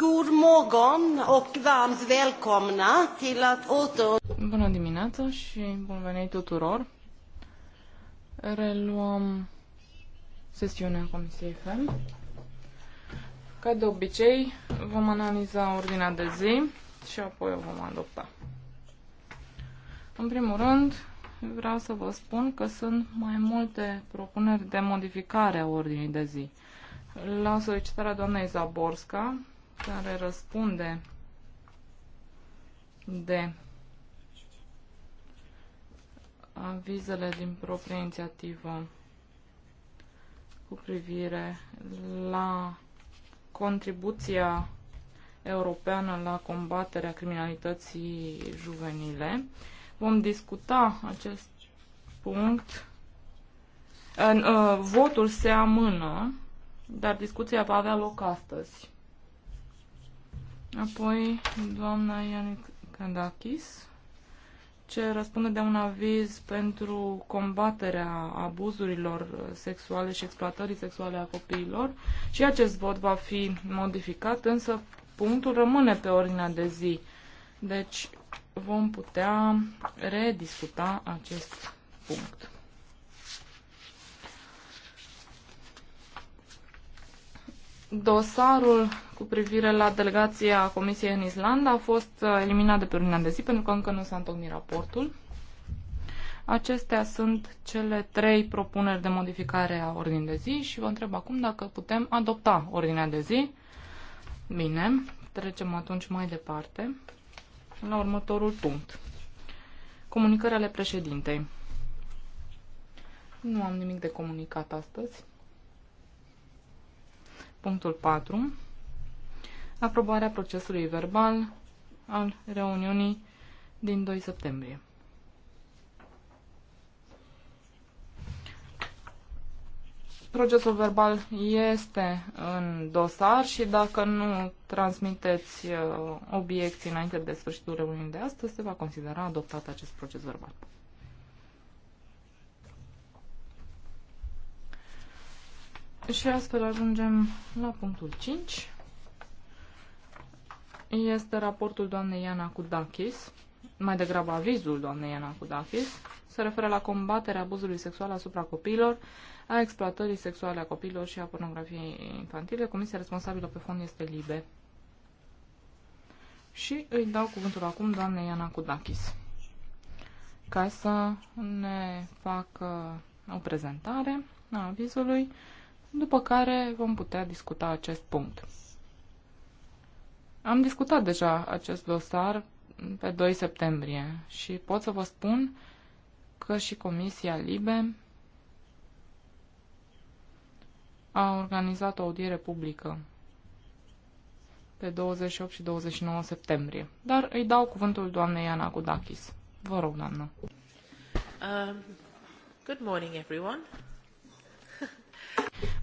God morgon och varmt välkomna till att åter... Bună dimineața și bun venit tuturor. Reluăm sesiunea Comisiei FEM. Ca de obicei, vom analiza ordinea de zi și apoi o vom adopta. În primul rând, vreau să vă spun că sunt mai multe propuneri de modificare a ordinii de zi. La solicitarea doamnei Zaborska, care răspunde de avizele din proprie inițiativă cu privire la contribuția europeană la combaterea criminalității juvenile. Vom discuta acest punct. Uh, votul se amână, dar discuția va avea loc astăzi. Apoi, doamna Ianic Kandakis, ce răspunde de un aviz pentru combaterea abuzurilor sexuale și exploatării sexuale a copiilor și acest vot va fi modificat, însă punctul rămâne pe ordinea de zi. Deci vom putea rediscuta acest punct. Dosarul cu privire la delegația Comisiei în Islanda a fost uh, eliminat de pe ordinea de zi pentru că încă nu s-a întocmit raportul. Acestea sunt cele trei propuneri de modificare a ordinii de zi și vă întreb acum dacă putem adopta ordinea de zi. Bine, trecem atunci mai departe la următorul punct. Comunicările președintei. Nu am nimic de comunicat astăzi. Punctul 4. Aprobarea procesului verbal al reuniunii din 2 septembrie. Procesul verbal este în dosar și dacă nu transmiteți uh, obiecții înainte de sfârșitul reuniunii de astăzi, se va considera adoptat acest proces verbal. Și astfel ajungem la punctul 5. Este raportul doamnei Iana Kudakis, mai degrabă avizul doamnei Iana Kudakis, se referă la combaterea abuzului sexual asupra copiilor, a exploatării sexuale a copiilor și a pornografiei infantile. Comisia responsabilă pe fond este LIBE. Și îi dau cuvântul acum doamnei Iana Kudakis ca să ne facă o prezentare a avizului după care vom putea discuta acest punct. Am discutat deja acest dosar pe 2 septembrie și pot să vă spun că și Comisia Libe a organizat o audiere publică pe 28 și 29 septembrie. Dar îi dau cuvântul doamnei Iana Gudakis. Vă rog, doamnă. Um, good morning, everyone.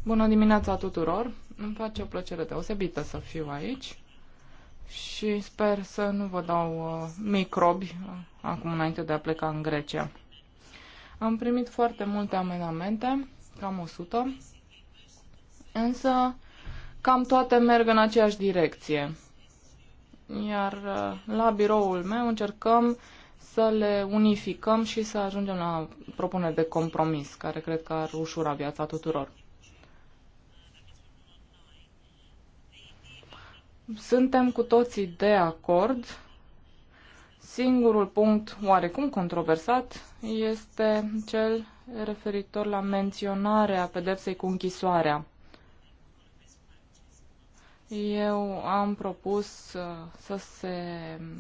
Bună dimineața tuturor! Îmi face o plăcere deosebită să fiu aici și sper să nu vă dau uh, microbi uh, acum înainte de a pleca în Grecia. Am primit foarte multe amendamente, cam 100, însă cam toate merg în aceeași direcție. Iar uh, la biroul meu încercăm să le unificăm și să ajungem la propuneri de compromis, care cred că ar ușura viața tuturor. Suntem cu toții de acord. Singurul punct oarecum controversat este cel referitor la menționarea pedepsei cu închisoarea. Eu am propus uh, să se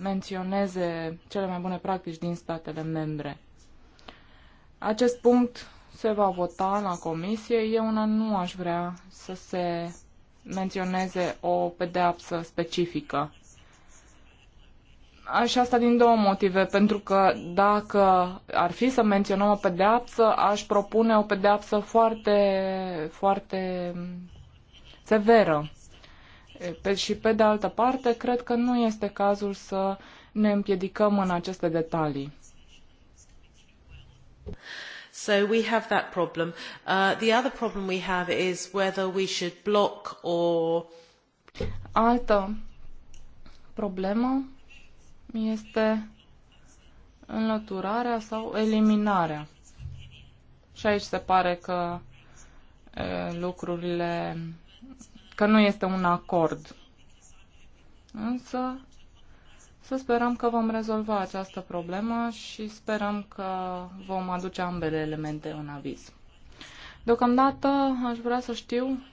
menționeze cele mai bune practici din statele membre. Acest punct se va vota la comisie. Eu una nu aș vrea să se menționeze o pedeapsă specifică. Așa asta din două motive, pentru că dacă ar fi să menționăm o pedeapsă, aș propune o pedeapsă foarte, foarte severă. Pe, și pe de altă parte, cred că nu este cazul să ne împiedicăm în aceste detalii. So we have that problem. Uh, the other problem we have is whether we should block or... Altă problemă este înlăturarea sau eliminarea. Și aici se pare că e, lucrurile, că nu este un acord. Însă să sperăm că vom rezolva această problemă și sperăm că vom aduce ambele elemente în aviz. Deocamdată aș vrea să știu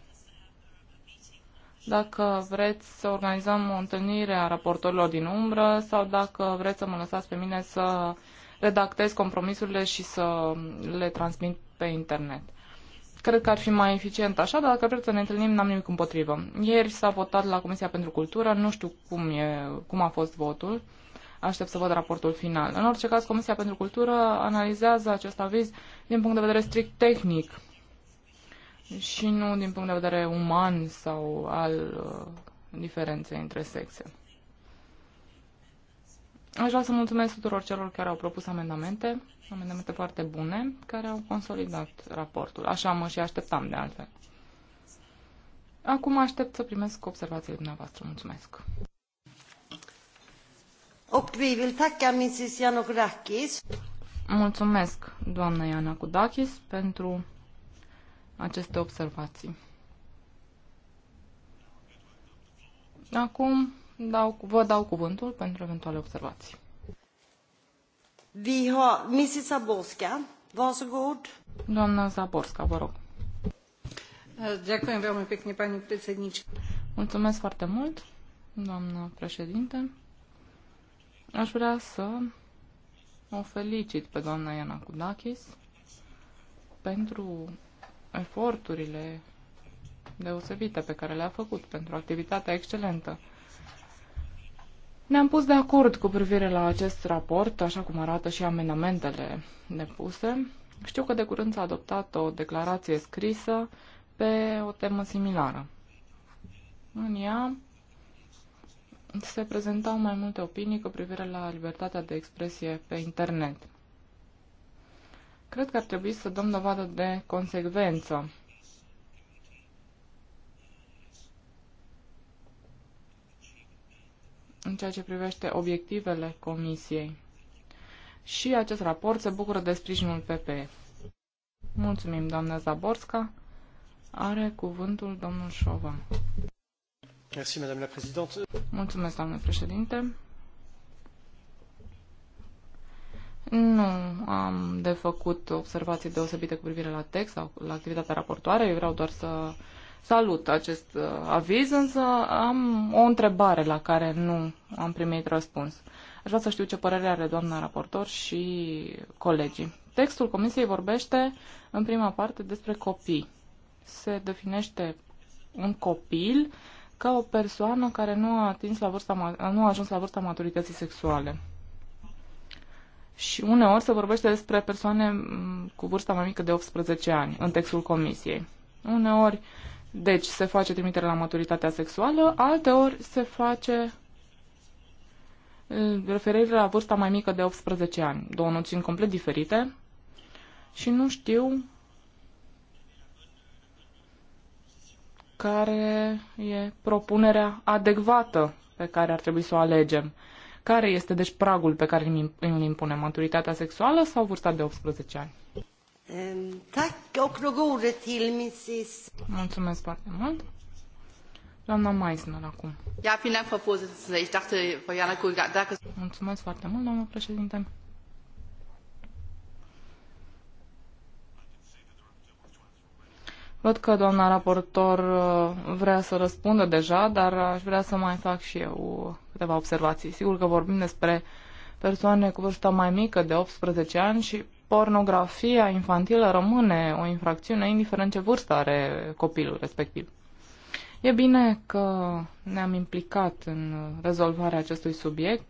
dacă vreți să organizăm o întâlnire a raportorilor din umbră sau dacă vreți să mă lăsați pe mine să redactez compromisurile și să le transmit pe internet. Cred că ar fi mai eficient așa, dar dacă vreți să ne întâlnim, n-am nimic împotrivă. Ieri s-a votat la Comisia pentru Cultură, nu știu cum, e, cum a fost votul, aștept să văd raportul final. În orice caz, Comisia pentru Cultură analizează acest aviz din punct de vedere strict tehnic și nu din punct de vedere uman sau al uh, diferenței între sexe. Aș vrea să mulțumesc tuturor celor care au propus amendamente amendamente foarte bune care au consolidat raportul. Așa mă și așteptam de altfel. Acum aștept să primesc observațiile dumneavoastră. Mulțumesc. Mulțumesc, doamna Iana Kudakis, pentru aceste observații. Acum dau, vă dau cuvântul pentru eventuale observații. Vi har Mrs. Zaborska. Varsågod. Doamna Zaborska, vă rog. Ďakujem veľmi pekne, pani predsednička. Mulțumesc foarte mult, doamnă președinte. Aș vrea să o felicit pe doamna Iana Kudakis pentru eforturile deosebite pe care le-a făcut, pentru activitatea excelentă ne-am pus de acord cu privire la acest raport, așa cum arată și amendamentele depuse. Știu că de curând s-a adoptat o declarație scrisă pe o temă similară. În ea se prezentau mai multe opinii cu privire la libertatea de expresie pe internet. Cred că ar trebui să dăm dovadă de consecvență în ceea ce privește obiectivele Comisiei. Și acest raport se bucură de sprijinul PPE. Mulțumim, doamna Zaborska. Are cuvântul domnul Șova. Merci, la Mulțumesc, doamnă președinte. Nu am de făcut observații deosebite cu privire la text sau la activitatea raportoare. Eu vreau doar să salut acest uh, aviz, însă am o întrebare la care nu am primit răspuns. Aș vrea să știu ce părere are doamna raportor și colegii. Textul comisiei vorbește în prima parte despre copii. Se definește un copil ca o persoană care nu a, atins la vârsta, nu a ajuns la vârsta maturității sexuale. Și uneori se vorbește despre persoane cu vârsta mai mică de 18 ani în textul comisiei. Uneori deci se face trimitere la maturitatea sexuală, alteori se face eh, referire la vârsta mai mică de 18 ani. Două noțiuni complet diferite și nu știu care e propunerea adecvată pe care ar trebui să o alegem. Care este, deci, pragul pe care îl impune maturitatea sexuală sau vârsta de 18 ani? Ehm, Mulțumesc foarte mult. Doamna Meisner acum. Ja, vielen Dank, Frau Vorsitzende. Ich dachte, Frau Jana Kulgakis... Da- da- Mulțumesc foarte mult, doamnă președinte. Văd că doamna raportor uh, vrea să răspundă deja, dar aș vrea să mai fac și eu uh, câteva observații. Sigur că vorbim despre persoane cu vârsta mai mică de 18 ani și pornografia infantilă rămâne o infracțiune, indiferent ce vârstă are copilul respectiv. E bine că ne-am implicat în rezolvarea acestui subiect.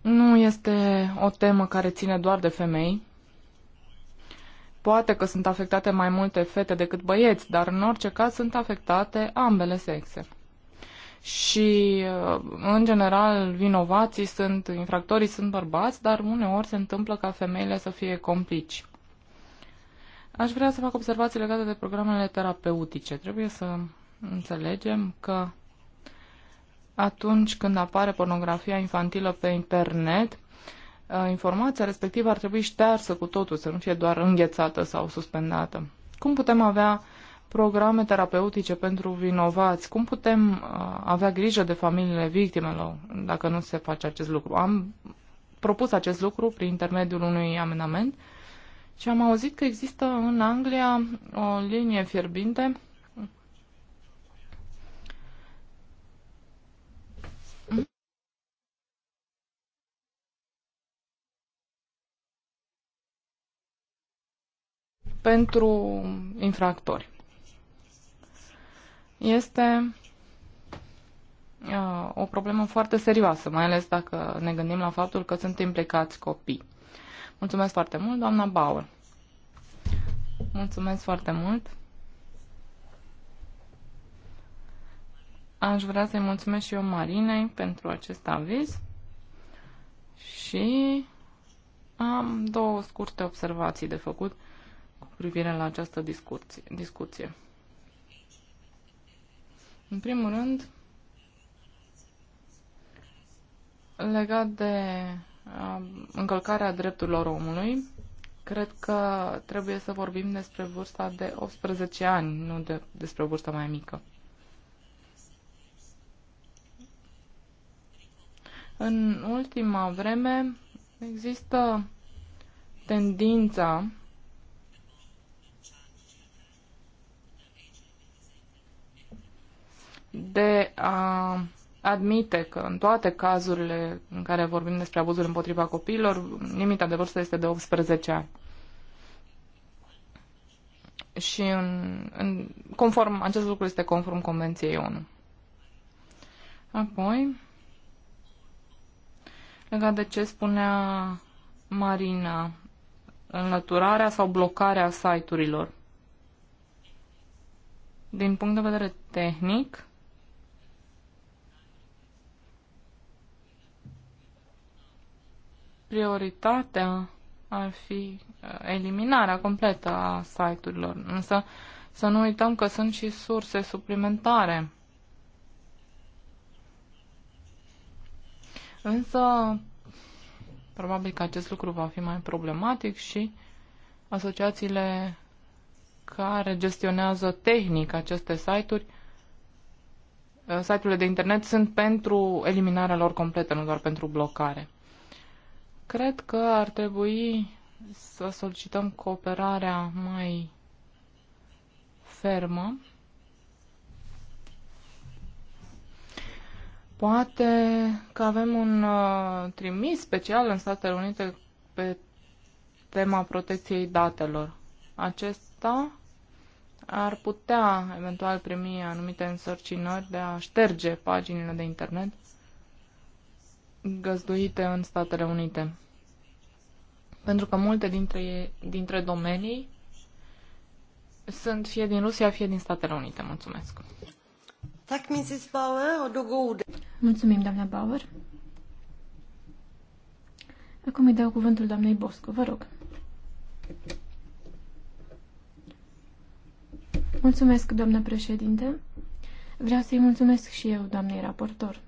Nu este o temă care ține doar de femei. Poate că sunt afectate mai multe fete decât băieți, dar în orice caz sunt afectate ambele sexe și, uh, în general, vinovații sunt, infractorii sunt bărbați, dar uneori se întâmplă ca femeile să fie complici. Aș vrea să fac observații legate de programele terapeutice. Trebuie să înțelegem că atunci când apare pornografia infantilă pe internet, uh, informația respectivă ar trebui ștearsă cu totul, să nu fie doar înghețată sau suspendată. Cum putem avea programe terapeutice pentru vinovați. Cum putem uh, avea grijă de familiile victimelor dacă nu se face acest lucru? Am propus acest lucru prin intermediul unui amendament și am auzit că există în Anglia o linie fierbinte pentru infractori este uh, o problemă foarte serioasă, mai ales dacă ne gândim la faptul că sunt implicați copii. Mulțumesc foarte mult, doamna Bauer. Mulțumesc foarte mult. Aș vrea să-i mulțumesc și eu Marinei pentru acest aviz și am două scurte observații de făcut cu privire la această discuție. discuție. În primul rând, legat de uh, încălcarea drepturilor omului, cred că trebuie să vorbim despre vârsta de 18 ani, nu de, despre vârsta mai mică. În ultima vreme există tendința de a admite că în toate cazurile în care vorbim despre abuzuri împotriva copiilor, limita de vârstă este de 18 ani. Și în, în, conform, acest lucru este conform Convenției ONU. Apoi, legat de ce spunea Marina, înlăturarea sau blocarea site-urilor. Din punct de vedere tehnic, prioritatea ar fi uh, eliminarea completă a site-urilor, însă să nu uităm că sunt și surse suplimentare. Însă, probabil că acest lucru va fi mai problematic și asociațiile care gestionează tehnic aceste site-uri, uh, site-urile de internet sunt pentru eliminarea lor completă, nu doar pentru blocare. Cred că ar trebui să solicităm cooperarea mai fermă. Poate că avem un uh, trimis special în Statele Unite pe tema protecției datelor. Acesta ar putea eventual primi anumite însărcinări de a șterge paginile de internet găzduite în Statele Unite. Pentru că multe dintre, dintre domenii sunt fie din Rusia, fie din Statele Unite. Mulțumesc. Mulțumim, doamna Bauer. Acum îi dau cuvântul doamnei Bosco. Vă rog. Mulțumesc, doamnă președinte. Vreau să-i mulțumesc și eu, doamnei raportor.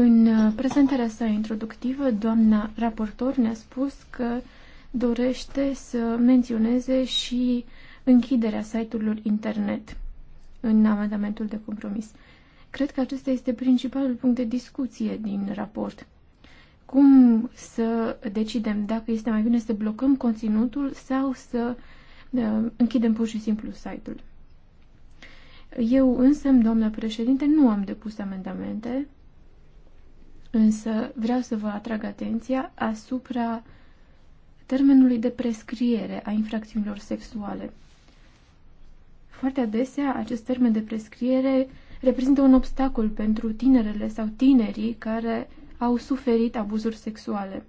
În uh, prezentarea sa introductivă, doamna raportor ne-a spus că dorește să menționeze și închiderea site-urilor internet în amendamentul de compromis. Cred că acesta este principalul punct de discuție din raport. Cum să decidem dacă este mai bine să blocăm conținutul sau să uh, închidem pur și simplu site-ul. Eu însă, doamna președinte, nu am depus amendamente Însă vreau să vă atrag atenția asupra termenului de prescriere a infracțiunilor sexuale. Foarte adesea, acest termen de prescriere reprezintă un obstacol pentru tinerele sau tinerii care au suferit abuzuri sexuale.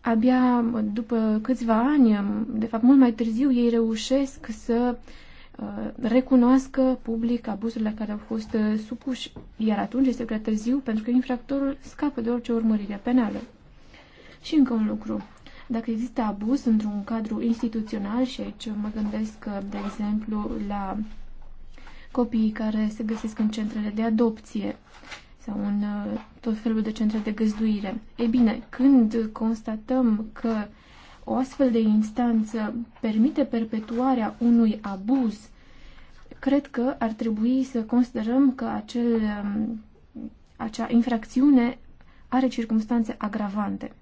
Abia după câțiva ani, de fapt mult mai târziu, ei reușesc să uh, Uh, recunoască public abuzurile care au fost uh, supuși, iar atunci este prea târziu pentru că infractorul scapă de orice urmărire penală. Și încă un lucru. Dacă există abuz într-un cadru instituțional, și aici mă gândesc, uh, de exemplu, la copiii care se găsesc în centrele de adopție sau în tot felul de centre de găzduire. E bine, când constatăm că o astfel de instanță permite perpetuarea unui abuz cred că ar trebui să considerăm că acel, um, acea infracțiune are circumstanțe agravante.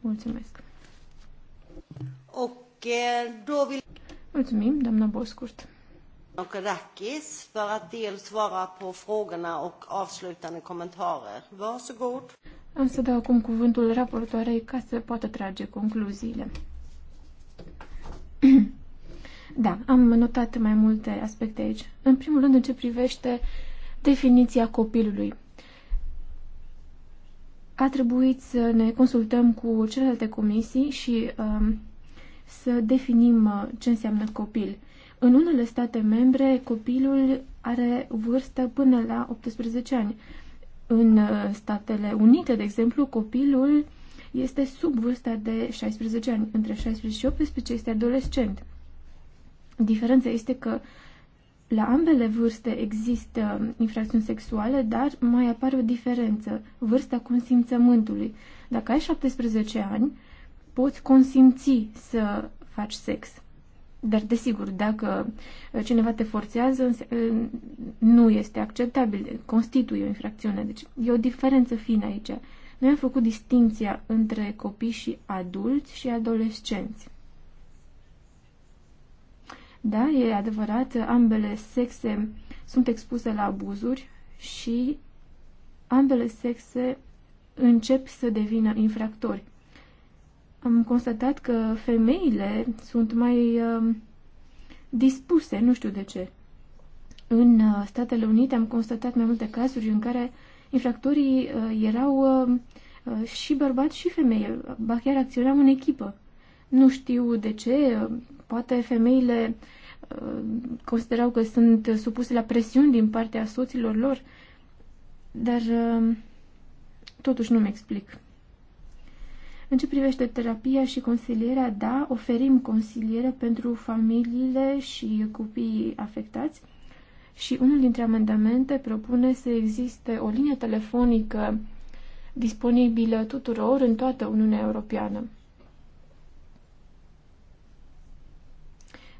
Mulțumesc. Okay, Mulțumim, doamna Boscurt. Och Rackis för att dels svara på frågorna och avslutande kommentarer. Varsågod. Am să dau acum cuvântul raportoarei ca să poată trage concluziile. Da, am notat mai multe aspecte aici. În primul rând, în ce privește definiția copilului. A trebuit să ne consultăm cu celelalte comisii și um, să definim uh, ce înseamnă copil. În unele state membre, copilul are vârstă până la 18 ani. În uh, Statele Unite, de exemplu, copilul este sub vârsta de 16 ani. Între 16 și 18 este adolescent. Diferența este că la ambele vârste există infracțiuni sexuale, dar mai apare o diferență, vârsta consimțământului. Dacă ai 17 ani, poți consimți să faci sex. Dar, desigur, dacă uh, cineva te forțează, uh, nu este acceptabil, constituie o infracțiune. Deci e o diferență fină aici. Noi am făcut distinția între copii și adulți și adolescenți. Da, e adevărat, ambele sexe sunt expuse la abuzuri și ambele sexe încep să devină infractori. Am constatat că femeile sunt mai uh, dispuse, nu știu de ce. În uh, Statele Unite am constatat mai multe cazuri în care infractorii uh, erau um, uh, și bărbați și femei, ba chiar acționau în echipă. Nu știu de ce, um, Poate femeile uh, considerau că sunt supuse la presiuni din partea soților lor, dar uh, totuși nu-mi explic. În ce privește terapia și consilierea, da, oferim consiliere pentru familiile și copiii afectați și unul dintre amendamente propune să existe o linie telefonică disponibilă tuturor în toată Uniunea Europeană.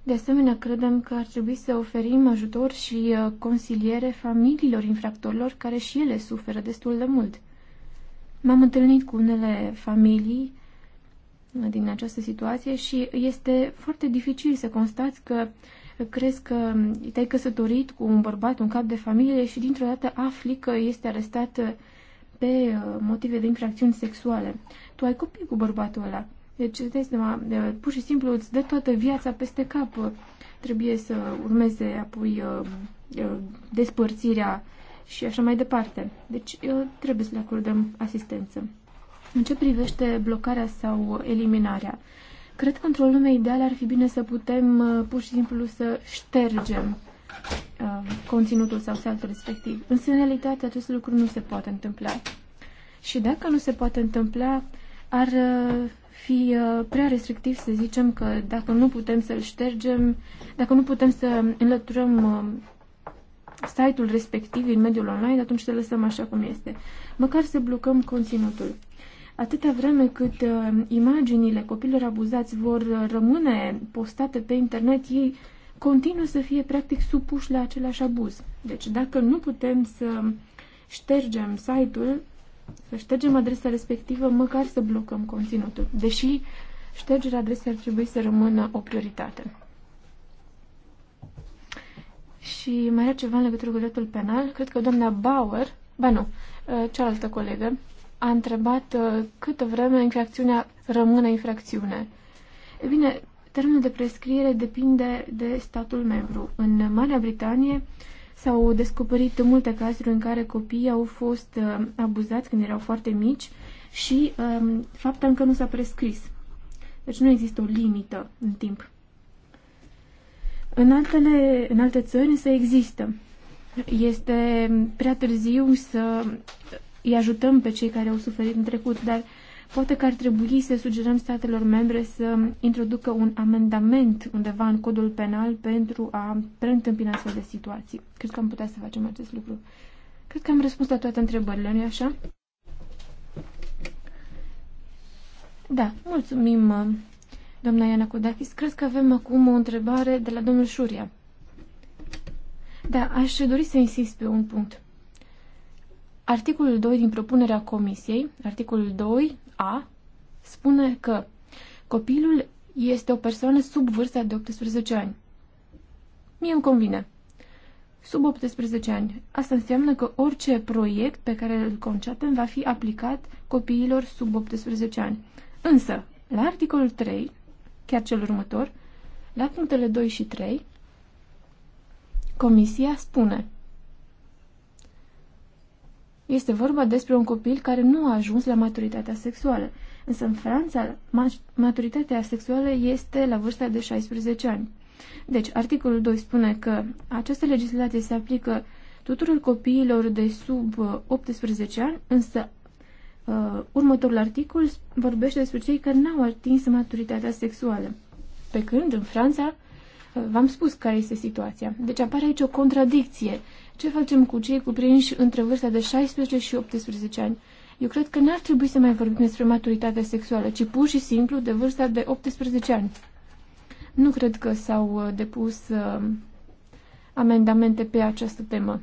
De asemenea, credem că ar trebui să oferim ajutor și uh, consiliere familiilor infractorilor care și ele suferă destul de mult. M-am întâlnit cu unele familii uh, din această situație și este foarte dificil să constați că crezi că te-ai căsătorit cu un bărbat, un cap de familie și dintr-o dată afli că este arestat uh, pe motive de infracțiuni sexuale. Tu ai copii cu bărbatul ăla. Deci, dai seama, pur și simplu îți dă toată viața peste cap. Trebuie să urmeze apoi uh, uh, despărțirea și așa mai departe. Deci uh, trebuie să le acordăm asistență. În ce privește blocarea sau eliminarea? Cred că într-o lume ideală ar fi bine să putem pur și simplu să ștergem conținutul sau saltul respectiv. Însă, în realitate, acest lucru nu se poate întâmpla. Și dacă nu se poate întâmpla, ar fi uh, prea restrictiv să zicem că dacă nu putem să-l ștergem, dacă nu putem să înlăturăm uh, site-ul respectiv în mediul online, atunci să lăsăm așa cum este. Măcar să blocăm conținutul. Atâta vreme cât uh, imaginile copilor abuzați vor uh, rămâne postate pe internet, ei continuă să fie practic supuși la același abuz. Deci dacă nu putem să ștergem site-ul, să ștergem adresa respectivă, măcar să blocăm conținutul, deși ștergerea adresei ar trebui să rămână o prioritate. Și mai era ceva în legătură cu dreptul penal. Cred că doamna Bauer, ba nu, ă, cealaltă colegă, a întrebat ă, câtă vreme infracțiunea rămâne infracțiune. E bine, termenul de prescriere depinde de statul membru. În Marea Britanie, uh, S-au descoperit multe cazuri în care copiii au fost uh, abuzați când erau foarte mici și uh, um, faptul încă nu s-a prescris. Deci nu există o limită în timp. În, altele, în alte țări însă există. Este prea târziu să îi ajutăm pe cei care au suferit în trecut, dar Poate că ar trebui să sugerăm statelor membre să introducă un amendament undeva în codul penal pentru a preîntâmpina astfel de situații. Cred că am putea să facem acest lucru. Cred că am răspuns la toate întrebările, nu-i așa? Da, mulțumim, doamna Iana Kudakis. Cred că avem acum o întrebare de la domnul Șuria. Da, aș dori să insist pe un punct. Articolul 2 din propunerea comisiei, articolul 2, a spune că copilul este o persoană sub vârsta de 18 ani. Mie îmi convine. Sub 18 ani. Asta înseamnă că orice proiect pe care îl concepem va fi aplicat copiilor sub 18 ani. Însă, la articolul 3, chiar cel următor, la punctele 2 și 3, Comisia spune – este vorba despre un copil care nu a ajuns la maturitatea sexuală. Însă în Franța, maturitatea sexuală este la vârsta de 16 ani. Deci, articolul 2 spune că această legislație se aplică tuturor copiilor de sub 18 uh, ani, însă uh, următorul articol vorbește despre cei care n-au atins maturitatea sexuală. Pe când, în Franța, uh, v-am spus care este situația. Deci apare aici o contradicție ce facem cu cei cuprinși între vârsta de 16 și 18 ani? Eu cred că n-ar trebui să mai vorbim despre maturitatea sexuală, ci pur și simplu de vârsta de 18 ani. Nu cred că s-au uh, depus uh, amendamente pe această temă.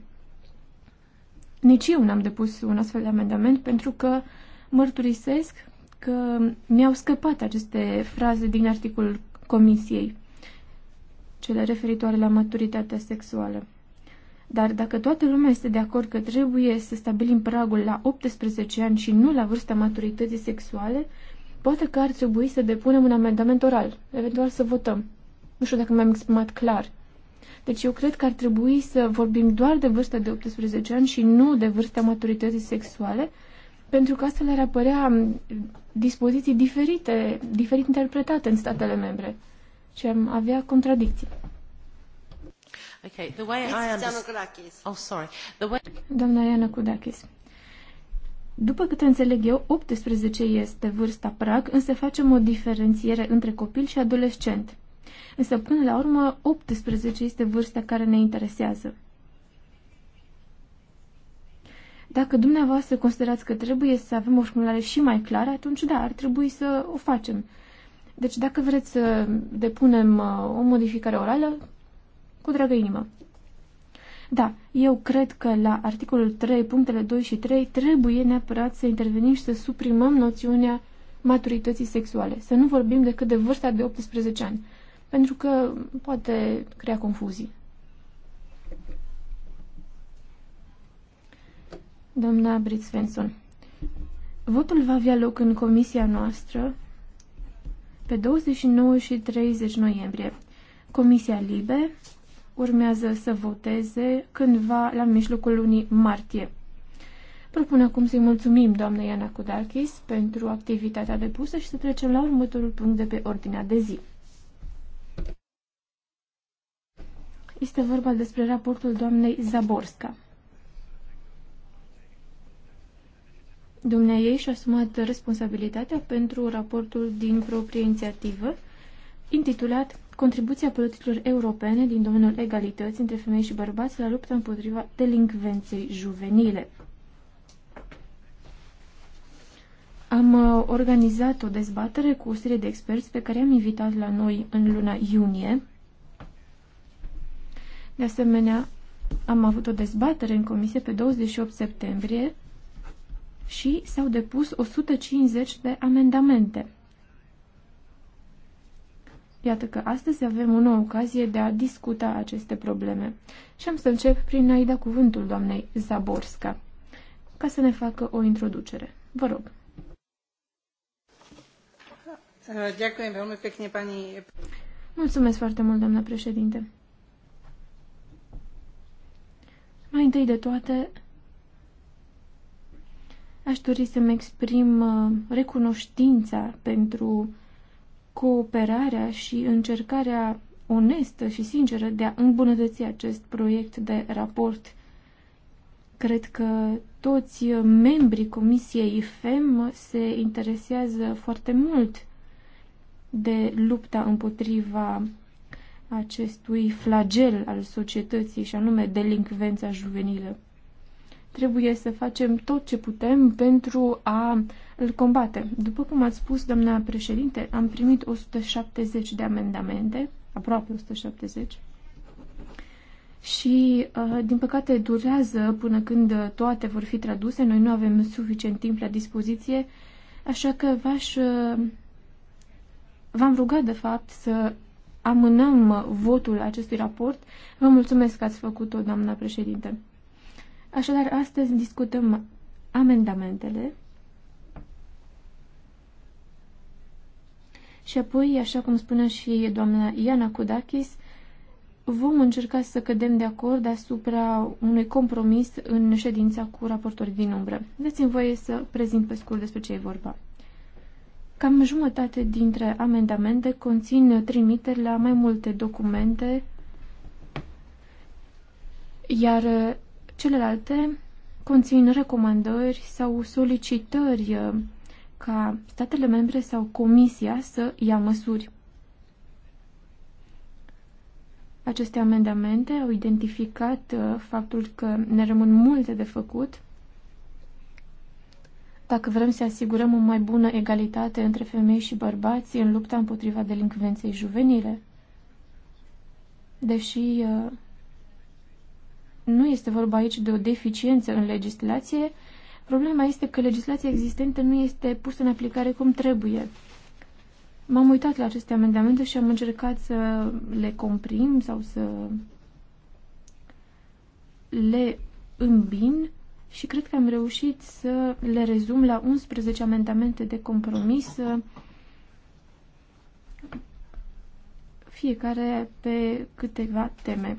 Nici eu n-am depus un astfel de amendament pentru că mărturisesc că mi-au scăpat aceste fraze din articolul comisiei, cele referitoare la maturitatea sexuală. Dar dacă toată lumea este de acord că trebuie să stabilim pragul la 18 ani și nu la vârsta maturității sexuale, poate că ar trebui să depunem un amendament oral, eventual să votăm. Nu știu dacă mi-am exprimat clar. Deci eu cred că ar trebui să vorbim doar de vârsta de 18 ani și nu de vârsta maturității sexuale, pentru că asta le-ar apărea dispoziții diferite, diferit interpretate în statele membre și am avea contradicții. Okay, the way I understand... Oh, sorry. The way... Doamna Iana Kudakis. După cât înțeleg eu, 18 este vârsta prag, însă facem o diferențiere între copil și adolescent. Însă, până la urmă, 18 este vârsta care ne interesează. Dacă dumneavoastră considerați că trebuie să avem o formulare și mai clară, atunci da, ar trebui să o facem. Deci dacă vreți să depunem uh, o modificare orală, cu dragă inimă. Da, eu cred că la articolul 3, punctele 2 și 3, trebuie neapărat să intervenim și să suprimăm noțiunea maturității sexuale, să nu vorbim decât de vârsta de 18 ani, pentru că poate crea confuzii. Doamna Brit Svensson, votul va avea loc în comisia noastră pe 29 și 30 noiembrie. Comisia Libe urmează să voteze cândva la mijlocul lunii martie. Propun acum să-i mulțumim doamnei Iana Kudakis pentru activitatea depusă și să trecem la următorul punct de pe ordinea de zi. Este vorba despre raportul doamnei Zaborska. Dumnea ei și-a asumat responsabilitatea pentru raportul din proprie inițiativă, intitulat contribuția politicilor europene din domeniul egalității între femei și bărbați la lupta împotriva delincvenței juvenile. Am uh, organizat o dezbatere cu o serie de experți pe care am invitat la noi în luna iunie. De asemenea, am avut o dezbatere în comisie pe 28 septembrie și s-au depus 150 de amendamente. Iată că astăzi avem o nouă ocazie de a discuta aceste probleme. Și am să încep prin a-i da cuvântul doamnei Zaborska, ca să ne facă o introducere. Vă rog. Mulțumesc foarte mult, doamna președinte. Mai întâi de toate, aș dori să-mi exprim uh, recunoștința pentru cooperarea și încercarea onestă și sinceră de a îmbunătăți acest proiect de raport. Cred că toți membrii Comisiei FEM se interesează foarte mult de lupta împotriva acestui flagel al societății și anume delincvența juvenilă. Trebuie să facem tot ce putem pentru a îl combate. După cum ați spus, doamna președinte, am primit 170 de amendamente, aproape 170, și, uh, din păcate, durează până când toate vor fi traduse. Noi nu avem suficient timp la dispoziție, așa că v-aș... Uh, v-am rugat, de fapt, să amânăm votul acestui raport. Vă mulțumesc că ați făcut-o, doamna președinte. Așadar, astăzi discutăm amendamentele și apoi, așa cum spunea și doamna Iana Kudakis, vom încerca să cădem de acord asupra unui compromis în ședința cu raportori din umbră. Dați-mi voie să prezint pe scurt despre ce e vorba. Cam jumătate dintre amendamente conțin trimiteri la mai multe documente, iar Celelalte conțin recomandări sau solicitări uh, ca statele membre sau Comisia să ia măsuri. Aceste amendamente au identificat uh, faptul că ne rămân multe de făcut dacă vrem să asigurăm o mai bună egalitate între femei și bărbați în lupta împotriva delincvenței juvenile. Deși uh, nu este vorba aici de o deficiență în legislație. Problema este că legislația existentă nu este pusă în aplicare cum trebuie. M-am uitat la aceste amendamente și am încercat să le comprim sau să le îmbin și cred că am reușit să le rezum la 11 amendamente de compromis, fiecare pe câteva teme.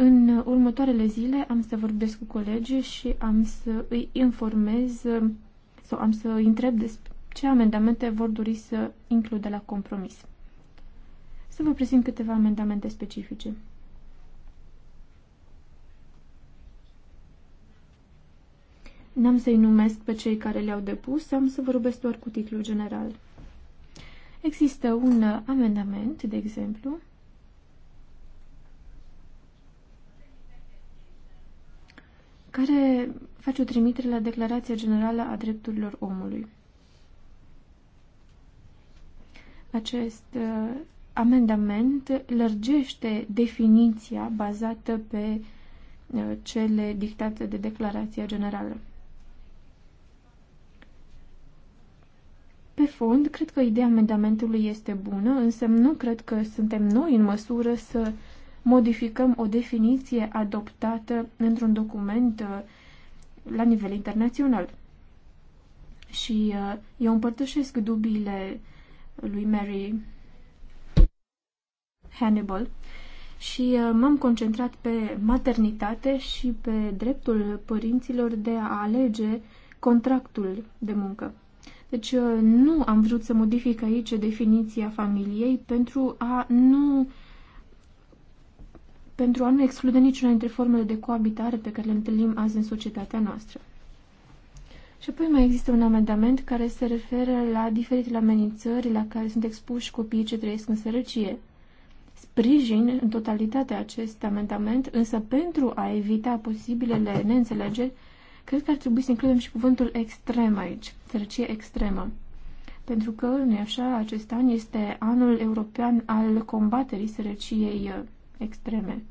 În următoarele zile am să vorbesc cu colegii și am să îi informez sau am să îi întreb despre ce amendamente vor dori să includă la compromis. Să vă prezint câteva amendamente specifice. N-am să-i numesc pe cei care le-au depus, am să vorbesc doar cu titlul general. Există un amendament, de exemplu, care face o trimitere la Declarația Generală a Drepturilor Omului. Acest uh, amendament lărgește definiția bazată pe uh, cele dictate de Declarația Generală. Pe fond, cred că ideea amendamentului este bună, însă nu cred că suntem noi în măsură să modificăm o definiție adoptată într-un document uh, la nivel internațional. Și uh, eu împărtășesc dubiile lui Mary Hannibal și uh, m-am concentrat pe maternitate și pe dreptul părinților de a alege contractul de muncă. Deci nu am vrut să modific aici definiția familiei pentru a nu uh, pentru a nu exclude niciuna dintre formele de coabitare pe care le întâlnim azi în societatea noastră. Și apoi mai există un amendament care se referă la diferitele amenințări la care sunt expuși copiii ce trăiesc în sărăcie. Sprijin în totalitate acest amendament, însă pentru a evita posibilele neînțelegeri, cred că ar trebui să includem și cuvântul extrem aici, sărăcie extremă. Pentru că, nu așa, acest an este anul european al combaterii sărăciei extreme.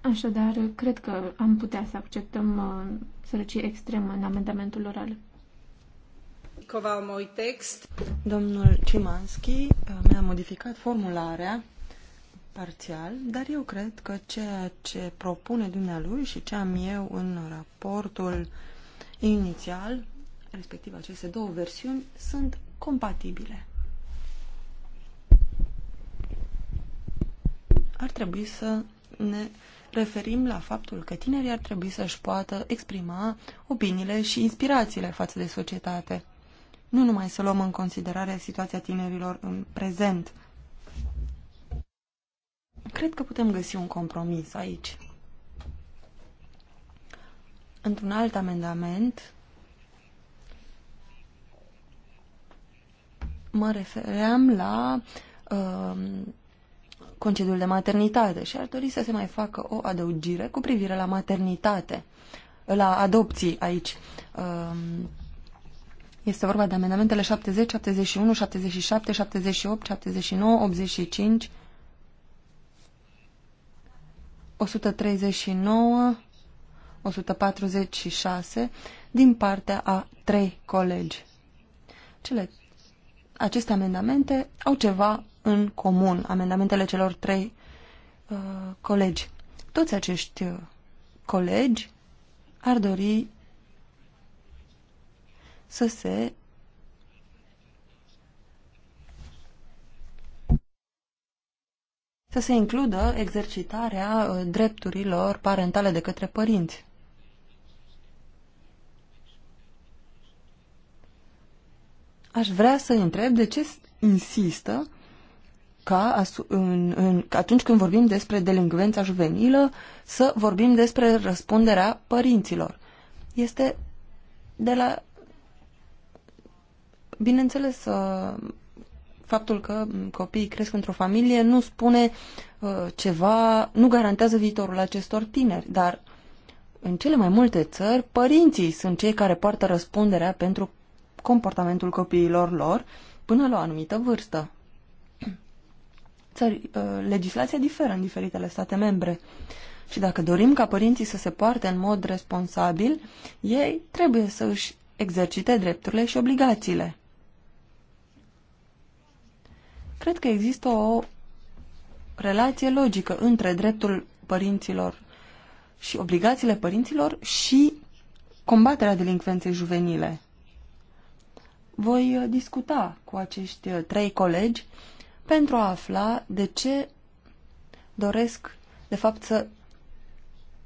Așadar, cred că am putea să acceptăm uh, sărăcie extremă în amendamentul oral. Text. Domnul Cimanski uh, mi-a modificat formularea parțial, dar eu cred că ceea ce propune dumnealui și ce am eu în raportul inițial, respectiv aceste două versiuni, sunt compatibile. Ar trebui să ne referim la faptul că tinerii ar trebui să-și poată exprima opiniile și inspirațiile față de societate. Nu numai să luăm în considerare situația tinerilor în prezent. Cred că putem găsi un compromis aici. Într-un alt amendament, mă refeream la uh, concediul de maternitate și ar dori să se mai facă o adăugire cu privire la maternitate, la adopții aici. Uh, este vorba de amendamentele 70, 71, 77, 78, 79, 85, 139, 146 din partea a trei colegi. Cele aceste amendamente au ceva în comun, amendamentele celor trei uh, colegi. Toți acești uh, colegi ar dori să se să se includă exercitarea uh, drepturilor parentale de către părinți. aș vrea să întreb de ce insistă ca în, în, atunci când vorbim despre delinvența juvenilă să vorbim despre răspunderea părinților. Este de la... Bineînțeles, uh, faptul că copiii cresc într-o familie nu spune uh, ceva, nu garantează viitorul acestor tineri, dar în cele mai multe țări, părinții sunt cei care poartă răspunderea pentru comportamentul copiilor lor până la o anumită vârstă. Țări, uh, legislația diferă în diferitele state membre și dacă dorim ca părinții să se poarte în mod responsabil, ei trebuie să își exercite drepturile și obligațiile. Cred că există o relație logică între dreptul părinților și obligațiile părinților și combaterea delincvenței juvenile. Voi uh, discuta cu acești uh, trei colegi pentru a afla de ce doresc, de fapt, să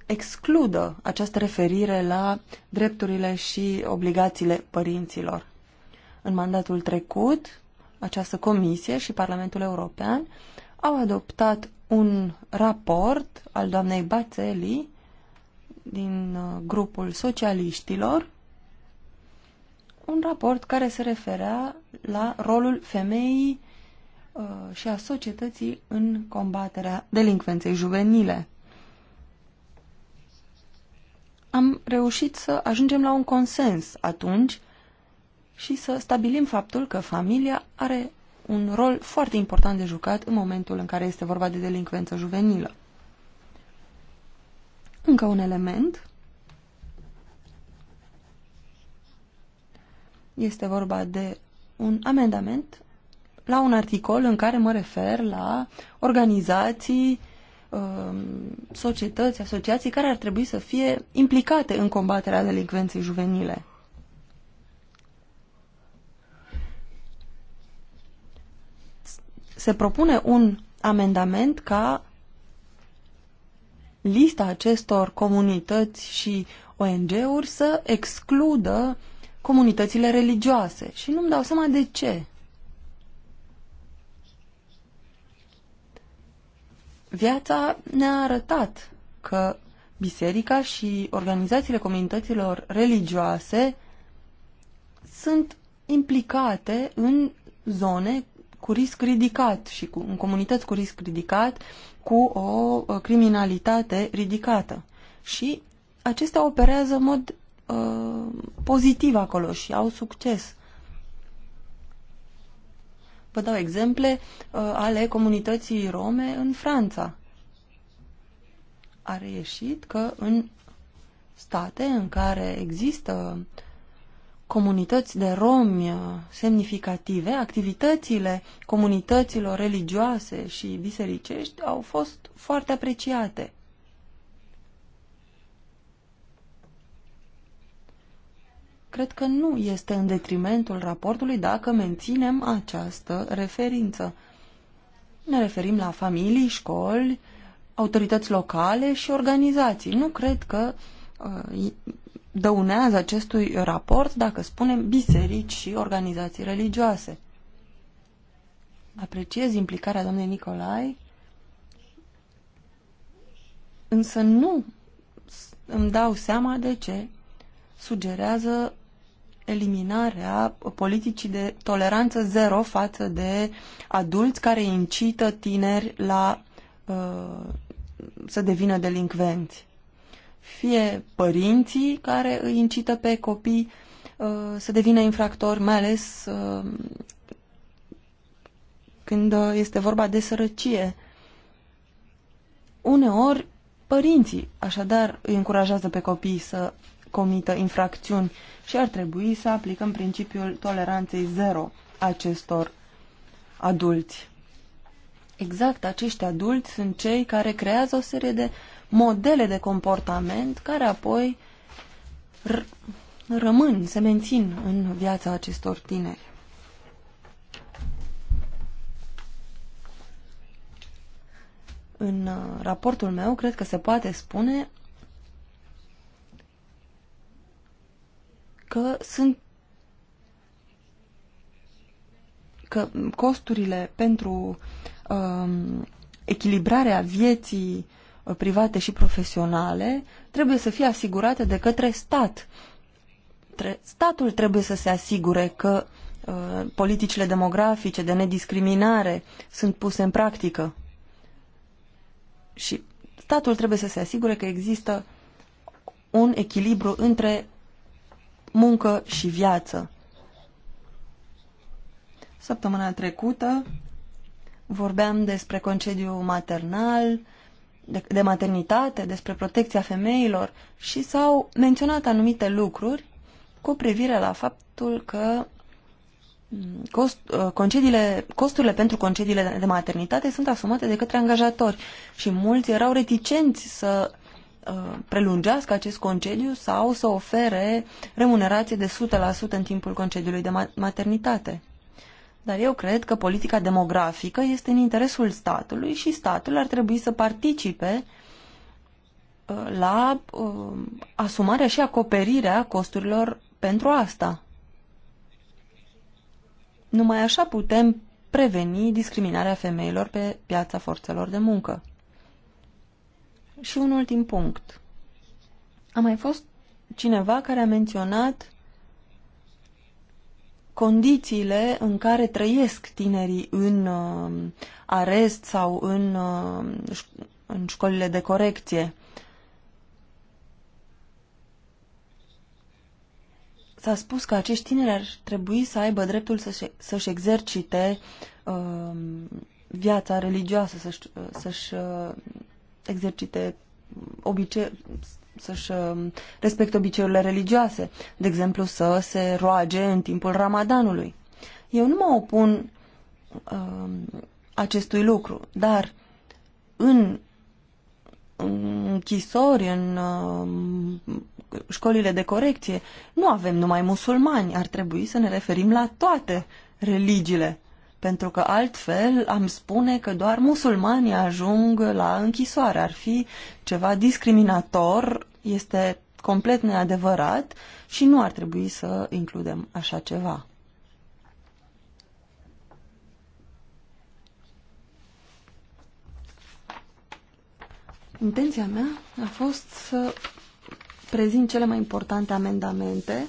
excludă această referire la drepturile și obligațiile părinților. În mandatul trecut, această comisie și Parlamentul European au adoptat un raport al doamnei Bațeli din uh, grupul socialiștilor un raport care se referea la rolul femeii uh, și a societății în combaterea delincvenței juvenile. Am reușit să ajungem la un consens atunci și să stabilim faptul că familia are un rol foarte important de jucat în momentul în care este vorba de delincvență juvenilă. Încă un element Este vorba de un amendament la un articol în care mă refer la organizații, um, societăți, asociații care ar trebui să fie implicate în combaterea delicvenței juvenile. Se propune un amendament ca lista acestor comunități și ONG-uri să excludă uh, comunitățile religioase și nu-mi dau seama de ce. Viața ne-a arătat că biserica și organizațiile comunităților religioase sunt implicate în zone cu risc ridicat și cu, în comunități cu risc ridicat, cu o criminalitate ridicată. Și acestea operează în mod Uh, pozitiv acolo și au succes. Vă dau exemple uh, ale comunității rome în Franța. A reieșit că în state în care există comunități de romi uh, semnificative, activitățile comunităților religioase și bisericești au fost foarte apreciate. Cred că nu este în detrimentul raportului dacă menținem această referință. Ne referim la familii, școli, autorități locale și organizații. Nu cred că uh, dăunează acestui raport dacă spunem biserici și organizații religioase. Apreciez implicarea doamnei Nicolai, însă nu îmi dau seama de ce sugerează eliminarea politicii de toleranță zero față de adulți care incită tineri la uh, să devină delincvenți. Fie părinții care îi incită pe copii uh, să devină infractori, mai ales uh, când uh, este vorba de sărăcie. Uneori, părinții, așadar, îi încurajează pe copii să comită infracțiuni și ar trebui să aplicăm principiul toleranței zero acestor adulți. Exact acești adulți sunt cei care creează o serie de modele de comportament care apoi rămân, se mențin în viața acestor tineri. În uh, raportul meu, cred că se poate spune, că sunt că costurile pentru um, echilibrarea vieții uh, private și profesionale trebuie să fie asigurate de către stat. Tre statul trebuie să se asigure că uh, politicile demografice de nediscriminare sunt puse în practică. Și statul trebuie să se asigure că există un echilibru între muncă și viață. Săptămâna trecută vorbeam despre concediu maternal, de, de maternitate, despre protecția femeilor și s-au menționat anumite lucruri cu privire la faptul că mm, cost, uh, concediile, costurile pentru concediile de maternitate sunt asumate de către angajatori și mulți erau reticenți să Uh, prelungească acest concediu sau să ofere remunerație de 100% în timpul concediului de maternitate. Dar eu cred că politica demografică este în interesul statului și statul ar trebui să participe uh, la uh, asumarea și acoperirea costurilor pentru asta. Numai așa putem preveni discriminarea femeilor pe piața forțelor de muncă. Și un ultim punct. A mai fost cineva care a menționat condițiile în care trăiesc tinerii în uh, arest sau în, uh, în școlile de corecție. S-a spus că acești tineri ar trebui să aibă dreptul să-și, să-și exercite uh, viața religioasă, să-și, să-și uh, exercite obicei, să-și uh, respecte obiceiurile religioase, de exemplu să se roage în timpul Ramadanului. Eu nu mă opun uh, acestui lucru, dar în închisori, în uh, școlile de corecție, nu avem numai musulmani, ar trebui să ne referim la toate religiile pentru că altfel am spune că doar musulmanii ajung la închisoare. Ar fi ceva discriminator, este complet neadevărat și nu ar trebui să includem așa ceva. Intenția mea a fost să prezint cele mai importante amendamente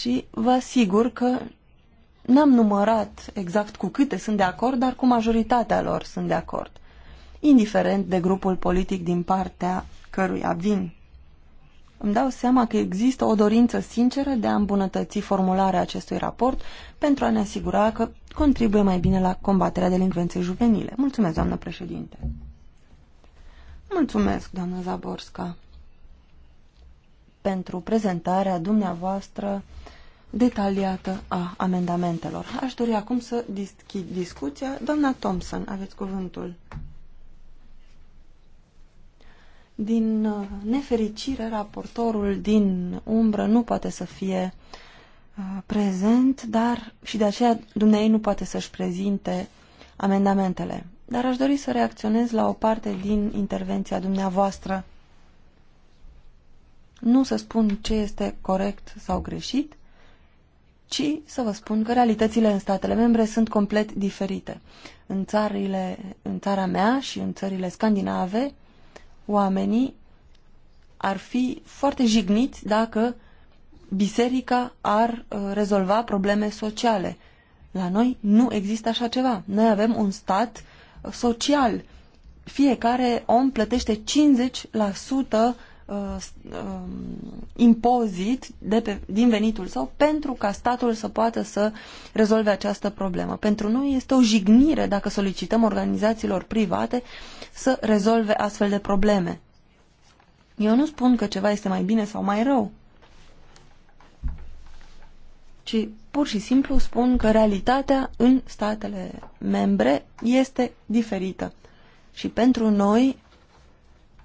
și vă asigur că n-am numărat exact cu câte sunt de acord, dar cu majoritatea lor sunt de acord, indiferent de grupul politic din partea căruia vin. Îmi dau seama că există o dorință sinceră de a îmbunătăți formularea acestui raport pentru a ne asigura că contribuie mai bine la combaterea delincvenței juvenile. Mulțumesc, doamnă președinte. Mulțumesc, doamnă Zaborska, pentru prezentarea dumneavoastră detaliată a amendamentelor. Aș dori acum să deschid discuția. Doamna Thompson, aveți cuvântul. Din uh, nefericire, raportorul din umbră nu poate să fie uh, prezent, dar și de aceea dumneai nu poate să-și prezinte amendamentele. Dar aș dori să reacționez la o parte din intervenția dumneavoastră. Nu să spun ce este corect sau greșit, ci să vă spun că realitățile în statele membre sunt complet diferite. În, țările, în țara mea și în țările scandinave, oamenii ar fi foarte jigniți dacă biserica ar uh, rezolva probleme sociale. La noi nu există așa ceva. Noi avem un stat uh, social. Fiecare om plătește 50% Uh, um, impozit de pe, din venitul său pentru ca statul să poată să rezolve această problemă. Pentru noi este o jignire dacă solicităm organizațiilor private să rezolve astfel de probleme. Eu nu spun că ceva este mai bine sau mai rău, ci pur și simplu spun că realitatea în statele membre este diferită. Și pentru noi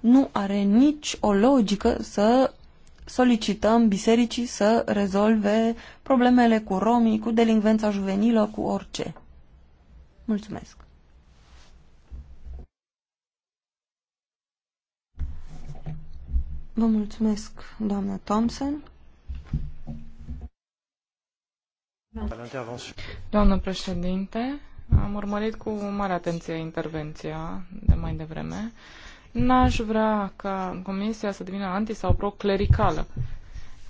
nu are nici o logică să solicităm bisericii să rezolve problemele cu romii, cu delinvența juvenilă, cu orice. Mulțumesc! Vă mulțumesc, doamna Thompson. Doamnă președinte, am urmărit cu mare atenție intervenția de mai devreme. N-aș vrea ca comisia să devină anti- sau pro-clericală.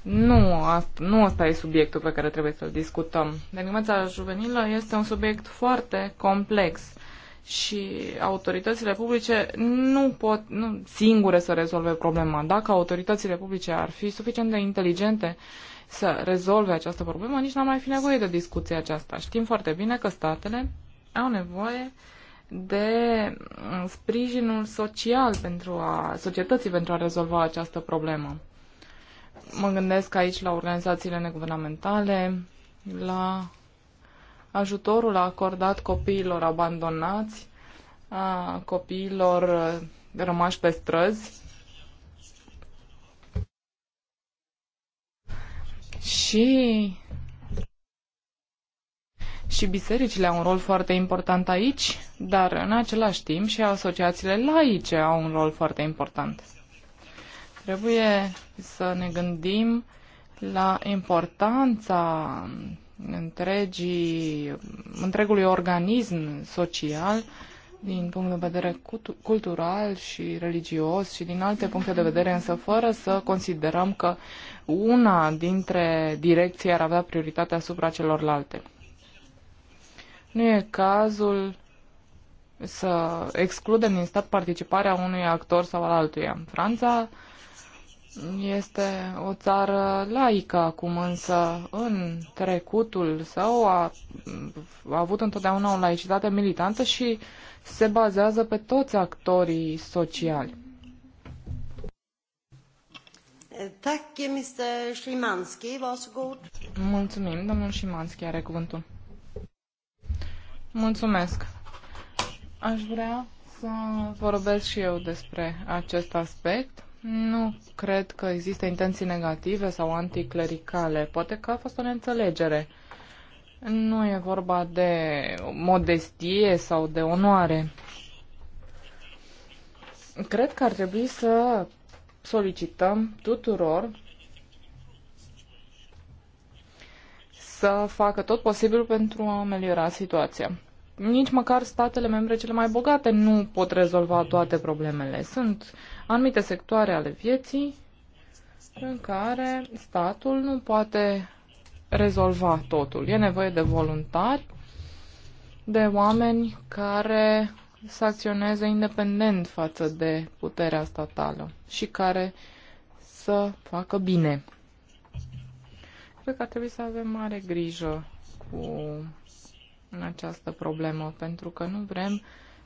Nu, asta, nu asta e subiectul pe care trebuie să-l discutăm. Delinvența juvenilă este un subiect foarte complex și autoritățile publice nu pot nu, singure să rezolve problema. Dacă autoritățile publice ar fi suficient de inteligente să rezolve această problemă, nici n-ar mai fi nevoie de discuția aceasta. Știm foarte bine că statele au nevoie uh, de mm, sprijinul social pentru a societății pentru a rezolva această problemă. Mă gândesc aici la organizațiile neguvernamentale, la ajutorul acordat copiilor abandonați, a copiilor uh, rămași pe străzi. Și și bisericile au un rol foarte important aici, dar în același timp și asociațiile laice au un rol foarte important. Trebuie să ne gândim la importanța întregii, întregului organism social din punct de vedere cultural și religios și din alte puncte de vedere, însă fără să considerăm că una dintre direcții ar avea prioritatea asupra celorlalte. Nu e cazul să excludem din stat participarea unui actor sau al altuia. Franța este o țară laică acum, însă în trecutul său a, a avut întotdeauna o laicitate militantă și se bazează pe toți actorii sociali. Mulțumim, domnul Șimanski are cuvântul. Mulțumesc. Aș vrea să vorbesc și eu despre acest aspect. Nu cred că există intenții negative sau anticlericale. Poate că a fost o neînțelegere. Nu e vorba de modestie sau de onoare. Cred că ar trebui să solicităm tuturor să facă tot posibilul pentru a ameliora situația. Nici măcar statele membre cele mai bogate nu pot rezolva toate problemele. Sunt anumite sectoare ale vieții în care statul nu poate rezolva totul. E nevoie de voluntari, de oameni care să acționeze independent față de puterea statală și care să facă bine cred că ar trebui să avem mare grijă cu această problemă, pentru că nu vrem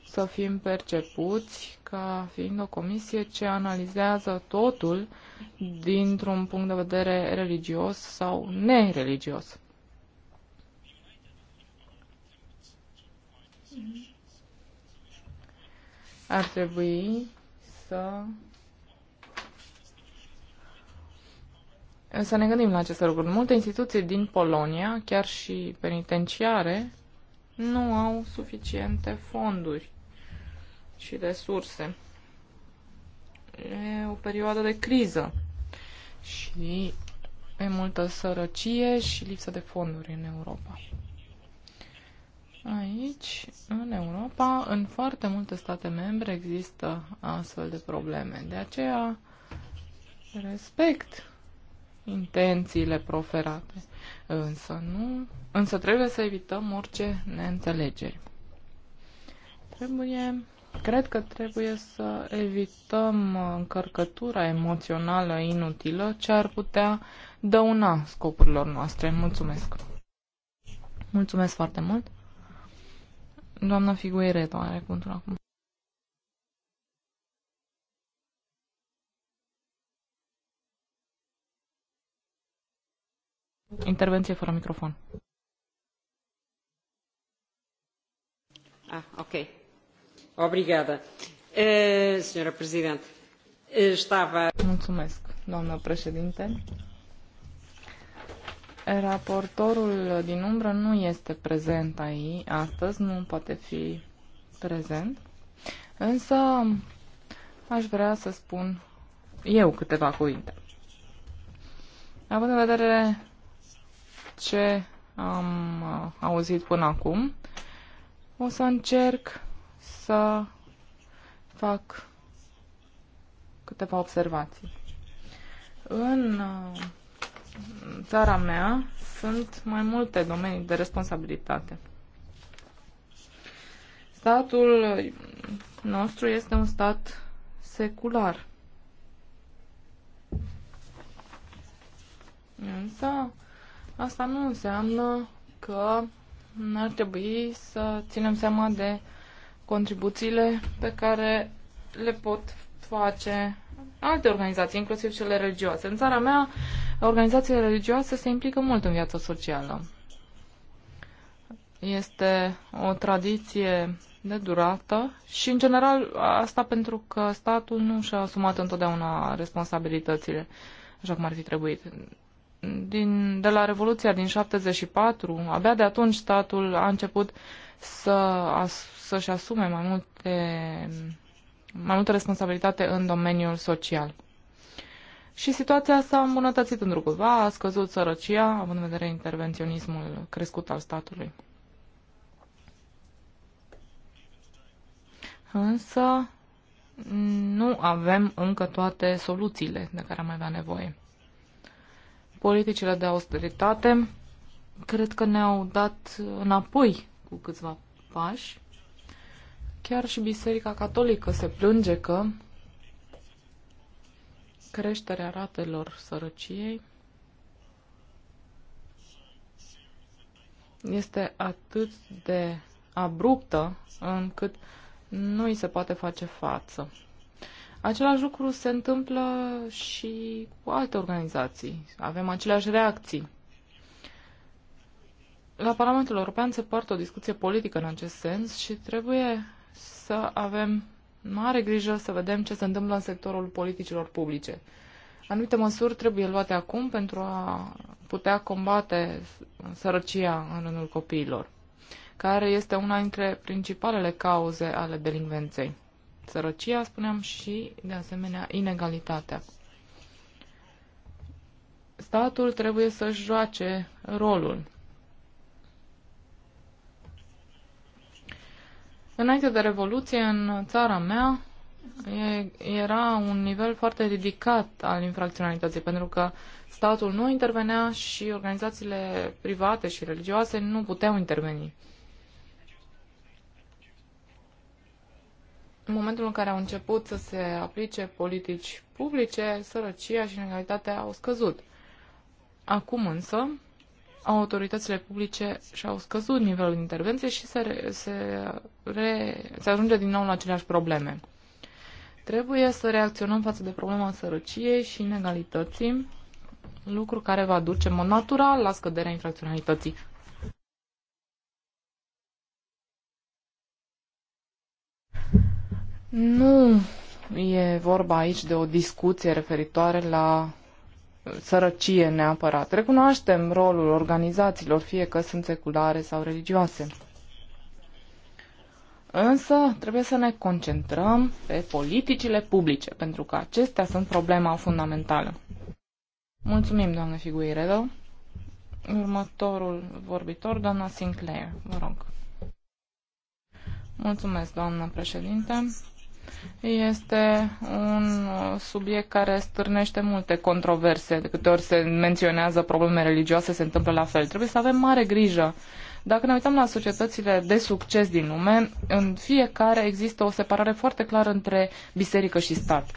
să fim percepuți ca fiind o comisie ce analizează totul dintr-un punct de vedere religios sau nereligios. Ar trebui să să ne gândim la aceste lucruri. Multe instituții din Polonia, chiar și penitenciare, nu au suficiente fonduri și resurse. E o perioadă de criză și e multă sărăcie și lipsă de fonduri în Europa. Aici, în Europa, în foarte multe state membre există astfel de probleme. De aceea respect intențiile proferate. Însă nu, însă trebuie să evităm orice neînțelegeri. Trebuie, cred că trebuie să evităm încărcătura emoțională inutilă ce ar putea dăuna scopurilor noastre. Mulțumesc! Mulțumesc foarte mult! Doamna Figueredo are cuvântul acum. Intervenție fără microfon. Ah, ok. Obrigada. Uh, Senhora Presidente, eh, estava... Mulțumesc, doamnă președinte. Raportorul din umbră nu este prezent aici astăzi, nu poate fi prezent, însă aș vrea să spun eu câteva cuvinte. Având în vedere ce am uh, auzit până acum. O să încerc să fac câteva observații. În uh, țara mea sunt mai multe domenii de responsabilitate. Statul nostru este un stat secular. Însă, Asta nu înseamnă că n-ar trebui să ținem seama de contribuțiile pe care le pot face alte organizații, inclusiv cele religioase. În țara mea, organizațiile religioase se implică mult în viața socială. Este o tradiție de durată și, în general, asta pentru că statul nu și-a asumat întotdeauna responsabilitățile așa cum ar fi trebuit din, de la Revoluția din 74, abia de atunci statul a început să, as, să-și asume mai multe, mai multă responsabilitate în domeniul social. Și situația s-a îmbunătățit întrucâtva, a scăzut sărăcia, având în vedere intervenționismul crescut al statului. Însă nu avem încă toate soluțiile de care am avea nevoie politicile de austeritate cred că ne-au dat înapoi cu câțiva pași. Chiar și Biserica Catolică se plânge că creșterea ratelor sărăciei este atât de abruptă încât nu îi se poate face față. Același lucru se întâmplă și cu alte organizații. Avem aceleași reacții. La Parlamentul European se poartă o discuție politică în acest sens și trebuie să avem mare grijă să vedem ce se întâmplă în sectorul politicilor publice. Anumite măsuri trebuie luate acum pentru a putea combate sărăcia în rândul copiilor, care este una dintre principalele cauze ale delinvenței sărăcia, spuneam, și, de asemenea, inegalitatea. Statul trebuie să-și joace rolul. Înainte de Revoluție, în țara mea, era un nivel foarte ridicat al infracționalității, pentru că statul nu intervenea și organizațiile private și religioase nu puteau interveni. în momentul în care au început să se aplice politici publice, sărăcia și inegalitatea au scăzut. Acum însă, autoritățile publice și-au scăzut nivelul de intervenție și se, re, se, re, se ajunge din nou la aceleași probleme. Trebuie să reacționăm față de problema sărăciei și inegalității, lucru care va duce în mod natural la scăderea infracționalității Nu e vorba aici de o discuție referitoare la uh, sărăcie neapărat. Recunoaștem rolul organizațiilor, fie că sunt seculare sau religioase. Însă trebuie să ne concentrăm pe politicile publice, pentru că acestea sunt problema fundamentală. Mulțumim, doamnă Figuiredo. Următorul vorbitor, doamna Sinclair, vă rog. Mulțumesc, doamnă președinte. Este un subiect care stârnește multe controverse. De câte ori se menționează probleme religioase, se întâmplă la fel. Trebuie să avem mare grijă. Dacă ne uităm la societățile de succes din lume, în fiecare există o separare foarte clară între biserică și stat.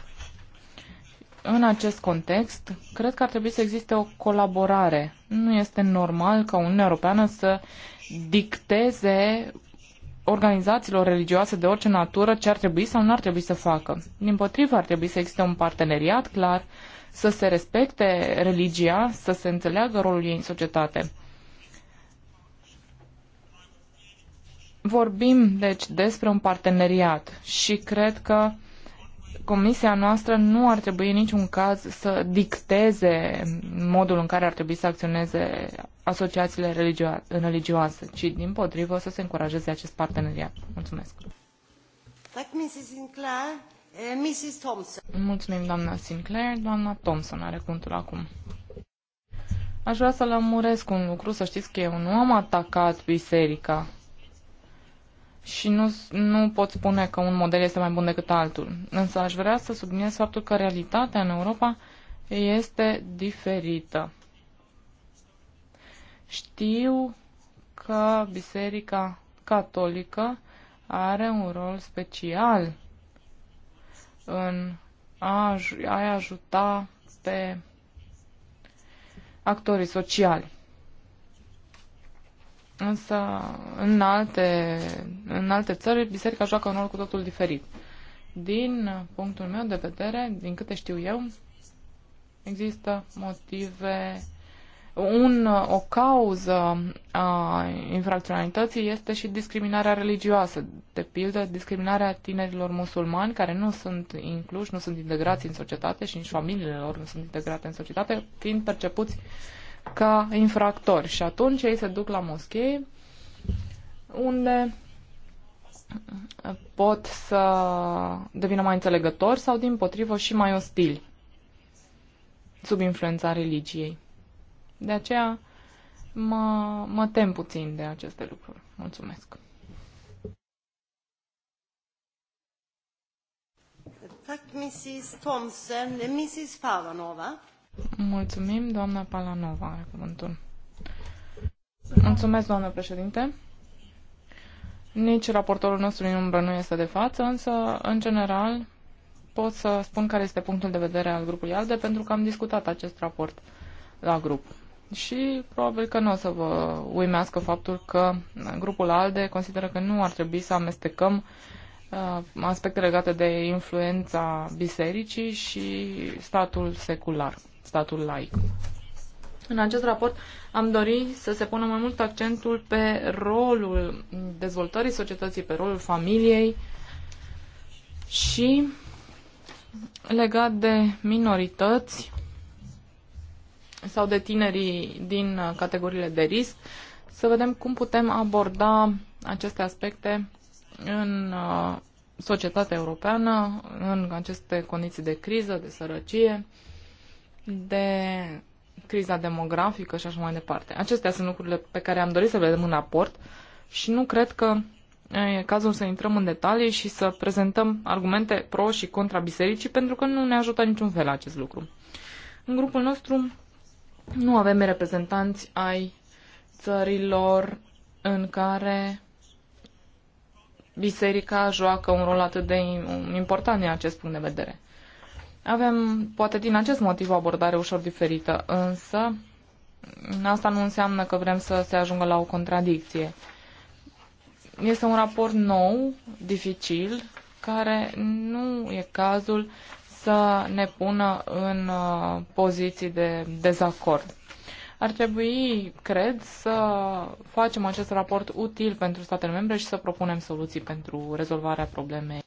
În acest context, cred că ar trebui să existe o colaborare. Nu este normal ca Uniunea Europeană să dicteze organizațiilor religioase de orice natură ce ar trebui sau nu ar trebui să facă. Din potrivă, ar trebui să existe un parteneriat clar, să se respecte religia, să se înțeleagă rolul ei în societate. Vorbim, deci, despre un parteneriat și cred că comisia noastră nu ar trebui în niciun caz să dicteze modul în care ar trebui să acționeze asociațiile religio- religioase, ci din potrivă să se încurajeze acest parteneriat. Mulțumesc. Uh, Mulțumim, doamna Sinclair. Doamna Thompson are cuvântul acum. Aș vrea să lămuresc un lucru, să știți că eu nu am atacat biserica și nu, nu pot spune că un model este mai bun decât altul. Însă aș vrea să subliniez faptul că realitatea în Europa este diferită. Știu că Biserica Catolică are un rol special în a, a ajuta pe actorii sociali. Însă, în alte, în alte țări, biserica joacă un rol cu totul diferit. Din punctul meu de vedere, din câte știu eu, există motive. Un, o cauză a infracționalității este și discriminarea religioasă, de pildă discriminarea tinerilor musulmani care nu sunt incluși, nu sunt integrați în societate și nici familiile lor nu sunt integrate în societate, fiind percepuți uh, ca infractori și atunci ei se duc la moschei unde pot să devină mai înțelegători sau din potrivă și mai ostili sub influența religiei. De aceea mă, mă tem puțin de aceste lucruri. Mulțumesc. Tack Mrs Thompson. Mrs Farvanova. Mulțumim, doamna Palanova are cuvântul. Mulțumesc, doamnă președinte. Nici raportorul nostru din umbră nu este de față, însă, în general, pot să spun care este punctul de vedere al grupului ALDE, pentru că am discutat acest raport la grup. Și probabil că nu o să vă uimească faptul că grupul ALDE consideră că nu ar trebui să amestecăm uh, Uh, aspecte legate de influența bisericii și statul secular, statul laic. În acest raport am dorit să se pună mai mult accentul pe rolul dezvoltării societății, pe rolul familiei și legat de minorități sau de tinerii din categoriile de risc, să vedem cum putem aborda aceste aspecte în uh, societatea europeană, în aceste condiții de criză, de sărăcie, de criza demografică și așa mai departe. Acestea sunt lucrurile pe care am dorit să le vedem în aport și nu cred că e cazul să intrăm în detalii și să prezentăm argumente pro și contra bisericii, pentru că nu ne ajută niciun fel acest lucru. În grupul nostru nu avem reprezentanți ai țărilor în care biserica joacă un rol atât de important din acest punct de vedere. Avem, poate din acest motiv, o abordare ușor diferită, însă asta nu înseamnă că vrem să se ajungă la o contradicție. Este un raport nou, dificil, care nu e cazul să ne pună în uh, poziții de dezacord. Ar trebui, cred, să facem acest raport util pentru statele membre și să propunem soluții pentru rezolvarea problemei.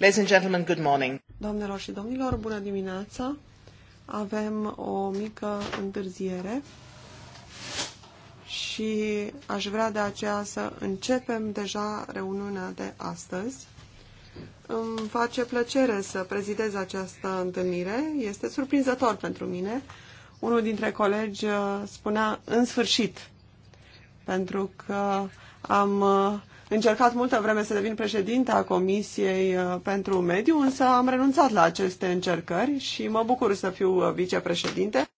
Ladies and gentlemen, good morning. Doamnelor și domnilor, bună dimineața. Avem o mică întârziere și aș vrea de aceea să începem deja reuniunea de astăzi. Îmi face plăcere să prezidez această întâlnire. Este surprinzător pentru mine. Unul dintre colegi spunea în sfârșit, pentru că am încercat multă vreme să devin președinte a Comisiei uh, pentru Mediu, însă am renunțat la aceste încercări și mă bucur să fiu uh, vicepreședinte.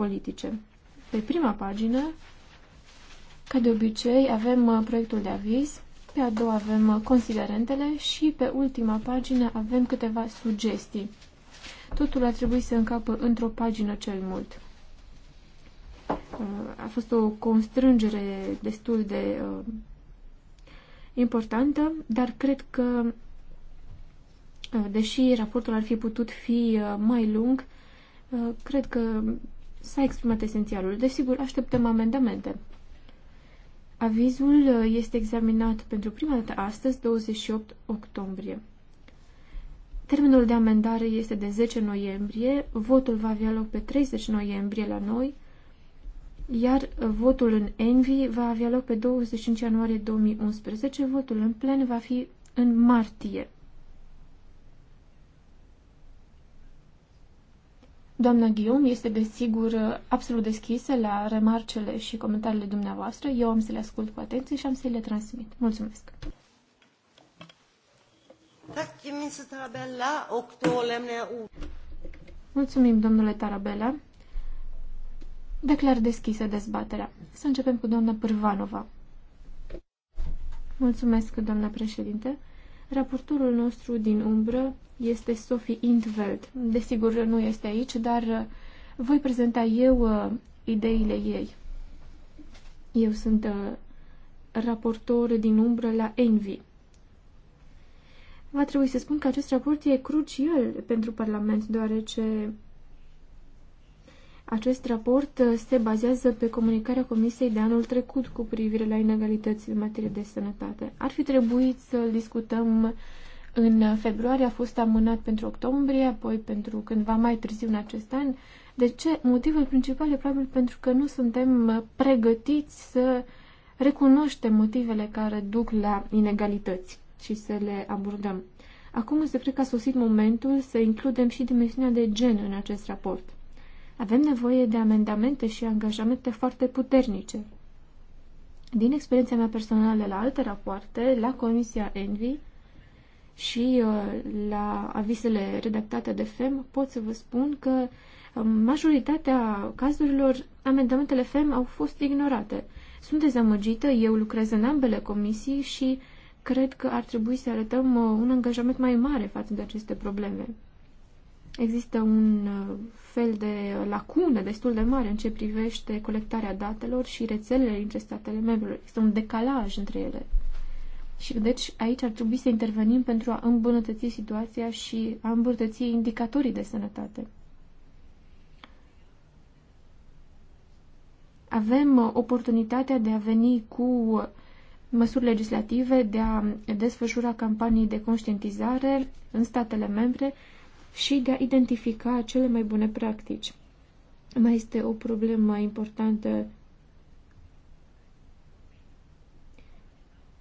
politice. Pe prima pagină, ca de obicei, avem uh, proiectul de aviz, pe a doua avem uh, considerentele și pe ultima pagină avem câteva sugestii. Totul ar trebui să încapă într-o pagină cel mult. Uh, a fost o constrângere destul de importantă, dar cred că, deși raportul ar fi putut fi mai lung, cred că s-a exprimat esențialul. Desigur, așteptăm amendamente. Avizul uh, este examinat pentru prima dată astăzi, 28 octombrie. Termenul de amendare este de 10 noiembrie, votul va avea loc pe 30 noiembrie la noi, iar uh, votul în Envi va avea loc pe 25 ianuarie 2011, votul în plen va fi în martie. Doamna Guillaume este, desigur, absolut deschisă la remarcele și comentariile dumneavoastră. Eu am să le ascult cu atenție și am să le transmit. Mulțumesc! Mulțumim, domnule Tarabella. Declar deschisă dezbaterea. Să începem cu doamna Pârvanova. Mulțumesc, doamna președinte. Raportorul nostru din umbră este Sophie Intveld. Desigur, nu este aici, dar uh, voi prezenta eu uh, ideile ei. Eu sunt uh, raportor din umbră la Envy. Va trebui să spun că acest raport e crucial pentru Parlament, deoarece acest raport uh, se bazează pe comunicarea Comisiei de anul trecut cu privire la inegalități în materie de sănătate. Ar fi trebuit să-l discutăm în februarie, a fost amânat pentru octombrie, apoi pentru cândva mai târziu în acest an. De ce? Motivul principal e probabil pentru că nu suntem uh, pregătiți să recunoaștem motivele care duc la inegalități și să le abordăm. Acum se cred că a sosit momentul să includem și dimensiunea de gen în acest raport. Avem nevoie de amendamente și angajamente foarte puternice. Din experiența mea personală la alte rapoarte, la Comisia Envi și uh, la avizele redactate de FEM, pot să vă spun că um, majoritatea cazurilor amendamentele FEM au fost ignorate. Sunt dezamăgită, eu lucrez în ambele comisii și cred că ar trebui să arătăm uh, un angajament mai mare față de aceste probleme. Există un uh, fel de lacună destul de mare în ce privește colectarea datelor și rețelele dintre statele membre. Există un decalaj între ele. Și deci aici ar trebui să intervenim pentru a îmbunătăți situația și a îmbunătăți indicatorii de sănătate. Avem uh, oportunitatea de a veni cu uh, măsuri legislative, de a desfășura campanii de conștientizare în statele membre și de a identifica cele mai bune practici. Mai este o problemă importantă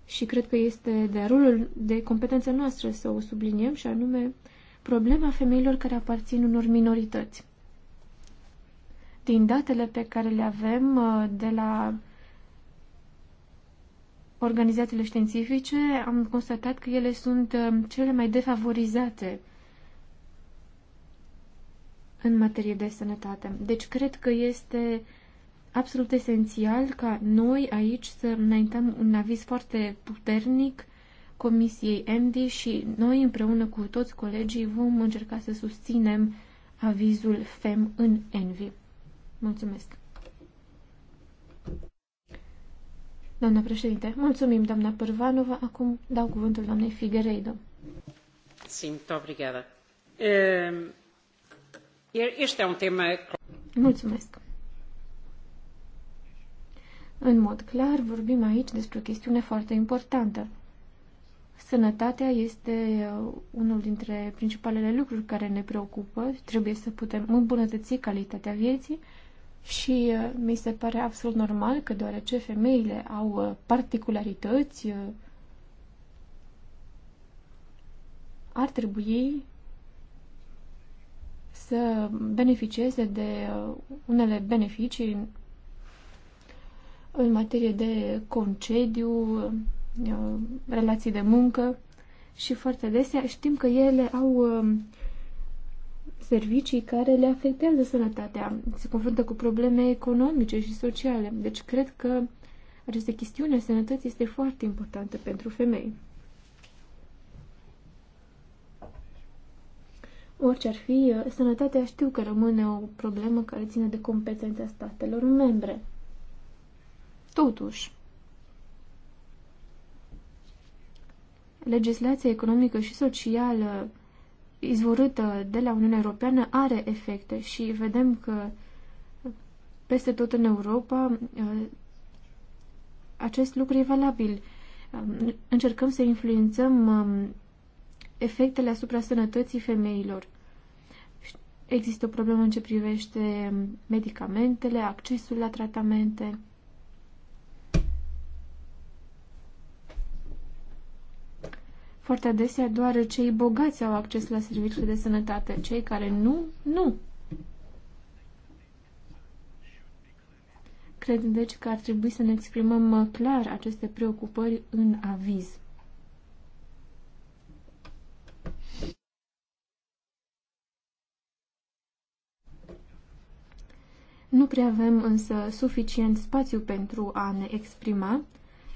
și cred că este de rolul de competență noastră să o subliniem și anume problema femeilor care aparțin unor minorități. Din datele pe care le avem uh, de la organizațiile științifice, am constatat că ele sunt uh, cele mai defavorizate în materie de sănătate. Deci cred că este absolut esențial ca noi aici să înaintăm un aviz foarte puternic Comisiei MD și noi împreună cu toți colegii vom încerca să susținem avizul FEM în ENVI. Mulțumesc! Doamna președinte, mulțumim, doamna Părvanova. Acum dau cuvântul doamnei Figueiredo. Sim, muito obrigada. Um... Este un Mulțumesc. În mod clar, vorbim aici despre o chestiune foarte importantă. Sănătatea este uh, unul dintre principalele lucruri care ne preocupă. Trebuie să putem îmbunătăți calitatea vieții și uh, mi se pare absolut normal că deoarece femeile au uh, particularități, ar trebui să beneficieze de uh, unele beneficii în materie de concediu, uh, relații de muncă și foarte desea știm că ele au uh, servicii care le afectează sănătatea, se confruntă cu probleme economice și sociale. Deci cred că această chestiune a sănătății este foarte importantă pentru femei. Orice ar fi, uh, sănătatea știu că rămâne o problemă care ține de competența statelor membre. Totuși, legislația economică și socială izvorâtă de la Uniunea Europeană are efecte și vedem că peste tot în Europa uh, acest lucru e valabil. Um, încercăm să influențăm um, efectele asupra sănătății femeilor. Există o problemă în ce privește medicamentele, accesul la tratamente. Foarte adesea doar cei bogați au acces la serviciile de sănătate, cei care nu, nu. Cred deci că ar trebui să ne exprimăm uh, clar aceste preocupări în aviz. Nu prea avem însă suficient spațiu pentru a ne exprima.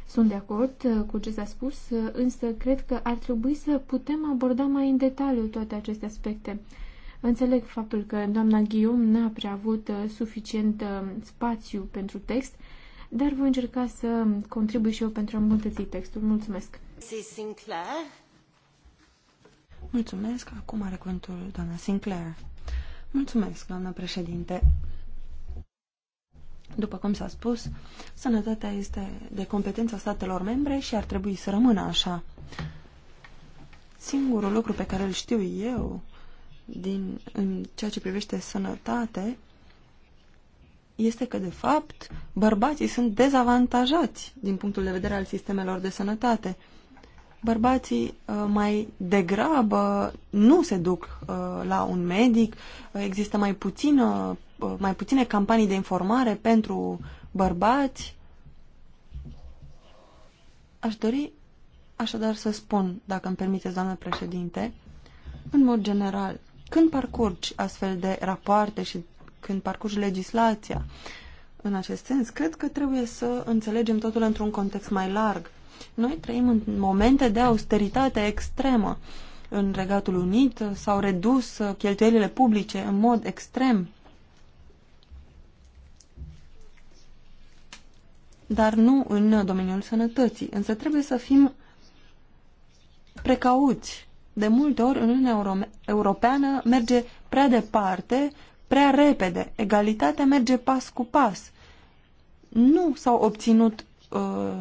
Sunt de acord uh, cu ce s-a spus, uh, însă cred că ar trebui să putem aborda mai în detaliu toate aceste aspecte. Înțeleg faptul că doamna Guillaume n-a prea avut uh, suficient spațiu pentru text, dar voi încerca să contribui și eu pentru a îmbunătăți textul. Mulțumesc! Sinclair. Mulțumesc! Acum are cuvântul doamna Sinclair. Mulțumesc, doamna președinte! După cum s-a spus, sănătatea este de competența statelor membre și ar trebui să rămână așa. Singurul lucru pe care îl știu eu din, în ceea ce privește sănătate este că, de fapt, bărbații sunt dezavantajați din punctul de vedere al sistemelor de sănătate. Bărbații uh, mai degrabă nu se duc uh, la un medic, uh, există mai puțină mai puține campanii de informare pentru bărbați. Aș dori așadar să spun, dacă îmi permiteți, doamnă președinte, în mod general, când parcurgi astfel de rapoarte și când parcurgi legislația, în acest sens, cred că trebuie să înțelegem totul într-un context mai larg. Noi trăim în momente de austeritate extremă. În Regatul Unit s-au redus cheltuielile publice în mod extrem. dar nu în domeniul sănătății. Însă trebuie să fim precauți. De multe ori, Uniunea Euro Europeană merge prea departe, prea repede. Egalitatea merge pas cu pas. Nu s-au obținut uh,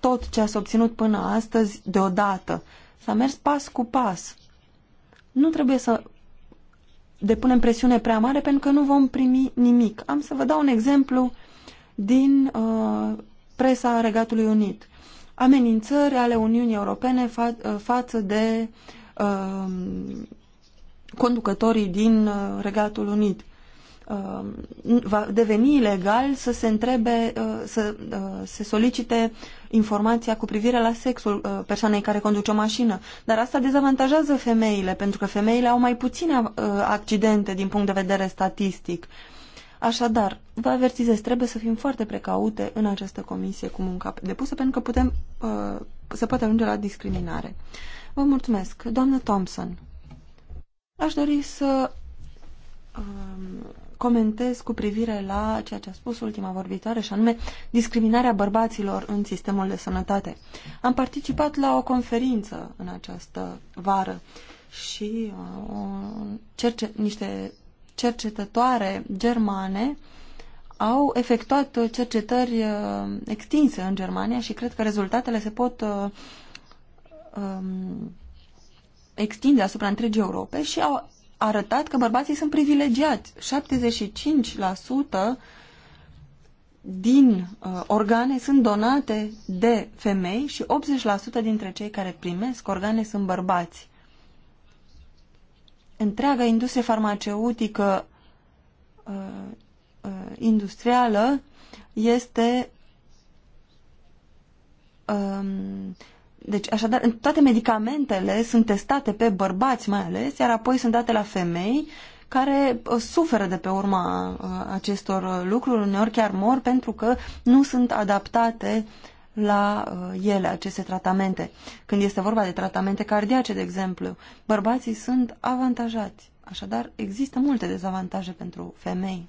tot ce s s-a obținut până astăzi deodată. S-a mers pas cu pas. Nu trebuie să depunem presiune prea mare pentru că nu vom primi nimic. Am să vă dau un exemplu din uh, presa Regatului Unit. Amenințări ale Uniunii Europene fa- uh, față de uh, conducătorii din uh, Regatul Unit. Uh, va deveni ilegal să se întrebe, uh, să uh, se solicite informația cu privire la sexul uh, persoanei care conduce o mașină. Dar asta dezavantajează femeile, pentru că femeile au mai puține uh, accidente din punct de vedere statistic. Uh, Așadar, vă avertizez, trebuie să fim foarte precaute în această comisie cu munca depusă, pentru că putem, uh, se poate ajunge la discriminare. Vă mulțumesc. Doamnă Thompson, aș dori să uh, comentez cu privire la ceea ce a spus ultima vorbitoare, și anume discriminarea bărbaților în sistemul de sănătate. Am participat la o conferință în această vară și uh, cerce, niște cercetătoare germane au efectuat uh, cercetări uh, extinse în Germania și cred că rezultatele se pot uh, um, extinde asupra întregii Europe și au arătat că bărbații sunt privilegiați. 75% din organe sunt donate de femei și 80% dintre cei care primesc organe sunt bărbați întreaga industrie farmaceutică uh, uh, industrială este um, deci, așadar, toate medicamentele sunt testate pe bărbați mai ales, iar apoi sunt date la femei care uh, suferă de pe urma acestor lucruri, uneori chiar mor pentru că nu sunt adaptate la uh, ele, aceste tratamente. Când este vorba de tratamente cardiace, de exemplu, bărbații sunt avantajați. Așadar, există multe dezavantaje pentru femei.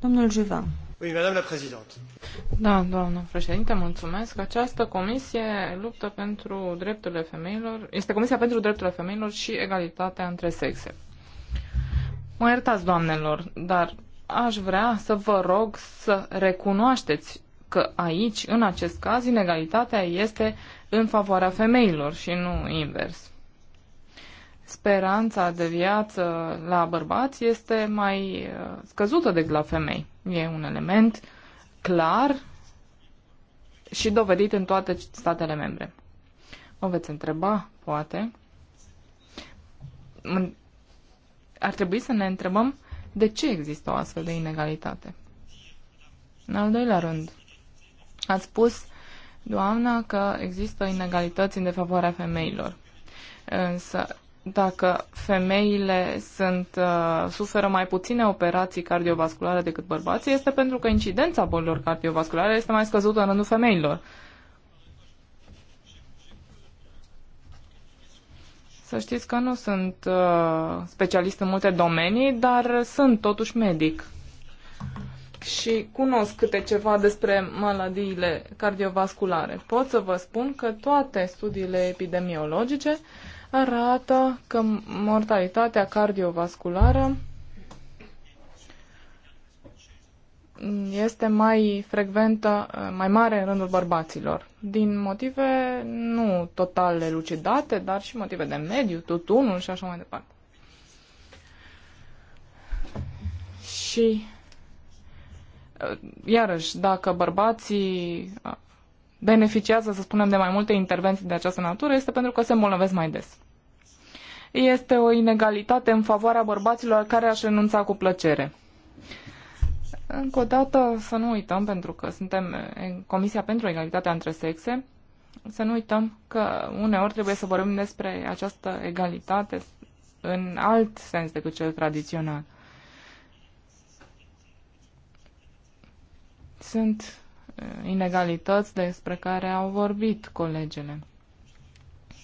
Domnul Juvin. Oui, madame la présidente. Da, doamnă președinte, mulțumesc. Această comisie luptă pentru drepturile femeilor, este Comisia pentru Drepturile Femeilor și Egalitatea între Sexe. Mă iertați, doamnelor, dar aș vrea să vă rog să recunoașteți că aici, în acest caz, inegalitatea este în favoarea femeilor și nu invers. Speranța de viață la bărbați este mai uh, scăzută decât la femei. E un element clar și dovedit în toate statele membre. Mă veți întreba, poate. Ar trebui să ne întrebăm de ce există o astfel de inegalitate. În al doilea rând, Ați spus, doamna, că există inegalități în defavoarea femeilor. Însă, dacă femeile sunt, uh, suferă mai puține operații cardiovasculare decât bărbații, este pentru că incidența bolilor cardiovasculare este mai scăzută în rândul femeilor. Să știți că nu sunt uh, specialist în multe domenii, dar sunt totuși medic și cunosc câte ceva despre maladiile cardiovasculare, pot să vă spun că toate studiile epidemiologice arată că mortalitatea cardiovasculară este mai frecventă, mai mare în rândul bărbaților, din motive nu total elucidate, dar și motive de mediu, tutunul și așa mai departe. Și iarăși, dacă bărbații beneficiază, să spunem, de mai multe intervenții de această natură, este pentru că se îmbolnăvesc mai des. Este o inegalitate în favoarea bărbaților care aș renunța cu plăcere. Încă o dată, să nu uităm, pentru că suntem în Comisia pentru Egalitatea între Sexe, să nu uităm că uneori trebuie să vorbim despre această egalitate în alt sens decât cel tradițional. Sunt inegalități despre care au vorbit colegele.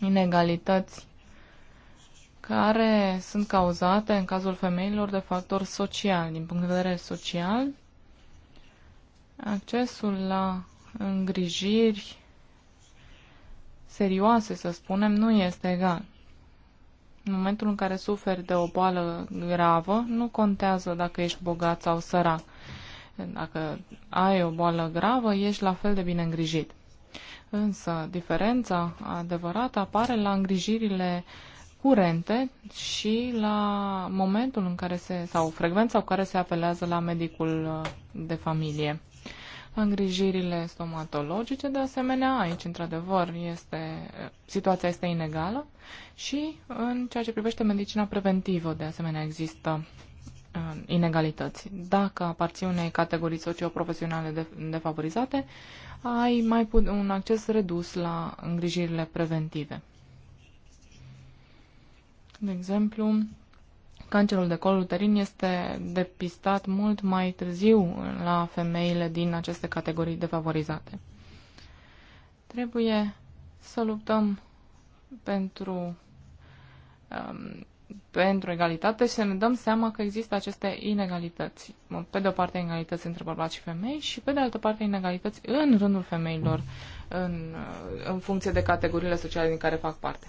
Inegalități care sunt cauzate în cazul femeilor de factor social. Din punct de vedere social, accesul la îngrijiri serioase, să spunem, nu este egal. În momentul în care suferi de o boală gravă, nu contează dacă ești bogat sau sărac. Dacă ai o boală gravă, ești la fel de bine îngrijit. Însă, diferența adevărată apare la îngrijirile curente și la momentul în care se, sau frecvența cu care se apelează la medicul uh, de familie. Îngrijirile stomatologice, de asemenea, aici, într-adevăr, este, uh, situația este inegală și în ceea ce privește medicina preventivă, de asemenea, există Um, inegalități. Dacă aparții unei categorii socioprofesionale defavorizate, ai mai un acces redus la îngrijirile preventive. De exemplu, cancerul de col uterin este depistat mult mai târziu la femeile din aceste categorii defavorizate. Trebuie să luptăm pentru um, pentru egalitate și să ne dăm seama că există aceste inegalități. Pe de o parte inegalități între bărbați și femei și pe de altă parte inegalități în rândul femeilor în, în funcție de categoriile sociale din care fac parte.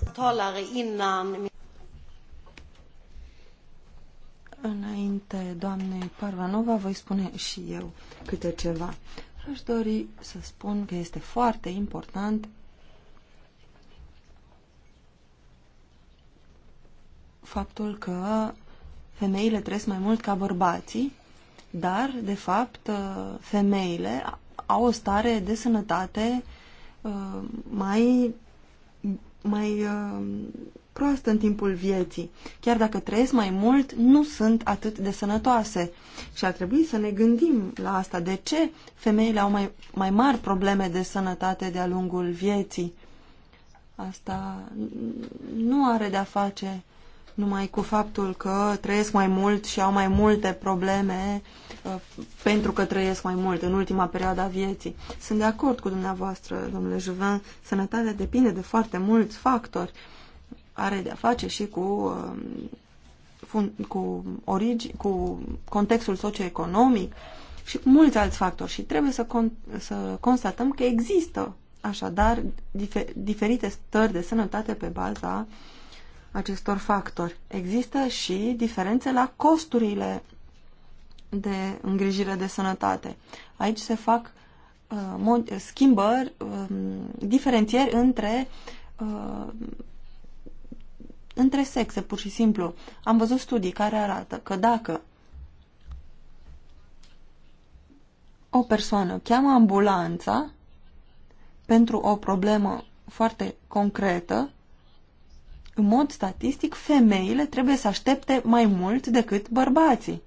Înainte doamnei Parvanova voi spune și eu câte ceva. Aș dori să spun că este foarte important faptul că femeile trăiesc mai mult ca bărbații, dar, de fapt, uh, femeile au o stare de sănătate uh, mai, mai uh, proastă în timpul vieții. Chiar dacă trăiesc mai mult, nu sunt atât de sănătoase. Și ar trebui să ne gândim la asta. De ce femeile au mai, mai mari probleme de sănătate de-a lungul vieții? Asta nu are de-a face numai cu faptul că trăiesc mai mult și au mai multe probleme uh, pentru că trăiesc mai mult în ultima perioadă a vieții. Sunt de acord cu dumneavoastră, domnule Juvin, sănătatea depinde de foarte mulți factori. Are de-a face și cu, uh, cu, origi, cu contextul socioeconomic și cu mulți alți factori și trebuie să, con- să constatăm că există așadar difer- diferite stări de sănătate pe baza uh, acestor factori. Există și diferențe la costurile de îngrijire de sănătate. Aici se fac uh, schimbări, uh, diferențieri între uh, între sexe, pur și simplu. Am văzut studii care arată că dacă o persoană cheamă ambulanța pentru o problemă foarte concretă, în mod statistic, femeile trebuie să aștepte mai mult decât bărbații.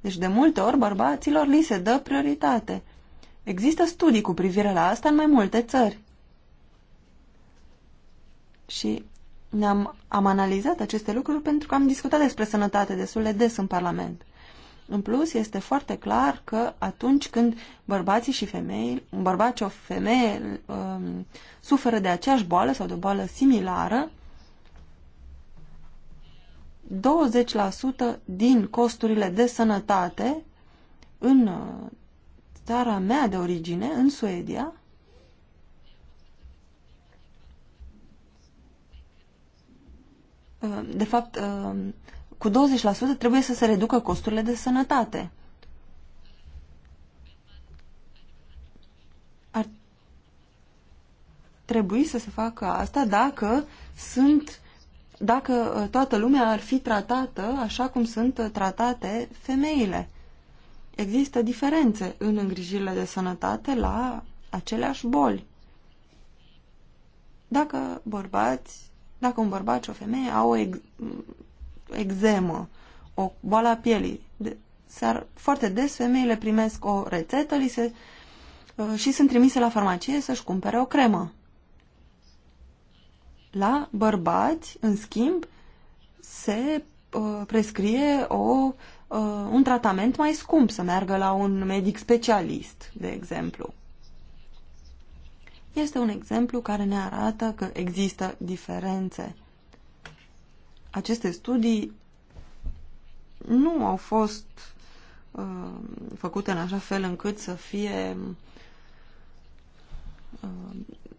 Deci, de multe ori, bărbaților li se dă prioritate. Există studii cu privire la asta în mai multe țări. Și ne-am am analizat aceste lucruri pentru că am discutat despre sănătate destul de des în Parlament. În plus, este foarte clar că atunci când bărbații și femei, un bărbat și o femeie um, suferă de aceeași boală sau de o boală similară, 20% din costurile de sănătate în uh, țara mea de origine, în Suedia, uh, de fapt, uh, cu 20% trebuie să se reducă costurile de sănătate. Ar trebui să se facă asta dacă sunt dacă uh, toată lumea ar fi tratată așa cum sunt uh, tratate femeile. Există diferențe în îngrijirile de sănătate la aceleași boli. Dacă bărbați, dacă un bărbat și o femeie au o ex, mm, exemă, o boală a pielii, de, ar foarte des femeile primesc o rețetă li se, uh, și sunt trimise la farmacie să-și cumpere o cremă. La bărbați, în schimb, se uh, prescrie o, uh, un tratament mai scump, să meargă la un medic specialist, de exemplu. Este un exemplu care ne arată că există diferențe. Aceste studii nu au fost uh, făcute în așa fel încât să fie uh,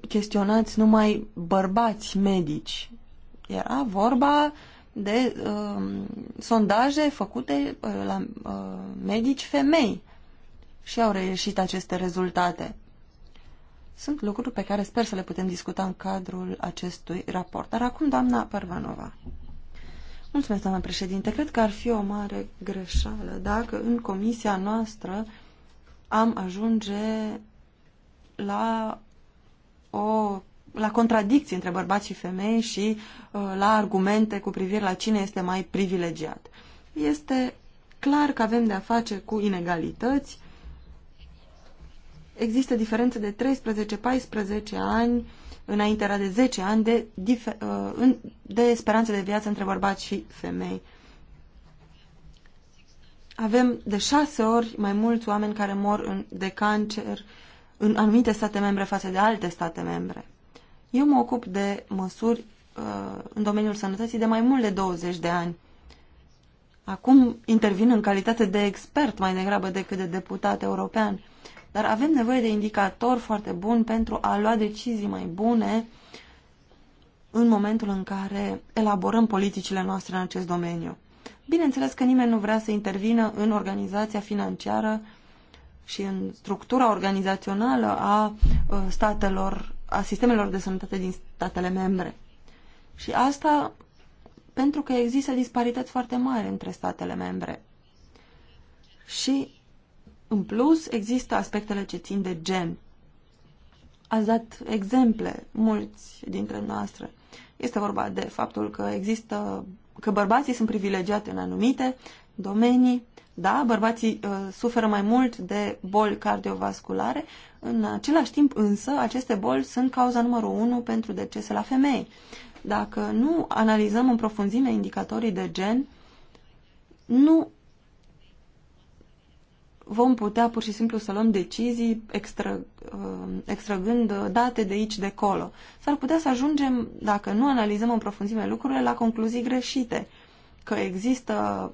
chestionați numai bărbați medici. Era vorba de uh, sondaje făcute uh, la uh, medici femei și au reieșit aceste rezultate. Sunt lucruri pe care sper să le putem discuta în cadrul acestui raport. Dar acum, doamna Parvanova. Mulțumesc, doamna președinte. Cred că ar fi o mare greșeală dacă în comisia noastră am ajunge la o, la contradicții între bărbați și femei și uh, la argumente cu privire la cine este mai privilegiat. Este clar că avem de-a face cu inegalități. Există diferențe de 13-14 ani, înainte era de 10 ani, de, uh, de speranță de viață între bărbați și femei. Avem de 6 ori mai mulți oameni care mor de cancer uh, în anumite state membre față de alte state membre. Eu mă ocup de măsuri uh, în domeniul sănătății de mai mult de 20 de ani. Acum intervin în calitate de expert mai degrabă decât de deputat european, dar avem nevoie de indicatori foarte buni pentru a lua decizii mai bune în momentul în care elaborăm politicile noastre în acest domeniu. Bineînțeles că nimeni nu vrea să intervină în organizația financiară și în structura organizațională a uh, statelor, a sistemelor de sănătate din statele membre. Și asta pentru că există disparități foarte mari între statele membre. Și, în plus, există aspectele ce țin de gen. Ați dat exemple, mulți dintre noastre. Este vorba de faptul că există, că bărbații sunt privilegiate în anumite domenii, da, bărbații uh, suferă mai mult de boli cardiovasculare, în același timp însă aceste boli sunt cauza numărul unu pentru decese la femei. Dacă nu analizăm în profunzime indicatorii de gen, nu vom putea pur și simplu să luăm decizii extra, uh, extragând uh, date de aici, de acolo. S-ar putea să ajungem, dacă nu analizăm în profunzime lucrurile, la concluzii greșite, că există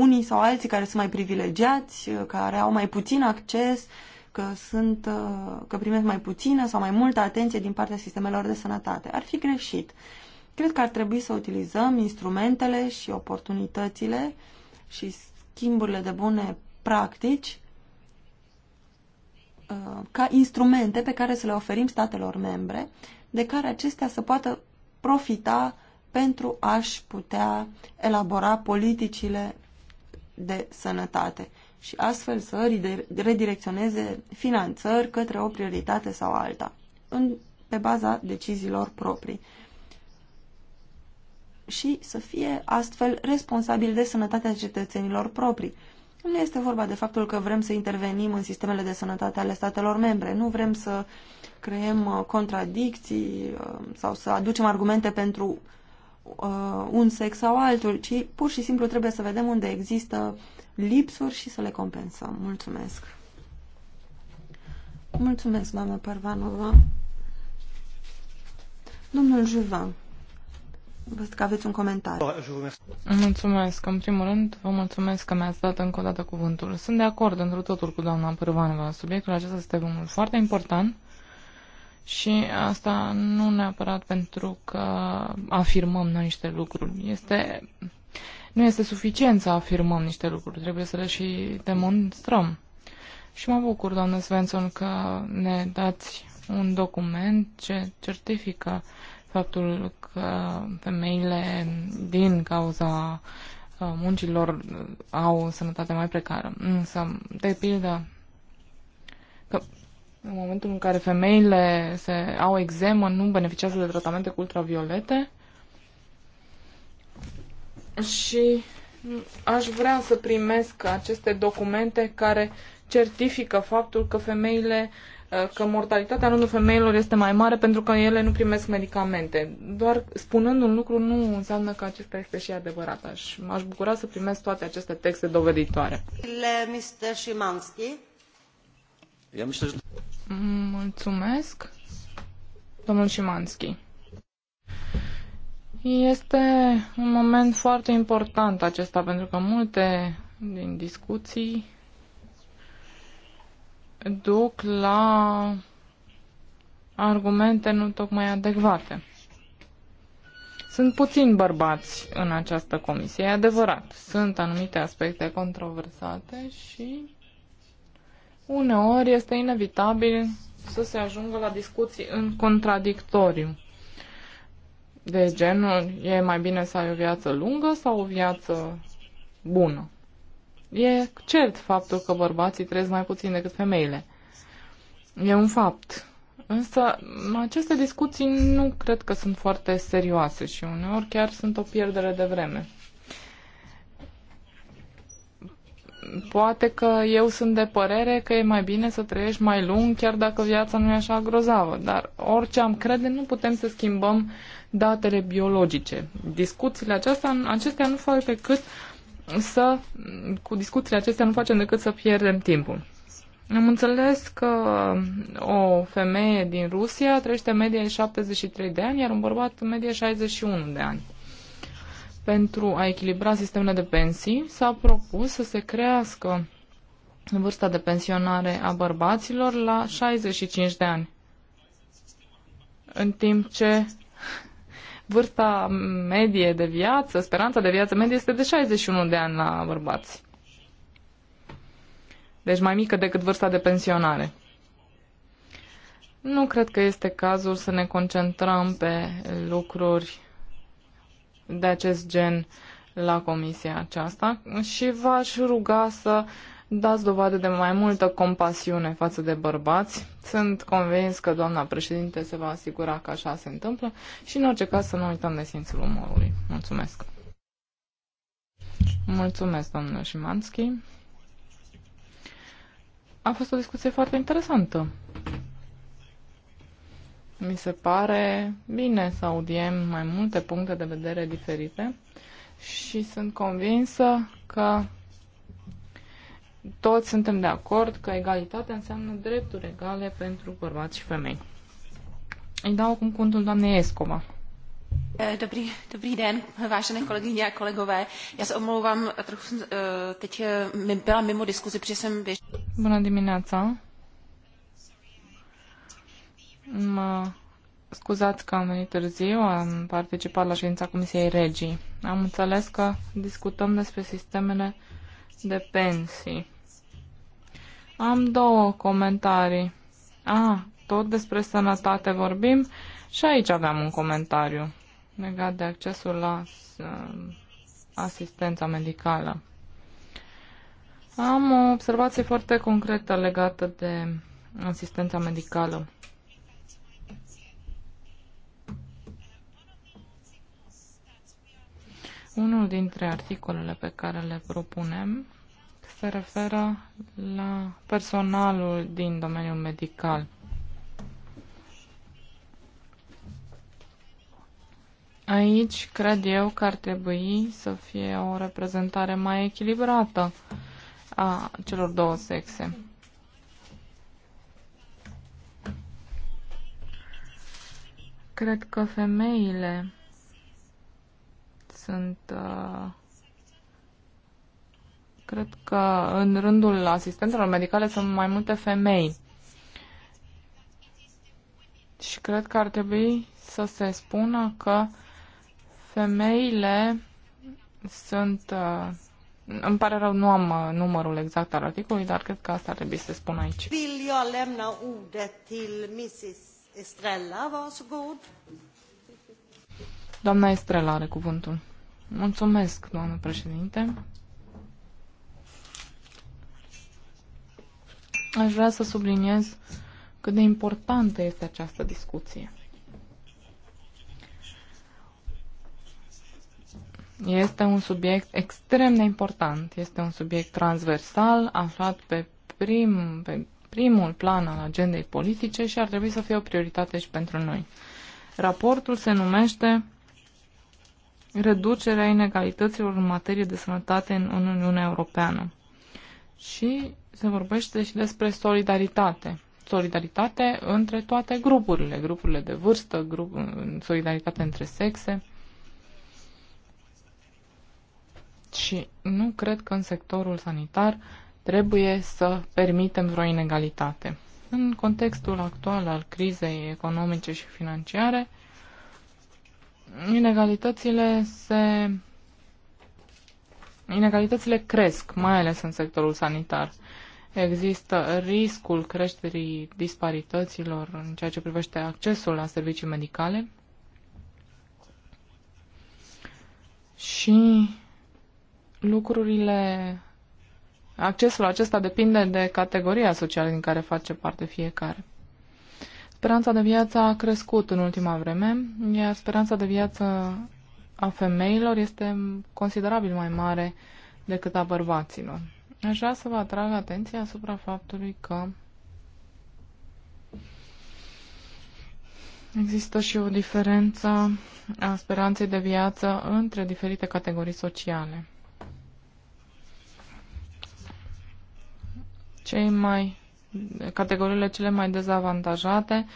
unii sau alții care sunt mai privilegiați, uh, care au mai puțin acces, că, sunt, uh, că primesc mai puțină sau mai multă atenție din partea sistemelor de sănătate. Ar fi greșit. Cred că ar trebui să utilizăm instrumentele și oportunitățile și schimburile de bune practici uh, ca instrumente pe care să le oferim statelor membre, de care acestea să poată profita pentru a-și putea elabora politicile de sănătate și astfel să redirecționeze finanțări către o prioritate sau alta, în, pe baza deciziilor proprii și să fie astfel responsabil de sănătatea cetățenilor proprii. Nu este vorba de faptul că vrem să intervenim în sistemele de sănătate ale statelor membre, nu vrem să creăm uh, contradicții uh, sau să aducem argumente pentru uh, un sex sau altul, ci pur și simplu trebuie să vedem unde există lipsuri și să le compensăm. Mulțumesc! Mulțumesc, doamnă Parvanova! Domnul Juvan, văd că aveți un comentariu. Mulțumesc. În primul rând, vă mulțumesc că mi-ați dat încă o dată cuvântul. Sunt de acord într totul cu doamna Pârvaneva. Subiectul acesta este unul foarte important și asta nu neapărat pentru că afirmăm noi niște lucruri. Este, nu este suficient să afirmăm niște lucruri, trebuie să le și demonstrăm. Și mă bucur, doamnă Svensson, că ne dați un document ce certifică faptul că femeile din cauza uh, muncilor au sănătate mai precară. Însă, de pildă, că în momentul în care femeile se au exemă, nu beneficiază de tratamente cu ultraviolete. Și aș vrea să primesc aceste documente care certifică faptul că femeile că mortalitatea în rândul femeilor este mai mare pentru că ele nu primesc medicamente. Doar spunând un lucru nu înseamnă că acesta este și adevărat. Aș, m-aș bucura să primesc toate aceste texte doveditoare. Mr. Shimansky. Mulțumesc. Domnul Șimanski. Este un moment foarte important acesta, pentru că multe din discuții duc la argumente nu tocmai adecvate. Sunt puțini bărbați în această comisie, e adevărat. Sunt anumite aspecte controversate și uneori este inevitabil să se ajungă la discuții în contradictoriu. De genul, e mai bine să ai o viață lungă sau o viață bună? E cert faptul că bărbații trăiesc mai puțin decât femeile. E un fapt. Însă aceste discuții nu cred că sunt foarte serioase și uneori chiar sunt o pierdere de vreme. poate că eu sunt de părere că e mai bine să trăiești mai lung, chiar dacă viața nu e așa grozavă. Dar orice am crede, nu putem să schimbăm datele biologice. Discuțiile acestea, acestea nu fac decât să, cu discuțiile acestea nu facem decât să pierdem timpul. Am înțeles că o femeie din Rusia trăiește medie 73 de ani, iar un bărbat medie 61 de ani pentru a echilibra sistemele de pensii, s-a propus să se crească vârsta de pensionare a bărbaților la 65 de ani, în timp ce vârsta medie de viață, speranța de viață medie este de 61 de ani la bărbați. Deci mai mică decât vârsta de pensionare. Nu cred că este cazul să ne concentrăm pe lucruri de acest gen la comisia aceasta și v-aș ruga să dați dovadă de mai multă compasiune față de bărbați. Sunt convins că doamna președinte se va asigura că așa se întâmplă și în orice caz să nu uităm de simțul umorului. Mulțumesc! Mulțumesc, domnule Șimanski. A fost o discuție foarte interesantă. Mi se pare bine să audiem mai multe puncte de vedere diferite și sunt convinsă că toți suntem de acord că egalitatea înseamnă drepturi egale pentru bărbați și femei. Îi dau acum cuvântul doamnei Escova. Eh, dobrý, dobrý den, vážené kolegyně a kolegové. Já se omlouvám, trochu eh, teď eh, byla mimo diskuzi, protože jsem běžná. Bună dimineața. Mă scuzați că am venit târziu, am participat la ședința Comisiei Regii. Am înțeles că discutăm despre sistemele de pensii. Am două comentarii. Ah, tot despre sănătate vorbim și aici aveam un comentariu legat de accesul la uh, asistența medicală. Am o observație foarte concretă legată de asistența medicală. Unul dintre articolele pe care le propunem se referă la personalul din domeniul medical. Aici cred eu că ar trebui să fie o reprezentare mai echilibrată a celor două sexe. Cred că femeile sunt uh, cred că în rândul asistentelor medicale sunt mai multe femei. Și cred că ar trebui să se spună că femeile sunt... Uh, îmi pare rău, nu am uh, numărul exact al articolului, dar cred că asta ar trebui să se spună aici. Doamna Estrela are cuvântul. Mulțumesc, doamnă președinte. Aș vrea să subliniez cât de importantă este această discuție. Este un subiect extrem de important, este un subiect transversal, aflat pe, prim, pe primul plan al agendei politice și ar trebui să fie o prioritate și pentru noi. Raportul se numește reducerea inegalităților în materie de sănătate în Uniunea Europeană. Și se vorbește și despre solidaritate. Solidaritate între toate grupurile, grupurile de vârstă, grup, solidaritate între sexe. Și nu cred că în sectorul sanitar trebuie să permitem vreo inegalitate. În contextul actual al crizei economice și financiare, inegalitățile se inegalitățile cresc, mai ales în sectorul sanitar. Există riscul creșterii disparităților în ceea ce privește accesul la servicii medicale și lucrurile accesul acesta depinde de categoria socială din care face parte fiecare. Speranța de viață a crescut în ultima vreme, iar speranța de viață a femeilor este considerabil mai mare decât a bărbaților. Aș vrea să vă atrag atenția asupra faptului că există și o diferență a speranței de viață între diferite categorii sociale. Cei mai categoriile cele mai dezavantajate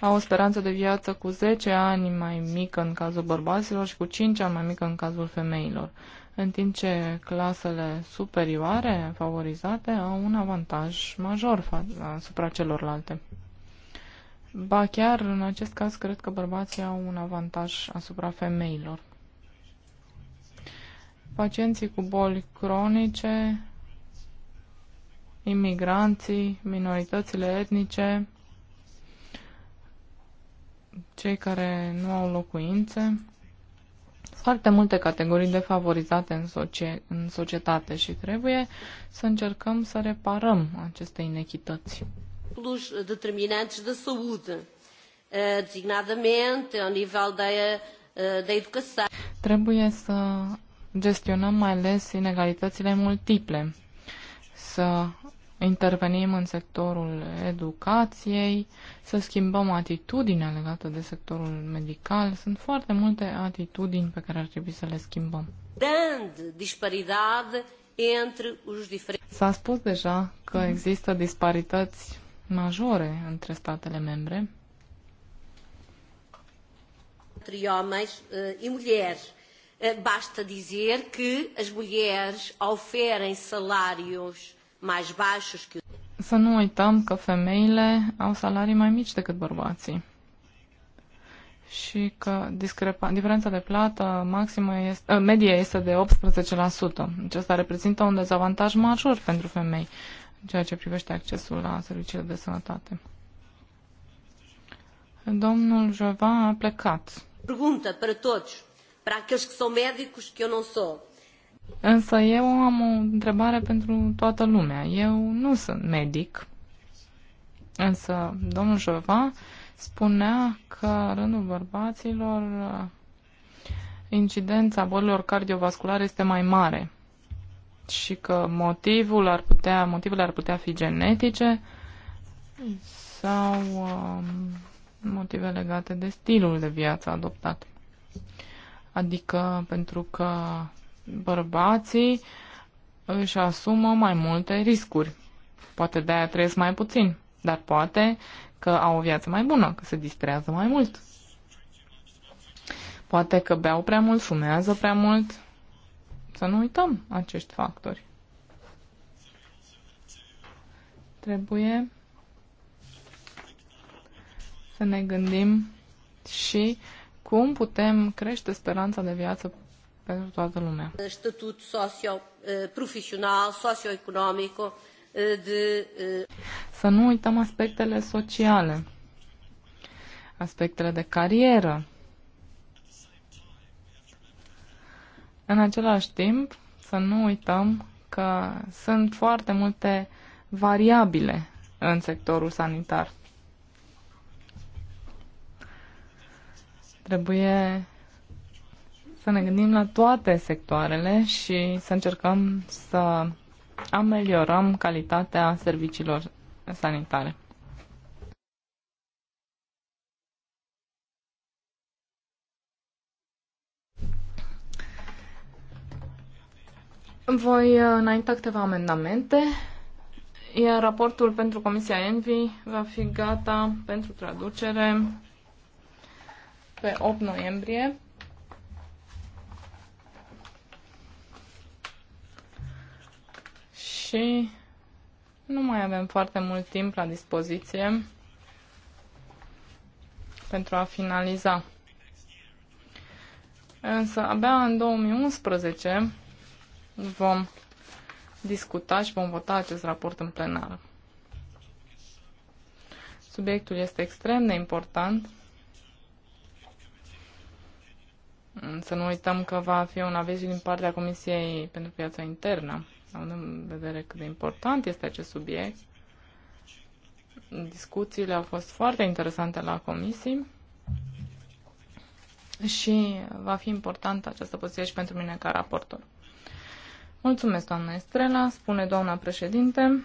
au o speranță de viață cu 10 ani mai mică în cazul bărbaților și cu 5 ani mai mică în cazul femeilor, în timp ce clasele superioare favorizate au un avantaj major asupra celorlalte. Ba chiar în acest caz cred că bărbații au un avantaj asupra femeilor. Pacienții cu boli cronice imigranții, minoritățile etnice, cei care nu au locuințe, foarte multe categorii defavorizate în, socie- în societate și trebuie să încercăm să reparăm aceste inechități. Plus determinantes de da saúde, eh, designadamente la nivel de, da, eh, de da educație. Trebuie să gestionăm mai ales inegalitățile multiple, să intervenim în sectorul educației, să schimbăm atitudinea legată de sectorul medical. Sunt foarte multe atitudini pe care ar trebui să le schimbăm. S-a spus deja că există disparități majore între statele membre. Între homens și eh, mulheres. Eh, basta dizer que as mulheres oferem salários mais baixos que Să nu uităm că femeile au salarii mai mici decât bărbații și că discrepa, diferența de plată maximă este, ă, medie este de 18%. Acesta reprezintă un dezavantaj major pentru femei în ceea ce privește accesul la serviciile de sănătate. Domnul Jovan a plecat. Pregunta pentru toți, pentru aqueles que sunt medici, că eu nu sunt. Însă eu am o întrebare pentru toată lumea. Eu nu sunt medic, însă domnul Jova spunea că în rândul bărbaților incidența bolilor cardiovasculare este mai mare și că motivul ar putea, motivele ar putea fi genetice sau um, motive legate de stilul de viață adoptat. Adică pentru că bărbații își asumă mai multe riscuri. Poate de aia trăiesc mai puțin, dar poate că au o viață mai bună, că se distrează mai mult. Poate că beau prea mult, fumează prea mult. Să nu uităm acești factori. Trebuie să ne gândim și cum putem crește speranța de viață pentru toată lumea. Uh, statut socio-profesional, uh, socio-economic. Uh, de... Să nu uităm aspectele sociale, aspectele de carieră. În același timp, să nu uităm că sunt foarte multe variabile în sectorul sanitar. Trebuie să ne gândim la toate sectoarele și să încercăm să ameliorăm calitatea serviciilor sanitare. Voi înainta câteva amendamente, iar raportul pentru Comisia Envi va fi gata pentru traducere pe 8 noiembrie. și nu mai avem foarte mult timp la dispoziție pentru a finaliza. Însă abia în 2011 vom discuta și vom vota acest raport în plenar. Subiectul este extrem de important. Să nu uităm că va fi un aviz din partea Comisiei pentru Piața Internă având în vedere cât de important este acest subiect. Discuțiile au fost foarte interesante la comisii și va fi importantă această poziție și pentru mine ca raportor. Mulțumesc, doamna Estrela, spune doamna președinte.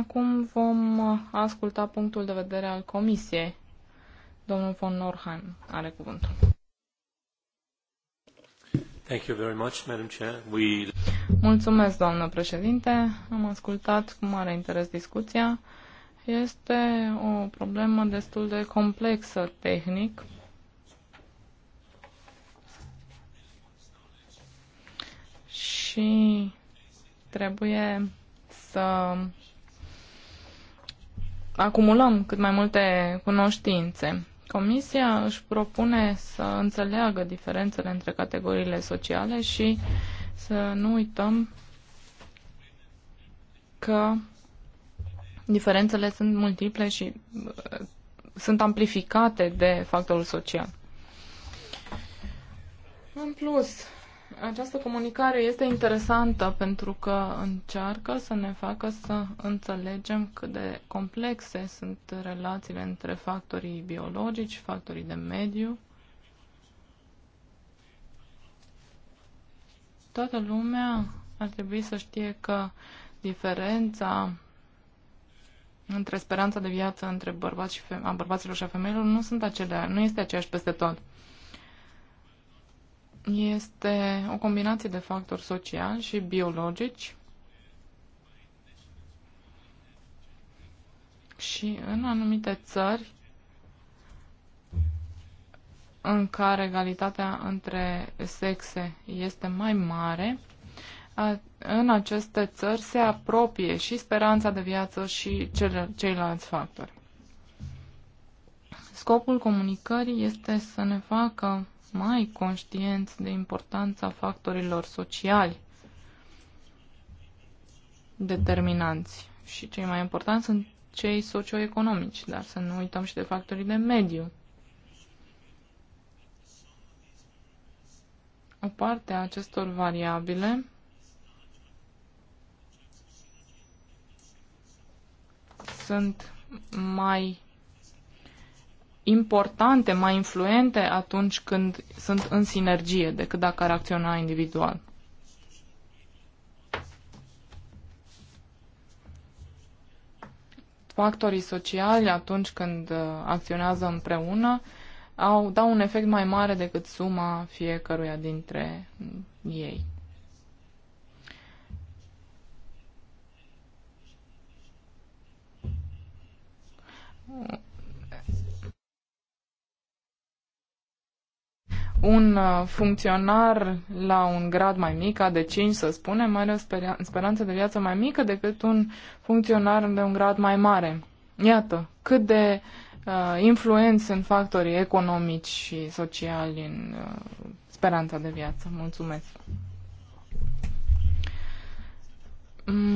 Acum vom asculta punctul de vedere al comisiei. Domnul von Norheim are cuvântul. Thank you very much, Madam Chair. We... Mulțumesc, doamnă președinte. Am ascultat cu mare interes discuția. Este o problemă destul de complexă tehnic. Și trebuie să acumulăm cât mai multe cunoștințe. Comisia își propune să înțeleagă diferențele între categoriile sociale și uh, să nu uităm că diferențele sunt multiple și uh, sunt amplificate de factorul social. În plus, această comunicare este interesantă pentru că încearcă să ne facă să înțelegem cât de complexe sunt relațiile între factorii biologici, factorii de mediu Toată lumea ar trebui să știe că diferența între speranța de viață între bărbați și feme- a bărbaților și a femeilor nu sunt acelea, nu este aceeași peste tot. Este o combinație de factori sociali și biologici și în anumite țări în care egalitatea între sexe este mai mare, în aceste țări se apropie și speranța de viață și ceilalți factori. Scopul comunicării este să ne facă mai conștienți de importanța factorilor sociali determinanți și cei mai importanți sunt cei socioeconomici, dar să nu uităm și de factorii de mediu O parte a acestor variabile sunt mai importante, mai influente atunci când sunt în sinergie decât dacă ar acționa individual. Factorii sociali, atunci când uh, acționează împreună, au, dau un efect mai mare decât suma fiecăruia dintre ei. un uh, funcționar la un grad mai mic, a de 5 să spunem, are o speranță de viață mai mică decât un funcționar de un grad mai mare. Iată, cât de Uh, influență în factorii economici și sociali în uh, speranța de viață. Mulțumesc!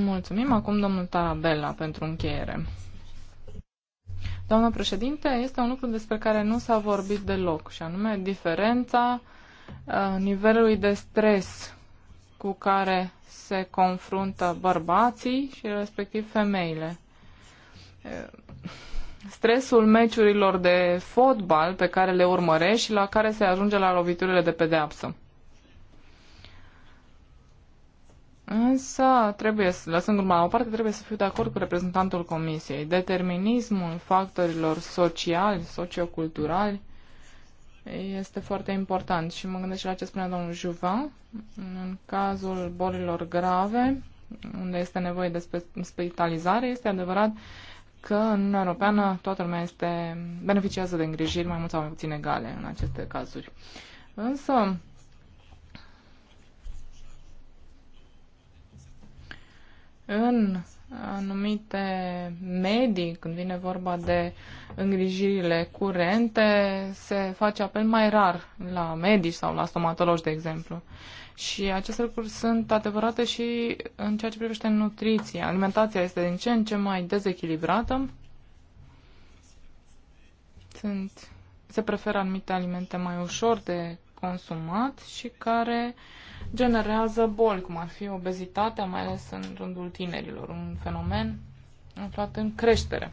Mulțumim acum domnul Tarabella pentru încheiere. Doamna președinte, este un lucru despre care nu s-a vorbit deloc, și anume diferența uh, nivelului de stres cu care se confruntă bărbații și respectiv femeile stresul meciurilor de fotbal pe care le urmărești și la care se ajunge la loviturile de pedeapsă. Însă, trebuie să, lăsând urma la o parte, trebuie să fiu de acord cu reprezentantul Comisiei. Determinismul factorilor sociali, socioculturali, este foarte important și mă gândesc și la ce spunea domnul Juvan. În cazul bolilor grave, unde este nevoie de spitalizare, este adevărat că în Uniunea Europeană toată lumea este, beneficiază de îngrijiri mai mult sau mai puțin egale în aceste cazuri. Însă, în anumite medii, când vine vorba de îngrijirile curente, se face apel mai rar la medici sau la stomatologi, de exemplu. Uh, și aceste lucruri sunt adevărate și în ceea ce privește nutriția. Alimentația este din ce în ce mai dezechilibrată. Sunt, se preferă anumite alimente mai ușor de consumat și care generează boli, cum ar fi obezitatea, mai ales în rândul tinerilor, un fenomen aflat în creștere.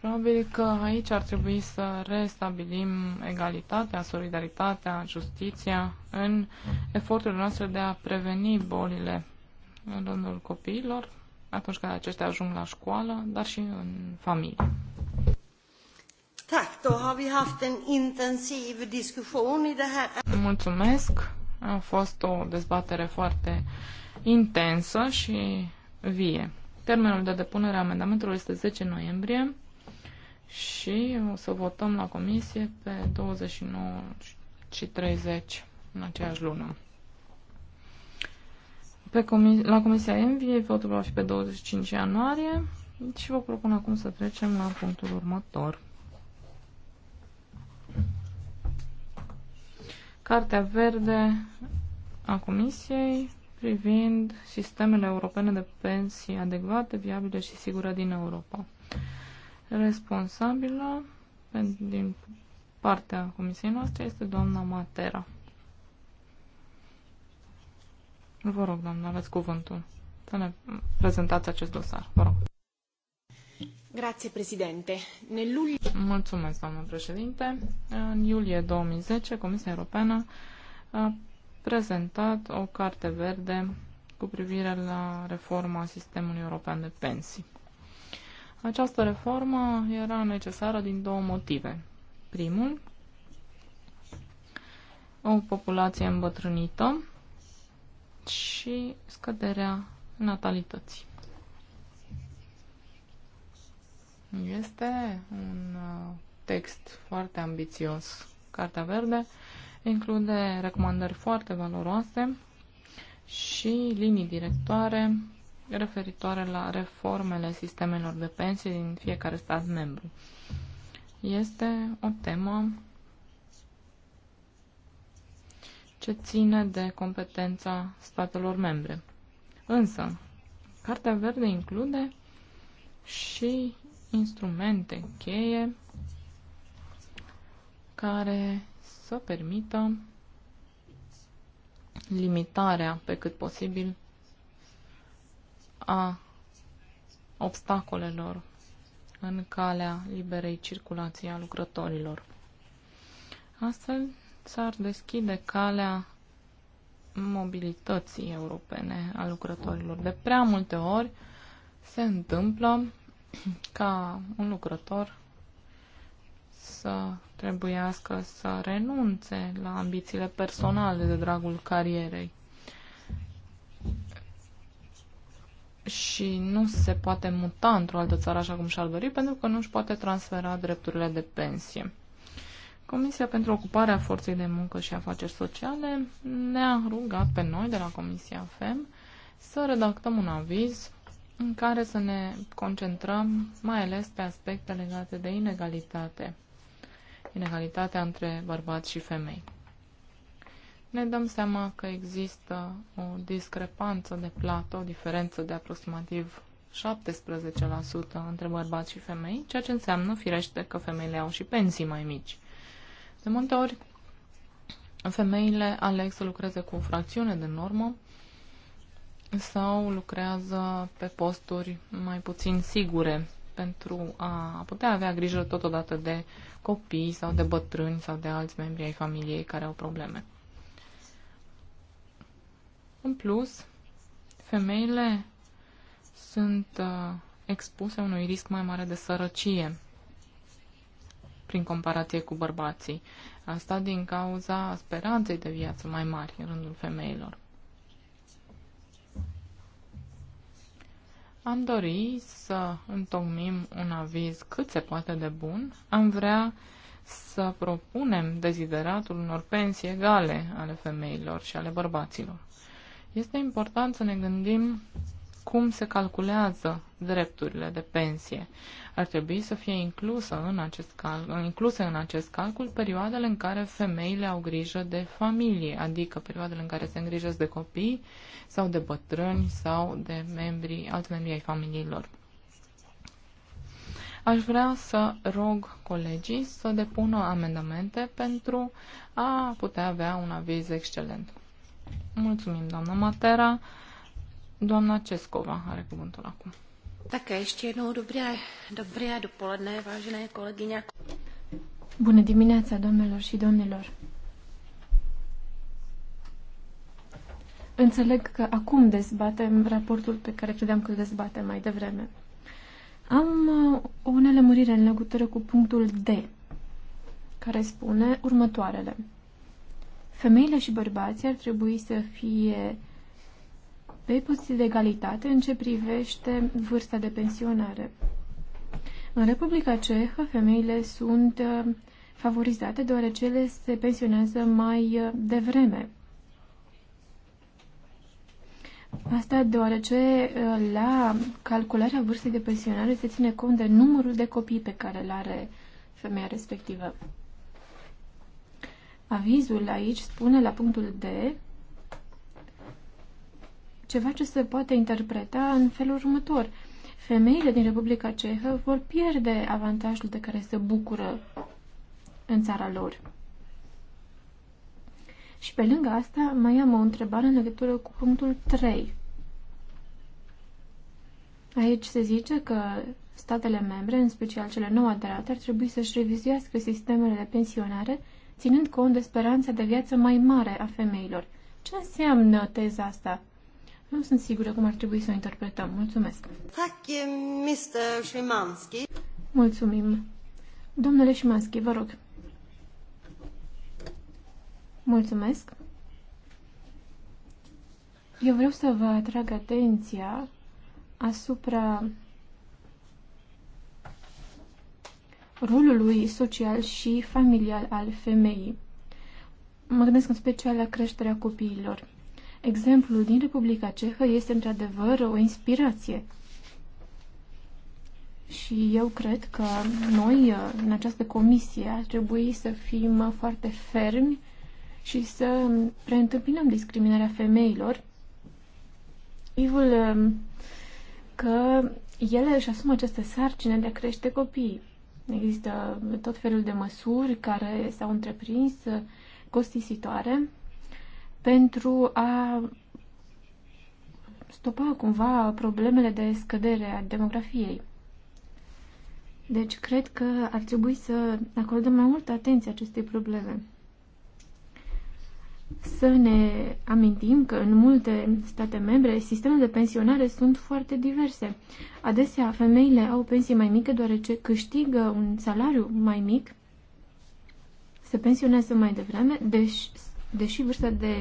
Probabil că aici ar trebui să restabilim egalitatea, solidaritatea, justiția în eforturile noastre de a preveni bolile în rândul copiilor, atunci când aceștia ajung la școală, dar și în familie. Tack, då har vi haft en intensiv diskussion i det här. Mulțumesc. A fost o dezbatere foarte intensă și vie. Termenul de depunere a amendamentului este 10 noiembrie și o să votăm la comisie pe 29 și 30 în aceeași lună. Pe comis- la Comisia Envie votul va fi pe 25 ianuarie și vă propun acum să trecem la punctul următor. Cartea verde a Comisiei privind sistemele europene de pensii adecvate, viabile și sigure din Europa responsabilă din partea comisiei noastre este doamna Matera. Vă rog, doamnă, aveți cuvântul să ne prezentați acest dosar. Vă rog. Grazie, Presidente. Nell'ul... Mulțumesc, doamnă președinte. În iulie 2010, Comisia Europeană a prezentat o carte verde cu privire la reforma sistemului european de pensii. Această reformă era necesară din două motive. Primul, o populație îmbătrânită și scăderea natalității. Este un uh, text foarte ambițios. Cartea Verde include recomandări foarte valoroase și linii directoare referitoare la reformele sistemelor de pensii din fiecare stat membru. Este o temă ce ține de competența statelor membre. Însă, Cartea Verde include și instrumente cheie care să permită limitarea pe cât posibil a obstacolelor în calea liberei circulații a lucrătorilor. Astfel s-ar deschide calea mobilității europene a lucrătorilor. De prea multe ori se întâmplă ca un lucrător să trebuiască să renunțe la ambițiile personale de dragul carierei. și nu se poate muta într-o altă țară așa cum și-ar dori pentru că nu își poate transfera drepturile de pensie. Comisia pentru Ocuparea Forței de Muncă și Afaceri Sociale ne-a rugat pe noi de la Comisia FEM să redactăm un aviz în care să ne concentrăm mai ales pe aspecte legate de inegalitate, inegalitatea între bărbați și femei ne dăm seama că există o discrepanță de plată, o diferență de aproximativ 17% între bărbați și femei, ceea ce înseamnă, firește, că femeile au și pensii mai mici. De multe ori, femeile aleg să lucreze cu o fracțiune de normă sau lucrează pe posturi mai puțin sigure pentru a putea avea grijă totodată de copii sau de bătrâni sau de alți membri ai familiei care au probleme. În plus, femeile sunt uh, expuse unui risc mai mare de sărăcie prin comparație cu bărbații. Asta din cauza speranței de viață mai mari în rândul femeilor. Am dori să întocmim un aviz cât se poate de bun. Am vrea să propunem dezideratul unor pensii egale ale femeilor și ale bărbaților. Este important să ne gândim cum se calculează drepturile de pensie. Ar trebui să fie inclusă în acest cal- incluse în acest calcul perioadele în care femeile au grijă de familie, adică perioadele în care se îngrijesc de copii sau de bătrâni sau de membri, alți membri ai familiilor. Aș vrea să rog colegii să depună amendamente pentru a putea avea un aviz excelent. Mulțumim, doamna Matera. Doamna Cescova are cuvântul acum. Také ještě jednou dobré, dobré dopoledne, vážené kolegyně. Bună dimineața, domnilor și domnilor. Înțeleg că acum dezbatem raportul pe care credeam că îl dezbatem mai devreme. Am uh, o nelămurire în legătură cu punctul D, care spune următoarele femeile și bărbații ar trebui să fie pe poziții de egalitate în ce privește vârsta de pensionare. În Republica Cehă, femeile sunt uh, favorizate deoarece ele se pensionează mai uh, devreme. Asta deoarece uh, la calcularea vârstei de pensionare se ține cont de numărul de copii pe care îl are femeia respectivă. Avizul aici spune la punctul D ceva ce se poate interpreta în felul următor. Femeile din Republica Cehă vor pierde avantajul de care se bucură în țara lor. Și pe lângă asta mai am o întrebare în legătură cu punctul 3. Aici se zice că statele membre, în special cele nou aderate, ar trebui să-și revizuiască sistemele de pensionare ținând cont de speranța de viață mai mare a femeilor. Ce înseamnă teza asta? Nu sunt sigură cum ar trebui să o interpretăm. Mulțumesc. you, Mr. Shimansky. Mulțumim. Domnule Shimansky, vă rog. Mulțumesc. Eu vreau să vă atrag atenția asupra rolului social și familial al femeii. Mă gândesc în special la creșterea copiilor. Exemplul din Republica Cehă este într-adevăr o inspirație. Și eu cred că noi, uh, în această comisie, ar trebui să fim foarte fermi și să preîntâmpinăm discriminarea femeilor. Ivul um, că ele își asumă această sarcină de a crește copiii. Există tot felul de măsuri care s-au întreprins uh, costisitoare pentru a stopa cumva problemele de scădere a demografiei. Deci cred că ar trebui să acordăm mai multă atenție acestei probleme să ne amintim că în multe state membre sistemele de pensionare sunt foarte diverse. Adesea femeile au pensii mai mică deoarece câștigă un salariu mai mic, se pensionează mai devreme, deși, deși vârsta de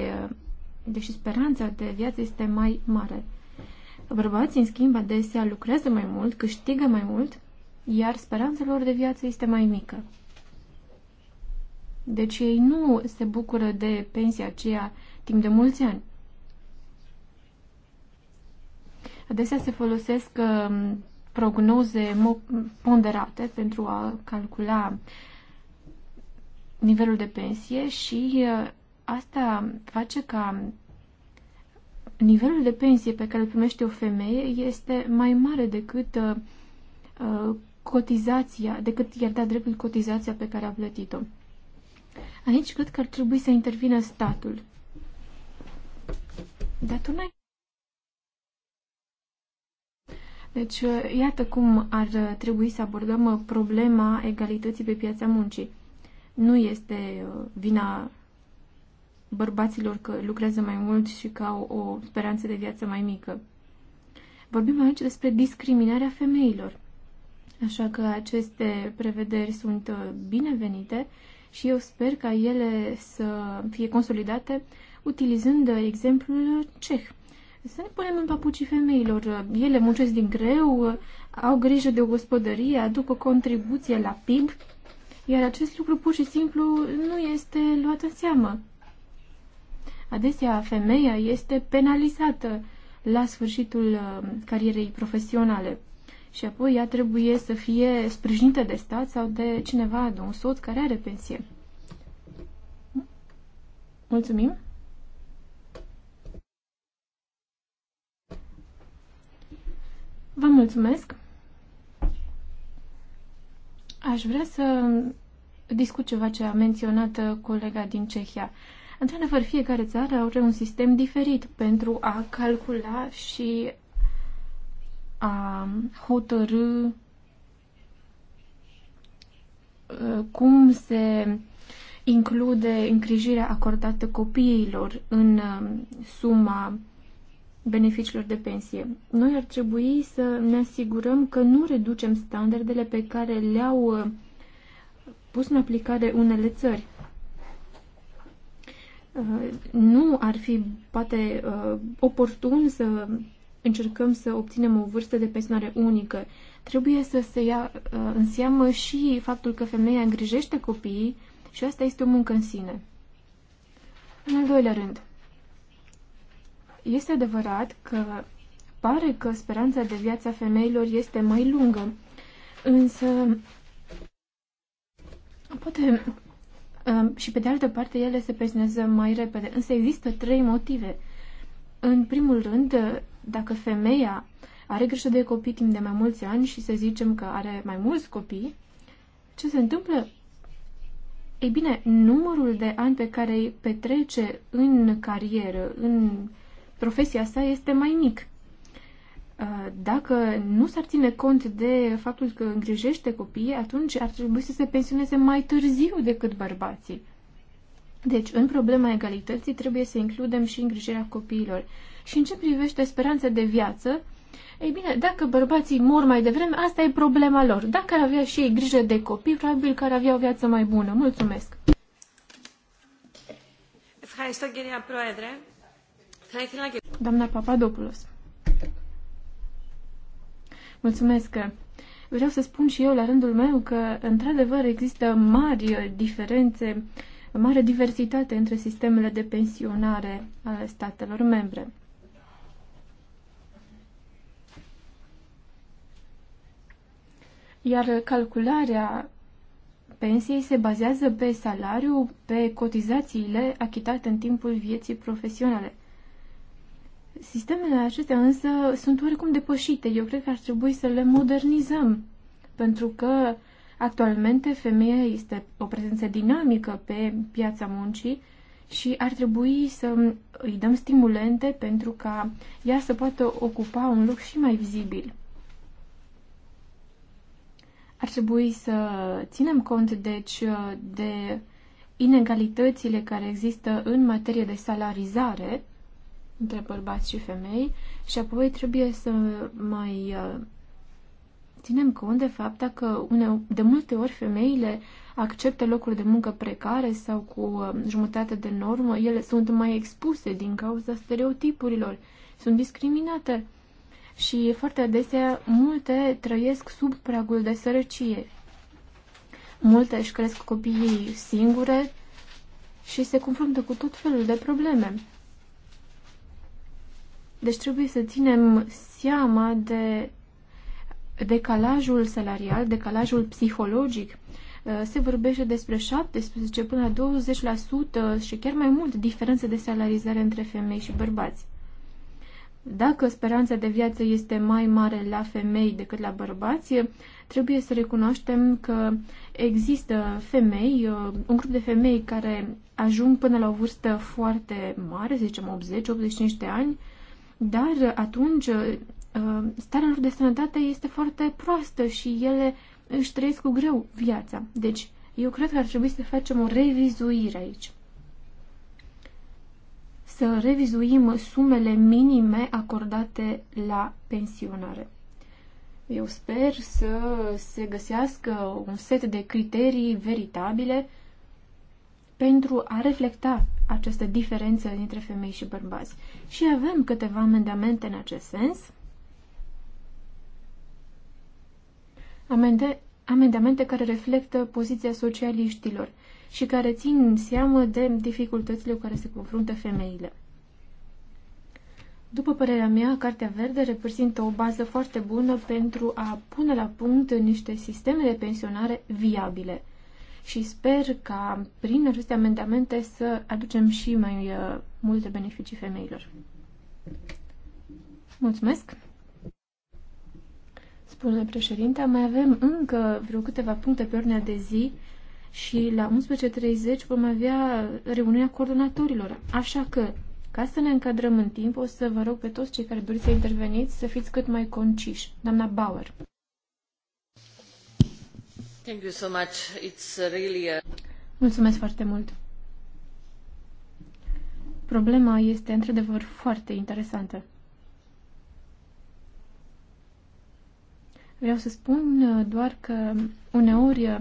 deși speranța de viață este mai mare. Bărbații, în schimb, adesea lucrează mai mult, câștigă mai mult, iar speranța lor de viață este mai mică. Deci ei nu se bucură de pensia aceea timp de mulți ani. Adesea se folosesc um, prognoze ponderate pentru a calcula nivelul de pensie și uh, asta face ca nivelul de pensie pe care îl primește o femeie este mai mare decât uh, uh cotizația, decât i-ar da dreptul cotizația pe care a plătit-o. Aici cred că ar trebui să intervină statul. Dar tu n-ai... Deci, uh, iată cum ar uh, trebui să abordăm uh, problema egalității pe piața muncii. Nu este vina bărbaților că lucrează mai mult și că au o speranță de viață mai mică. Vorbim aici despre discriminarea femeilor. Așa că aceste prevederi sunt binevenite și eu sper ca ele să fie consolidate utilizând exemplul ceh. Să ne punem în papucii femeilor. Ele muncesc din greu, au grijă de o gospodărie, aduc o contribuție la PIB, iar acest lucru pur și simplu nu este luat în seamă. Adesea femeia este penalizată la sfârșitul uh, carierei profesionale și apoi ea trebuie să fie sprijinită de stat sau de cineva, de un soț care are pensie. Mulțumim! Vă mulțumesc! Aș vrea să discut ceva ce a menționat colega din Cehia. Într-adevăr, fiecare țară are un sistem diferit pentru a calcula și a hotărâ uh, cum se include îngrijirea acordată copiilor în um, suma beneficiilor de pensie. Noi ar trebui să ne asigurăm că nu reducem standardele pe care le-au uh, pus în aplicare unele țări. Uh, nu ar fi poate oportun să încercăm să obținem o vârstă de pensionare unică, trebuie să se ia uh, în seamă și faptul că femeia îngrijește copiii și asta este o muncă în sine. În al doilea rând, este adevărat că pare că speranța de viață a femeilor este mai lungă, însă poate uh, și pe de altă parte ele se pensionează mai repede, însă există trei motive – în primul rând, dacă femeia are grijă de copii timp de mai mulți ani și să zicem că are mai mulți copii, ce se întâmplă? Ei bine, numărul de ani pe care îi petrece în carieră, în profesia sa, este mai mic. Uh, dacă nu s-ar ține cont de faptul că îngrijește copiii, atunci ar trebui să se pensioneze mai târziu decât bărbații. Deci, în problema egalității trebuie să includem și îngrijirea copiilor. Și în ce privește speranța de viață, ei bine, dacă bărbații mor mai devreme, asta e problema lor. Dacă ar avea și ei grijă de copii, probabil că ar avea o viață mai bună. Mulțumesc! Doamna Papadopoulos. Mulțumesc! Vreau să spun și eu la rândul meu că, într-adevăr, există mari diferențe uh, mare diversitate între sistemele de pensionare ale statelor membre. Iar calcularea pensiei se bazează pe salariu, pe cotizațiile achitate în timpul vieții profesionale. Sistemele acestea însă sunt oricum depășite. Eu cred că ar trebui să le modernizăm, pentru că Actualmente, femeia este o prezență dinamică pe piața muncii și ar trebui să îi dăm stimulente pentru ca ea să poată ocupa un loc și mai vizibil. Ar trebui să ținem cont, deci, de inegalitățile care există în materie de salarizare între bărbați și femei și apoi trebuie să mai ținem cont de fapta că une, de multe ori femeile acceptă locuri de muncă precare sau cu uh, jumătate de normă, ele sunt mai expuse din cauza stereotipurilor, sunt discriminate și foarte adesea multe trăiesc sub pragul de sărăcie. Multe își cresc copiii singure și se confruntă cu tot felul de probleme. Deci trebuie să ținem seama de decalajul salarial, decalajul psihologic. Uh, se vorbește despre 17 până la 20% și chiar mai mult diferențe de salarizare între femei și bărbați. Dacă speranța de viață este mai mare la femei decât la bărbați, trebuie să recunoaștem că există femei, uh, un grup de femei care ajung până la o vârstă foarte mare, să zicem 80-85 de ani, dar atunci Uh, starea lor de sănătate este foarte proastă și ele își trăiesc cu greu viața. Deci, eu cred că ar trebui să facem o revizuire aici. Să revizuim sumele minime acordate la pensionare. Eu sper să se găsească un set de criterii veritabile pentru a reflecta această diferență dintre femei și bărbați. Și avem câteva amendamente în acest sens. amende, amendamente care reflectă poziția socialiștilor și care țin seamă de dificultățile cu care se confruntă femeile. După părerea mea, Cartea Verde reprezintă o bază foarte bună pentru a pune la punct niște sisteme de pensionare viabile. Și sper ca prin aceste amendamente să aducem și mai uh, multe beneficii femeilor. Mulțumesc! spune președinte. Mai avem încă vreo câteva puncte pe ordinea de zi și la 11.30 vom avea reuniunea coordonatorilor. Așa că, ca să ne încadrăm în timp, o să vă rog pe toți cei care doriți să interveniți să fiți cât mai conciși. Doamna Bauer. Thank you so much. It's uh, really a... Uh, Mulțumesc foarte mult. Problema este într-adevăr foarte interesantă. Vreau să spun uh, doar că uneori uh,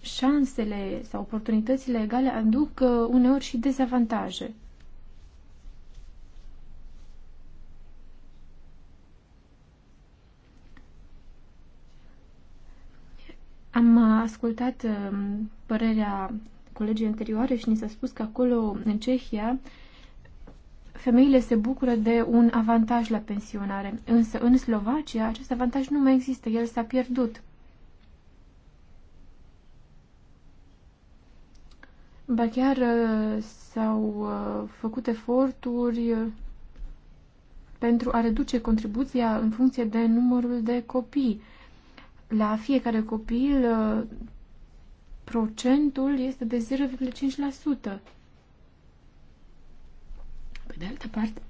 șansele sau oportunitățile egale aduc uh, uneori și dezavantaje. Am ascultat părerea colegii anterioare și ni s-a spus că acolo, în Cehia, femeile se bucură de un avantaj la pensionare, însă în Slovacia acest avantaj nu mai există, el s-a pierdut. Ba chiar uh, s-au uh, făcut eforturi uh, pentru a reduce contribuția în funcție de numărul de copii. La fiecare copil procentul este de 0,5% de altă parte,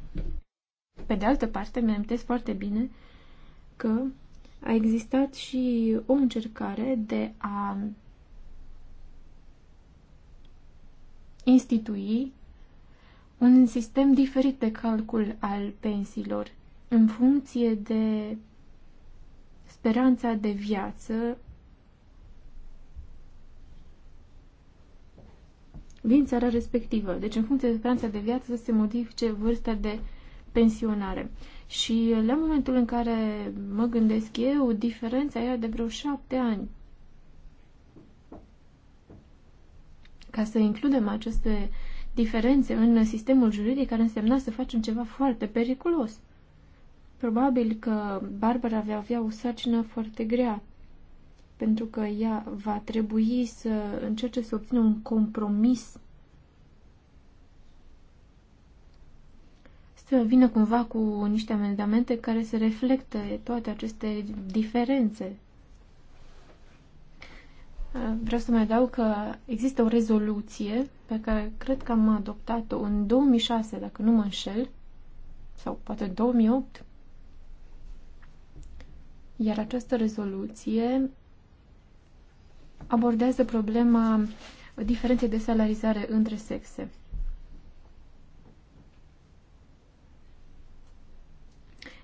pe de altă parte, mi-amintesc foarte bine că a existat și o încercare de a institui un sistem diferit de calcul al pensiilor în funcție de speranța de viață din țara respectivă. Deci, în funcție de speranța de viață, să se modifice vârsta de pensionare. Și la momentul în care mă gândesc eu, diferența era de vreo șapte ani. Ca să includem aceste diferențe în sistemul juridic, ar însemna să facem ceva foarte periculos. Probabil că Barbara avea, avea o sarcină foarte grea pentru că ea va trebui să încerce să obțină un compromis să vină cumva cu niște amendamente care să reflectă toate aceste diferențe. Vreau să mai adaug că există o rezoluție pe care cred că am adoptat-o în 2006, dacă nu mă înșel, sau poate 2008. Iar această rezoluție abordează problema diferenței de salarizare între sexe.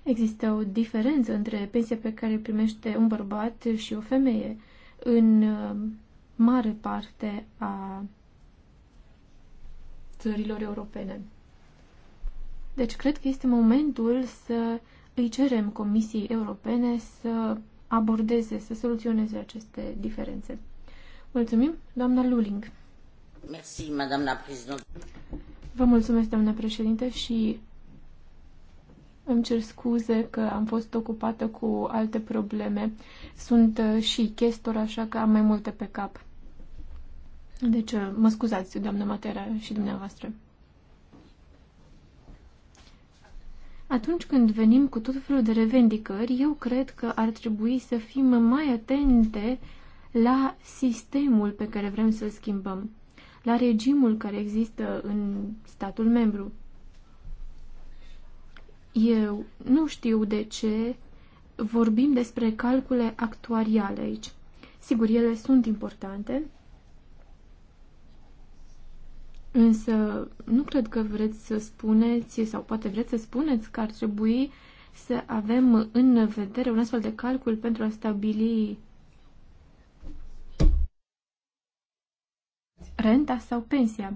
Există o diferență între pensia pe care o primește un bărbat și o femeie. În uh, mare parte a țărilor europene. Deci cred că este momentul să îi cerem Comisiei Europene să abordeze, să soluționeze aceste diferențe. Mulțumim, doamna Luling. Merci, președinte. Vă mulțumesc, doamna președinte, și îmi cer scuze că am fost ocupată cu alte probleme. Sunt uh, și chestor, așa că am mai multe pe cap. Deci, uh, mă scuzați, doamna Matera și dumneavoastră. Atunci când venim cu tot felul de revendicări, eu cred că ar trebui să fim mai atente uh, la sistemul pe care vrem să-l schimbăm, la regimul care există în statul membru. Eu nu știu de ce vorbim despre calcule actuariale aici. Sigur, ele sunt importante, însă nu cred că vreți să spuneți, sau poate vreți să spuneți că ar trebui să avem în vedere un astfel de calcul pentru a stabili renta sau pensia.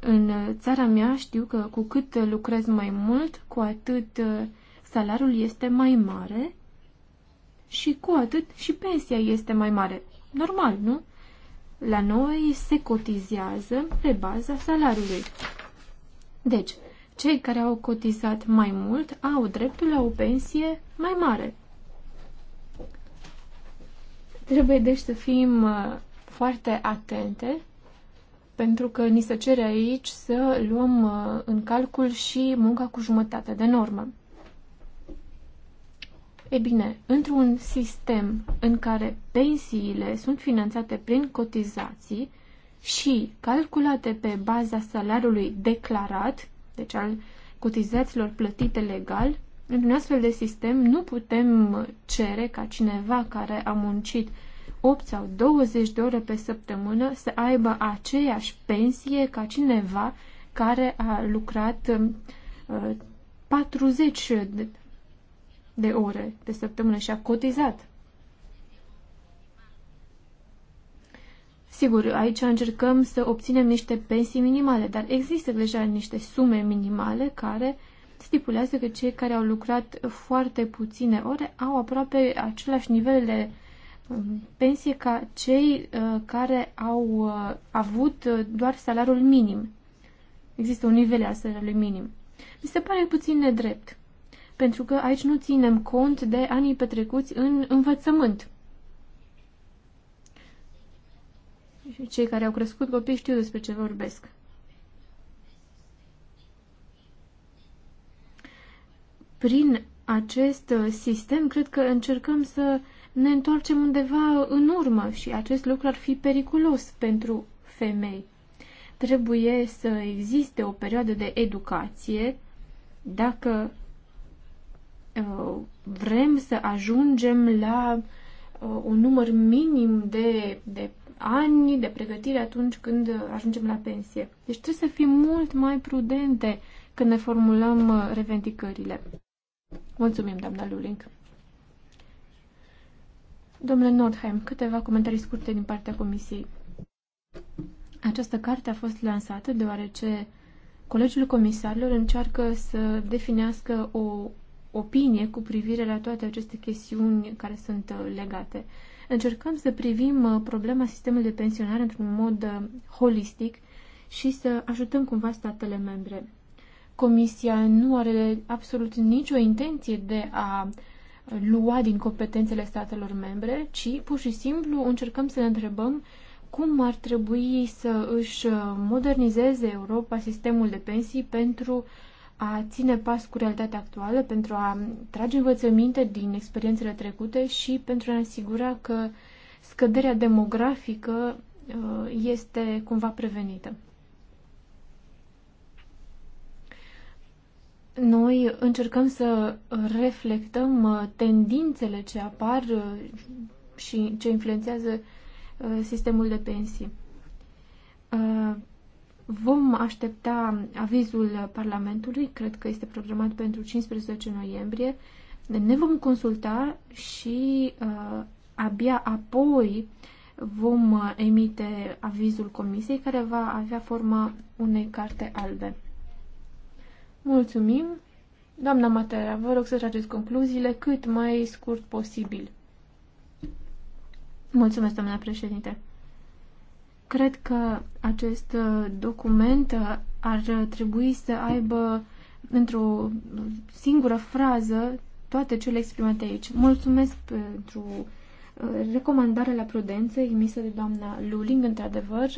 În țara mea știu că cu cât lucrez mai mult, cu atât uh, salariul este mai mare și cu atât și pensia este mai mare. Normal, nu? La noi se cotizează pe baza salariului. Deci, cei care au cotizat mai mult au dreptul la o pensie mai mare. Trebuie deci să fim uh, foarte atente, pentru că ni se cere aici să luăm uh, în calcul și munca cu jumătate de normă. E bine, într-un sistem în care pensiile sunt finanțate prin cotizații și calculate pe baza salariului declarat, deci al cotizaților plătite legal, într-un astfel de sistem nu putem cere ca cineva care a muncit 8 sau 20 de ore pe săptămână să aibă aceeași pensie ca cineva care a lucrat 40 uh, de, de ore pe săptămână și a cotizat. Sigur, aici încercăm să obținem niște pensii minimale, dar există deja niște sume minimale care stipulează că cei care au lucrat foarte puține ore au aproape același nivel de pensie ca cei uh, care au uh, avut uh, doar salariul minim. Există un nivel al salariului minim. Mi se pare puțin nedrept, pentru că aici nu ținem cont de anii petrecuți în învățământ. Cei care au crescut copii știu despre ce vorbesc. Prin acest sistem, cred că încercăm să uh, ne întoarcem undeva în urmă și acest lucru ar fi periculos pentru femei. Trebuie să existe o perioadă de educație dacă uh, vrem să ajungem la uh, un număr minim de, de ani de pregătire atunci când ajungem la pensie. Deci trebuie să fim mult mai prudente când ne formulăm uh, revendicările. Mulțumim, doamna Luling. Domnule Nordheim, câteva comentarii scurte din partea Comisiei. Această carte a fost lansată deoarece Colegiul Comisarilor încearcă să definească o opinie cu privire la toate aceste chestiuni care sunt uh, legate. Încercăm să privim uh, problema sistemului de pensionare într-un mod uh, holistic și să ajutăm cumva statele membre. Comisia nu are absolut nicio intenție de a uh, lua din competențele statelor membre, ci pur și simplu încercăm să ne întrebăm cum ar trebui să își modernizeze Europa sistemul de pensii pentru a ține pas cu realitatea actuală, pentru a trage învățăminte din experiențele trecute și pentru a ne asigura că scăderea demografică uh, este cumva prevenită. Noi încercăm să reflectăm uh, tendințele ce apar uh, și ce influențează uh, sistemul de pensii. Vom aștepta avizul Parlamentului, cred că este programat pentru 15 noiembrie. Ne vom consulta și abia apoi vom emite avizul Comisiei, care va avea forma unei carte albe. Mulțumim. Doamna Matera, vă rog să trageți concluziile cât mai scurt posibil. Mulțumesc, doamna președinte. Cred că acest uh, document uh, ar trebui să aibă într-o singură frază toate cele exprimate aici. Mulțumesc pentru uh, recomandarea la prudență emisă de doamna Luling, într-adevăr.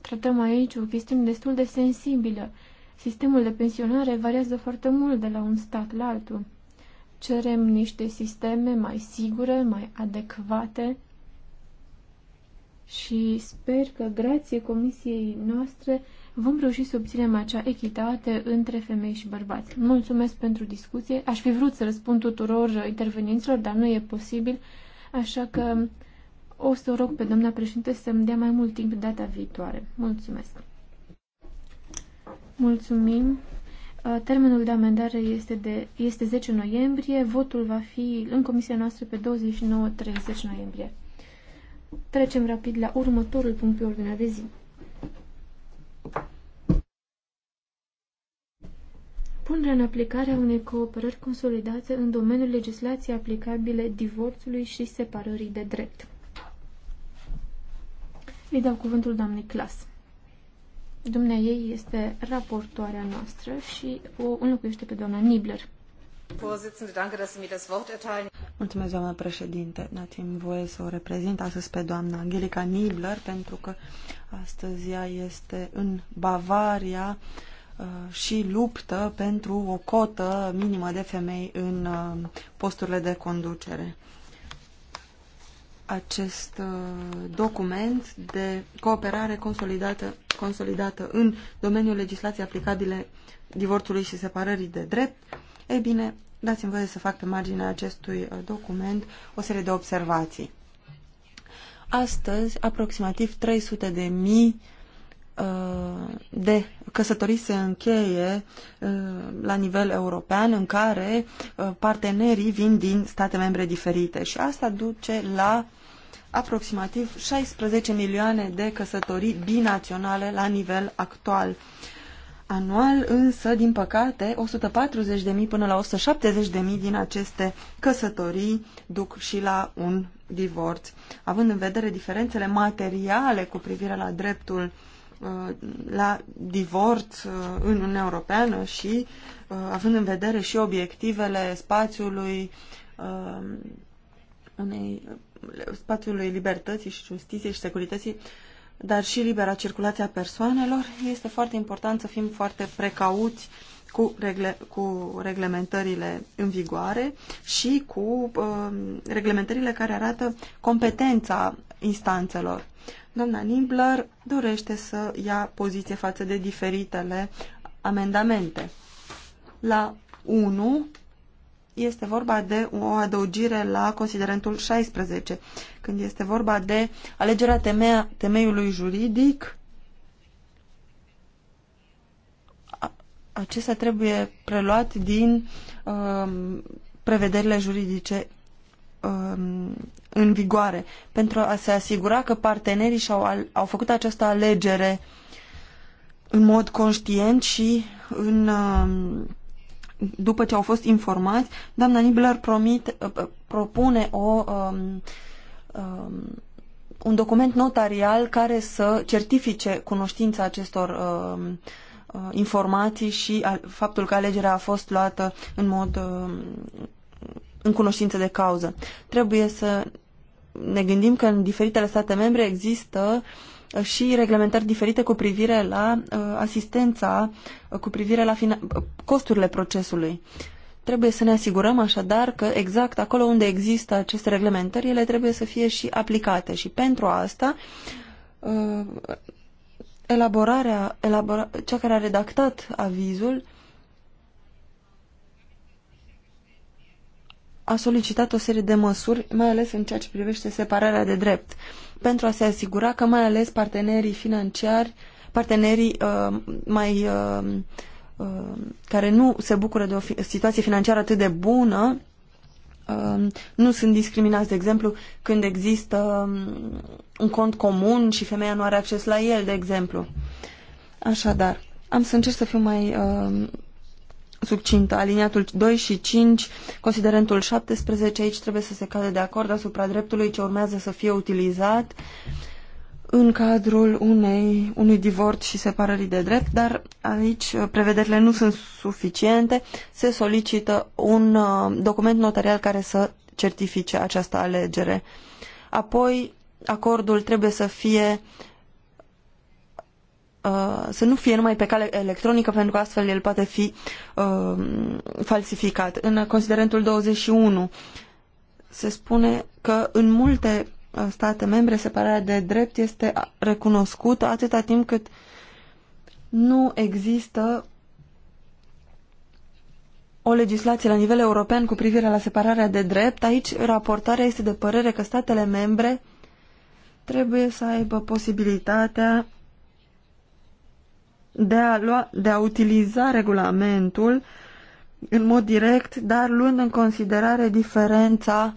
Tratăm aici o chestiune destul de sensibilă Sistemul de pensionare variază foarte mult de la un stat la altul. Cerem niște sisteme mai sigure, mai adecvate și sper că, grație comisiei noastre, vom reuși să obținem acea echitate între femei și bărbați. Mulțumesc pentru discuție. Aș fi vrut să răspund tuturor intervenienților, dar nu e posibil, așa că o să o rog pe doamna președinte să-mi dea mai mult timp data viitoare. Mulțumesc! Mulțumim. Uh, termenul de amendare este, de, este 10 noiembrie. Votul va fi în comisia noastră pe 29-30 noiembrie. Trecem rapid la următorul punct pe ordinea de zi. Punerea în aplicare a unei cooperări consolidate în domeniul legislației aplicabile divorțului și separării de drept. Îi dau cuvântul doamnei Clas. Dumnea ei este raportoarea noastră și o înlocuiește pe doamna Nibler. Mulțumesc, doamnă președinte. Dați-mi voie să o reprezint astăzi pe doamna Angelica Nibler, pentru că astăzi ea este în Bavaria uh, și luptă pentru o cotă minimă de femei în uh, posturile de conducere acest uh, document de cooperare consolidată, consolidată în domeniul legislației aplicabile divorțului și separării de drept, ei bine, dați-mi voie să fac pe marginea acestui uh, document o serie de observații. Astăzi, aproximativ 300 de mii uh, de căsătorii se încheie la nivel european în care partenerii vin din state membre diferite și asta duce la aproximativ 16 milioane de căsătorii binaționale la nivel actual. Anual, însă, din păcate, 140.000 până la 170.000 din aceste căsătorii duc și la un divorț. Având în vedere diferențele materiale cu privire la dreptul uh, la divorț uh, în Uniunea Europeană și uh, având în vedere și obiectivele spațiului unei spațiului libertății și justiției și securității, dar și libera circulație a persoanelor, este foarte important să fim foarte precauți cu, regle, cu reglementările în vigoare și cu uh, reglementările care arată competența instanțelor. Doamna Nimbler dorește să ia poziție față de diferitele amendamente. La 1 este vorba de o adăugire la considerentul 16, când este vorba de alegerea temea, temeiului juridic. Acesta trebuie preluat din um, prevederile juridice um, în vigoare, pentru a se asigura că partenerii au au făcut această alegere în mod conștient și în um, după ce au fost informați, doamna Nibler promit, uh, uh, propune o, um, um, un document notarial care să certifice cunoștința acestor um, uh, informații și faptul că alegerea a fost luată în mod um, în cunoștință de cauză. Trebuie să ne gândim că în diferitele state membre există uh, și reglementări diferite cu privire la uh, asistența, uh, cu privire la uh, costurile procesului. Trebuie să ne asigurăm așadar că exact acolo unde există aceste reglementări, ele trebuie să fie și aplicate și pentru asta uh, elaborarea, elabora, cea care a redactat avizul a solicitat o serie de măsuri, mai ales în ceea ce privește separarea de drept, pentru a se asigura că mai ales partenerii financiari, partenerii uh, mai uh, uh, care nu se bucură de o fi situație financiară atât de bună, uh, nu sunt discriminați, de exemplu, când există um, un cont comun și femeia nu are acces la el, de exemplu. Așadar, am să încerc să fiu mai uh, succintă. Aliniatul 2 și 5, considerentul 17, aici trebuie să se cadă de acord asupra dreptului ce urmează să fie utilizat în cadrul unei, unui divorț și separării de drept, dar aici uh, prevederile nu sunt suficiente. Se solicită un uh, document notarial care să certifice această alegere. Apoi, acordul trebuie să fie Uh, să nu fie numai pe cale electronică, pentru că astfel el poate fi uh, falsificat. În considerentul 21 se spune că în multe uh, state membre separarea de drept este recunoscută atâta timp cât nu există o legislație la nivel european cu privire la separarea de drept. Aici raportarea este de părere că statele membre trebuie să aibă posibilitatea de a, lua, de a utiliza regulamentul în mod direct, dar luând în considerare diferența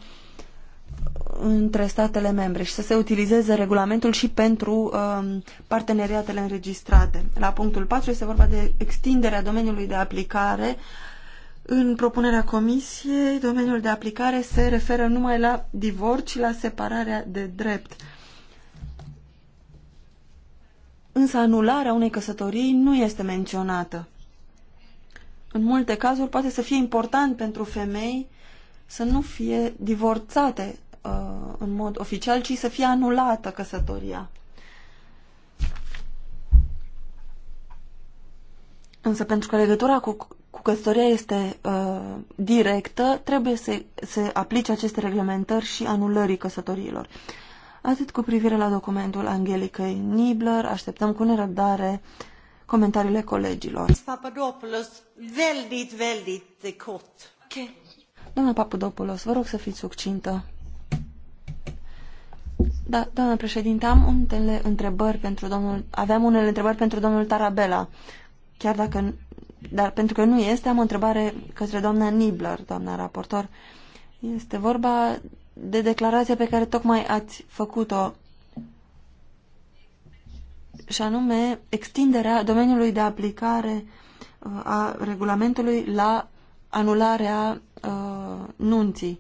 între statele membre și să se utilizeze regulamentul și pentru um, parteneriatele înregistrate. La punctul 4 este vorba de extinderea domeniului de aplicare. În propunerea comisiei, domeniul de aplicare se referă numai la divorț și la separarea de drept însă anularea unei căsătorii nu este menționată. În multe cazuri poate să fie important pentru femei să nu fie divorțate uh, în mod oficial, ci să fie anulată căsătoria. Însă pentru că legătura cu, cu căsătoria este uh, directă, trebuie să se aplice aceste reglementări și anulării căsătoriilor. Uh, Atât cu privire la documentul Angelicăi Nibler, așteptăm cu nerăbdare comentariile colegilor. Papadopoulos, veldit, veldit, cot. Okay. Doamna Papadopoulos, vă rog să fiți succintă. Da, doamna președinte, am unele întrebări pentru domnul... Aveam unele întrebări pentru domnul Tarabella. Chiar dacă... Dar pentru că nu este, am o întrebare către doamna Nibler, doamna raportor. Este vorba de declarația pe care tocmai ați făcut-o și anume extinderea domeniului de aplicare uh, a regulamentului la anularea uh, nunții.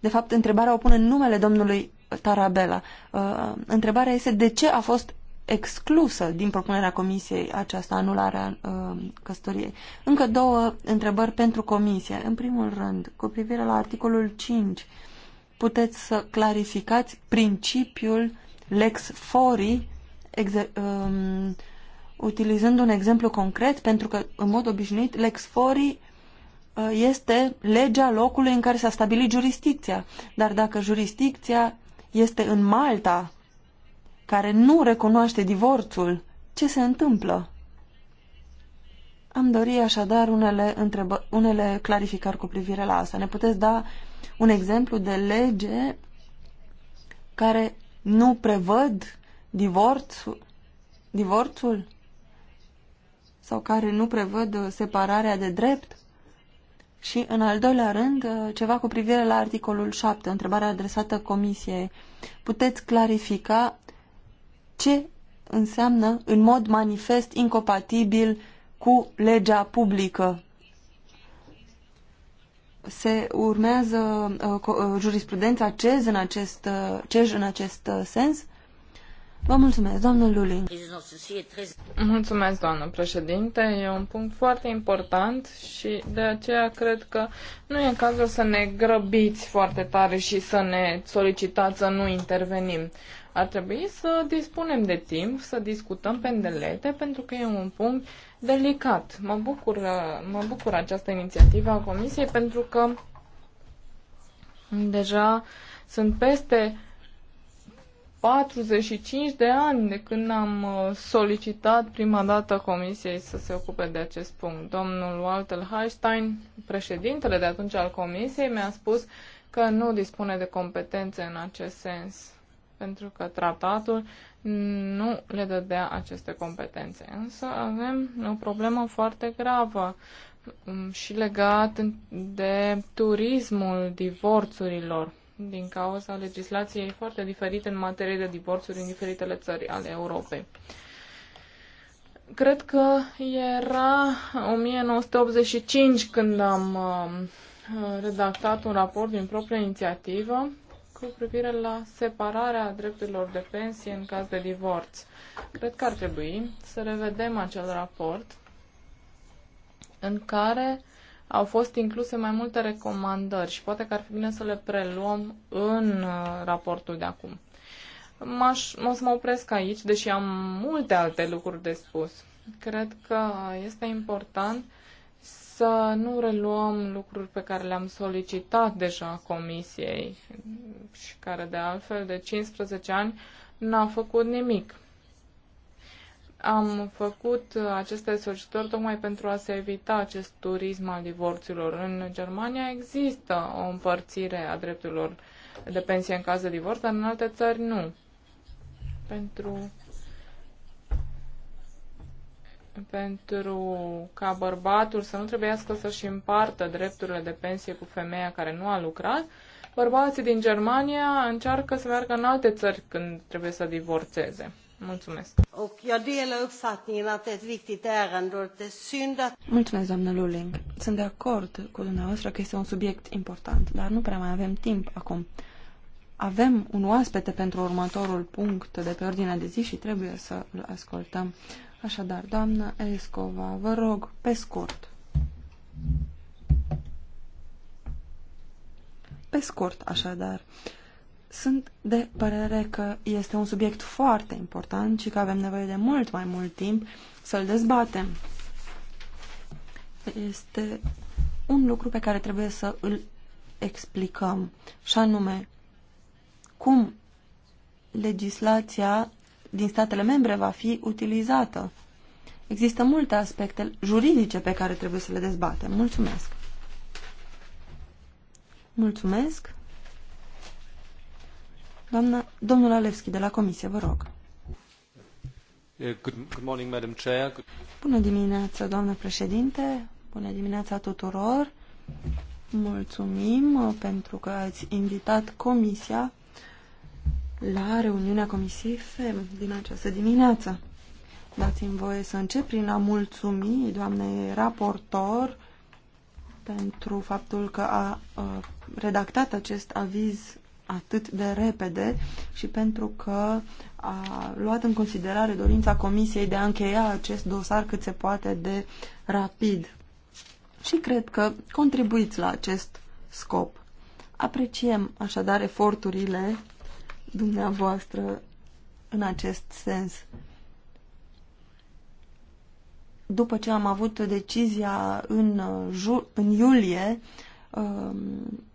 De fapt, întrebarea o pune în numele domnului Tarabella. Uh, întrebarea este de ce a fost exclusă din propunerea comisiei această anulare a uh, căsătoriei. Încă două întrebări pentru comisie. În primul rând, cu privire la articolul 5 puteți să clarificați principiul lex fori um, utilizând un exemplu concret, pentru că, în mod obișnuit, lex fori uh, este legea locului în care s-a stabilit jurisdicția. Dar dacă jurisdicția este în Malta, care nu recunoaște divorțul, ce se întâmplă? Am dori așadar unele, întrebă, unele clarificări cu privire la asta. Ne puteți da un exemplu de lege care nu prevăd divorțul, divorțul sau care nu prevăd separarea de drept? Și, în al doilea rând, ceva cu privire la articolul 7, întrebarea adresată Comisiei. Puteți clarifica ce înseamnă în mod manifest incompatibil cu legea publică. Se urmează uh, uh jurisprudența CEZ în acest, uh, CEZ în acest uh, sens? Vă mulțumesc, doamnă Lulin. Mulțumesc, doamnă președinte. E un punct foarte important și de aceea cred că nu e cazul să ne grăbiți foarte tare și să ne solicitați să nu intervenim. Ar trebui să dispunem de timp, să discutăm pe îndelete, pentru că e un punct delicat. Mă bucur, mă bucur această inițiativă a Comisiei pentru că deja sunt peste 45 de ani de când am uh, solicitat prima dată Comisiei să se ocupe de acest punct. Domnul Walter Hallstein, președintele de atunci al Comisiei, mi-a spus că nu dispune de competențe în acest sens, pentru că tratatul nu le dădea aceste competențe. Însă avem o problemă foarte gravă um, și legat de turismul divorțurilor din cauza legislației foarte diferite în materie de divorțuri în diferitele țări ale Europei. Cred că era 1985 când am um, redactat un raport din proprie inițiativă cu privire la separarea drepturilor de pensie în caz de divorț. Cred că ar trebui să revedem acel raport în care au fost incluse mai multe recomandări și poate că ar fi bine să le preluăm în uh, raportul de acum. M-aș, o să mă opresc aici, deși am multe alte lucruri de spus. Cred că este important să nu reluăm lucruri pe care le-am solicitat deja comisiei și care de altfel de 15 ani n-a făcut nimic. Am făcut aceste solicitări tocmai pentru a se evita acest turism al divorțurilor. În Germania există o împărțire a drepturilor de pensie în caz de divorț, dar în alte țări nu. Pentru pentru ca bărbatul să nu trebuiască să-și împartă drepturile de pensie cu femeia care nu a lucrat, bărbații din Germania încearcă să meargă în alte țări când trebuie să divorțeze. Mulțumesc. Mulțumesc, doamnă Luling. Sunt de acord cu dumneavoastră că este un subiect important, dar nu prea mai avem timp acum. Avem un oaspete pentru următorul punct de pe ordinea de zi și trebuie să-l ascultăm. Așadar, doamnă Escova, vă rog, pe scurt. Pe scurt, așadar. Sunt de părere că este un subiect foarte important și că avem nevoie de mult mai mult timp să-l dezbatem. Este un lucru pe care trebuie să îl explicăm, și anume cum legislația din statele membre va fi utilizată Există multe aspecte juridice pe care trebuie să le dezbatem. Mulțumesc! Mulțumesc! Doamna, domnul Alevski de la Comisie, vă rog. Good, morning, Madam Chair. Good... Bună dimineața, doamnă președinte! Bună dimineața tuturor! Mulțumim uh, pentru că ați invitat Comisia la reuniunea Comisiei FEM din această dimineață. Dați-mi voie să încep prin a mulțumi doamnei raportor pentru faptul că a, a redactat acest aviz atât de repede și pentru că a luat în considerare dorința Comisiei de a încheia acest dosar cât se poate de rapid. Și cred că contribuiți la acest scop. Apreciem așadar eforturile dumneavoastră în acest sens după ce am avut decizia în, uh, în iulie, um,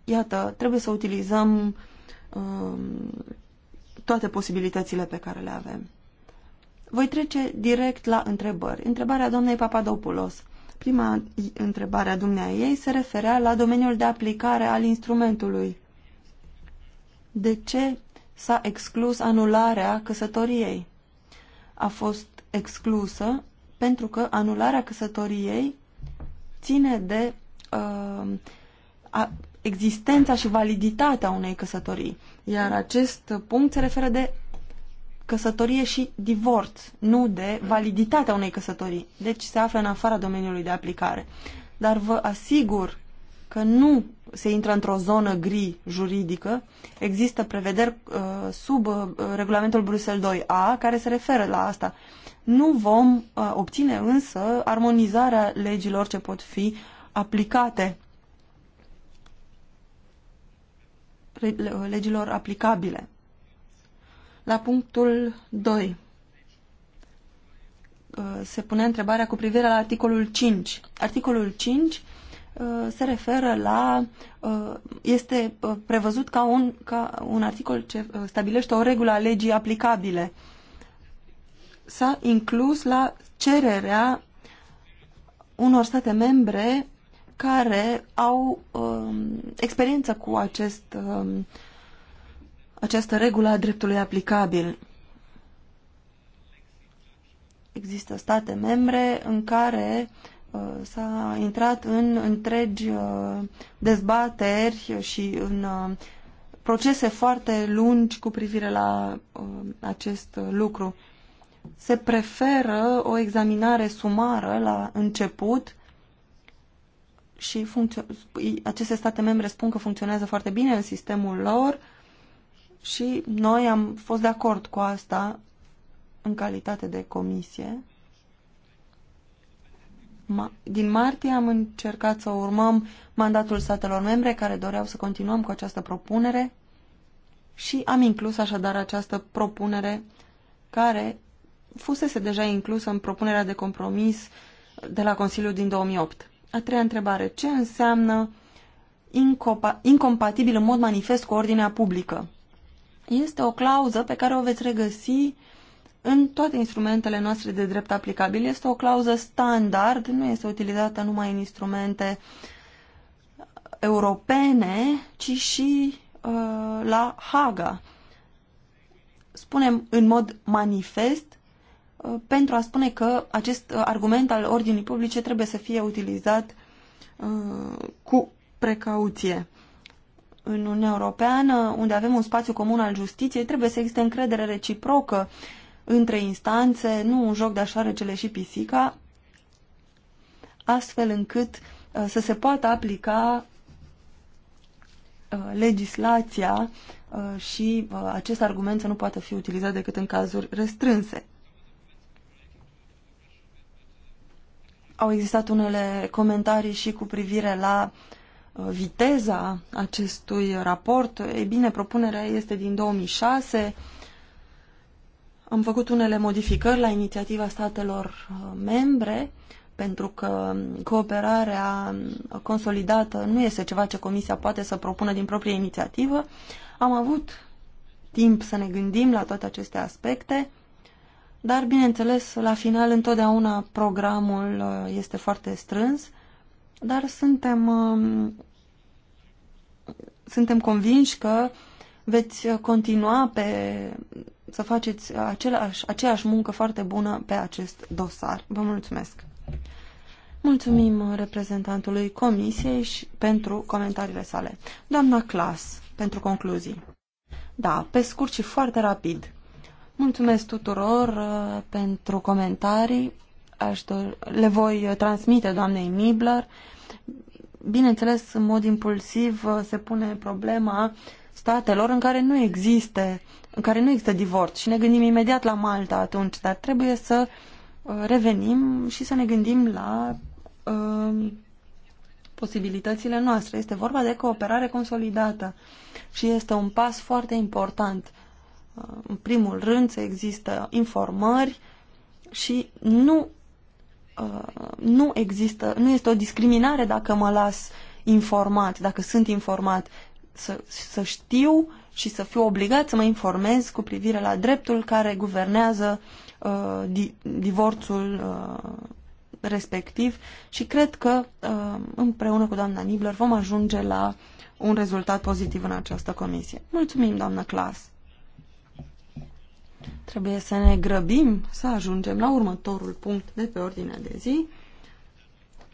iată, trebuie să utilizăm um, toate posibilitățile pe care le avem. Voi trece direct la întrebări. Întrebarea doamnei Papadopoulos. Prima întrebare a dumnea ei se referea la domeniul de aplicare al instrumentului. De ce s-a exclus anularea căsătoriei? A fost exclusă pentru că anularea căsătoriei ține de uh, a, existența și validitatea unei căsătorii. Iar acest punct se referă de căsătorie și divorț, nu de validitatea unei căsătorii. Deci se află în afara domeniului de aplicare. Dar vă asigur că nu se intră într-o zonă gri juridică. Există prevederi uh, sub uh, regulamentul Bruxelles 2A care se referă la asta. Nu vom uh, obține însă armonizarea legilor ce pot fi aplicate uh, legilor aplicabile. La punctul 2 uh, se pune întrebarea cu privire la articolul 5. Articolul 5 Uh, se referă la, uh, este uh, prevăzut ca un, ca un articol ce stabilește o regulă a legii aplicabile. S-a inclus la cererea unor state membre care au um, experiență cu acest, um, această regulă a dreptului aplicabil. Există state membre în care Uh, s-a intrat în întregi uh, dezbateri și în uh, procese foarte lungi cu privire la acest lucru. Se preferă o examinare sumară la început și aceste state membre spun că funcționează foarte bine în sistemul lor și noi am fost de acord cu asta în calitate de comisie din martie am încercat să urmăm mandatul statelor membre care doreau să continuăm cu această propunere și am inclus așadar această propunere care fusese deja inclusă în propunerea de compromis de la Consiliul din 2008. A treia întrebare. Ce înseamnă incompatibil în mod manifest cu ordinea publică? Este o clauză pe care o veți regăsi în toate instrumentele noastre de drept aplicabil este o clauză standard, nu este utilizată numai în instrumente europene, ci și uh, la Haga. Spunem în mod manifest uh, pentru a spune că acest uh, argument al ordinii publice trebuie să fie utilizat uh, cu precauție în Uniunea Europeană, unde avem un spațiu comun al justiției, trebuie să existe încredere reciprocă între instanțe, nu un joc de așa regele și pisica, astfel încât uh, să se poată aplica uh, legislația uh, și acest argument să nu poată fi utilizat decât în cazuri restrânse. Au existat unele comentarii și cu privire la viteza acestui raport. Ei bine, propunerea este din 2006, am făcut unele modificări la inițiativa statelor uh, membre, pentru că cooperarea uh, consolidată nu este ceva ce Comisia poate să propună din proprie inițiativă. Am avut timp să ne gândim la toate aceste aspecte, dar, bineînțeles, la final întotdeauna programul uh, este foarte strâns, dar suntem, um, suntem convinși că veți uh, continua pe, să faceți același, aceeași muncă foarte bună pe acest dosar. Vă mulțumesc! Mulțumim uh, reprezentantului Comisiei și pentru comentariile sale. Doamna Clas, pentru concluzii. Da, pe scurt și foarte rapid. Mulțumesc tuturor uh, pentru comentarii. Aș do- Le voi uh, transmite doamnei Mibler. Bineînțeles, în mod impulsiv uh, se pune problema uh, statelor în care nu există, în care nu există divorț și ne gândim imediat la Malta atunci, dar trebuie să uh, revenim și să ne gândim la uh, posibilitățile noastre. Este vorba de cooperare consolidată și este un pas foarte important. Uh, în primul rând să există informări și nu, nu există, nu este o discriminare dacă mă las informat, dacă sunt informat să, să știu și să fiu obligat să mă informez cu privire la dreptul care guvernează uh, di, divorțul uh, respectiv și cred că uh, împreună cu doamna Nibler vom ajunge la un rezultat pozitiv în această comisie. Mulțumim, doamnă Clas! Trebuie să ne grăbim să ajungem la următorul punct de pe ordinea de zi.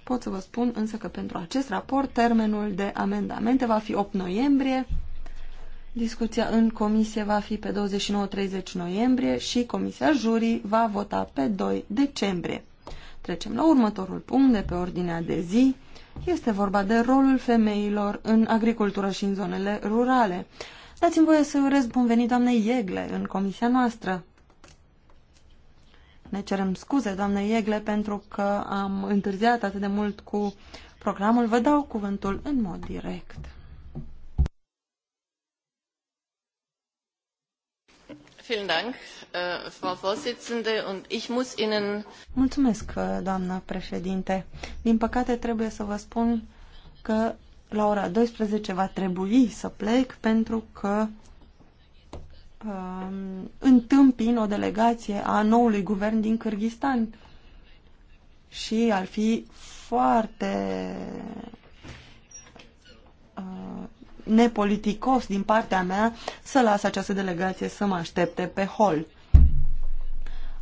Pot să vă spun însă că pentru acest raport termenul de amendamente va fi 8 noiembrie, discuția în comisie va fi pe 29-30 noiembrie și comisia jurii va vota pe 2 decembrie. Trecem la următorul punct de pe ordinea de zi. Este vorba de rolul femeilor în agricultură și în zonele rurale. Dați-mi voie să urez bun venit doamne Iegle în comisia noastră. Ne cerem scuze, doamnă Iegle, pentru că am întârziat atât de mult cu programul. Vă dau cuvântul în mod direct. Äh, Mulțumesc, äh, doamnă președinte. Din păcate trebuie să vă spun că la ora 12 va trebui să plec pentru că uh, întâmpin o delegație a noului guvern din Kyrgyzstan. Și ar fi foarte uh, nepoliticos din partea mea să las această delegație să mă aștepte pe hol.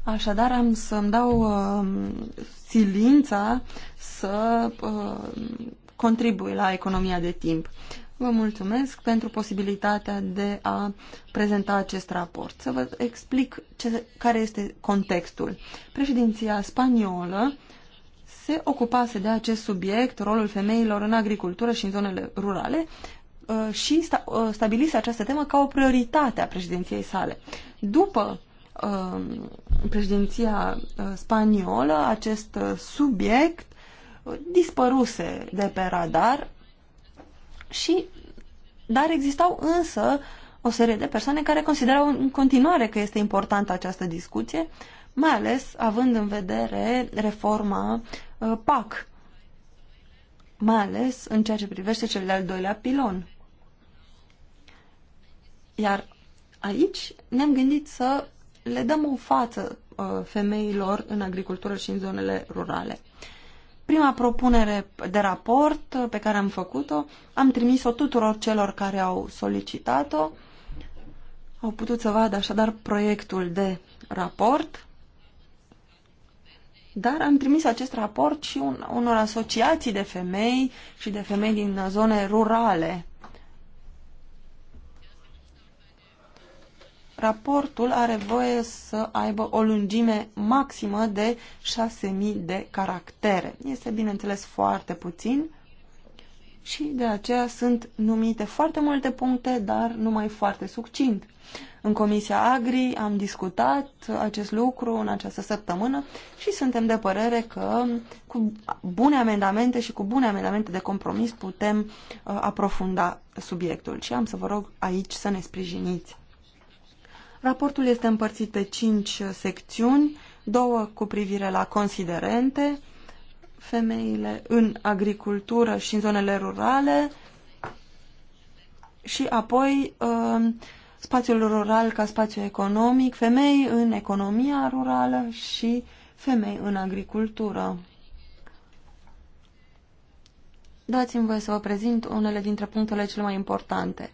Așadar am să-mi dau uh, silința să uh, contribui la economia de timp. Vă mulțumesc pentru posibilitatea de a prezenta acest raport. Să vă explic ce, care este contextul. Președinția spaniolă se ocupase de acest subiect, rolul femeilor în agricultură și în zonele rurale, uh, și sta, uh, stabilise această temă ca o prioritate a președinției sale. După uh, președinția spaniolă, acest subiect dispăruse de pe radar, și dar existau însă o serie de persoane care considerau în continuare că este importantă această discuție, mai ales având în vedere reforma uh, PAC, mai ales în ceea ce privește cel de-al doilea pilon. Iar aici ne-am gândit să le dăm o față uh, femeilor în agricultură și în zonele rurale. Prima propunere de raport pe care am făcut-o, am trimis-o tuturor celor care au solicitat-o. Au putut să vadă așadar proiectul de raport. Dar am trimis acest raport și un, unor asociații de femei și de femei din zone rurale Raportul are voie să aibă o lungime maximă de 6.000 de caractere. Este, bineînțeles, foarte puțin și de aceea sunt numite foarte multe puncte, dar numai foarte succint. În Comisia Agri am discutat acest lucru în această săptămână și suntem de părere că cu bune amendamente și cu bune amendamente de compromis putem uh, aprofunda subiectul și am să vă rog aici să ne sprijiniți. Raportul este împărțit pe cinci secțiuni, două cu privire la considerente, femeile în agricultură și în zonele rurale și apoi uh, spațiul rural ca spațiu economic, femei în economia rurală și femei în agricultură. Dați-mi voi să vă prezint unele dintre punctele cele mai importante.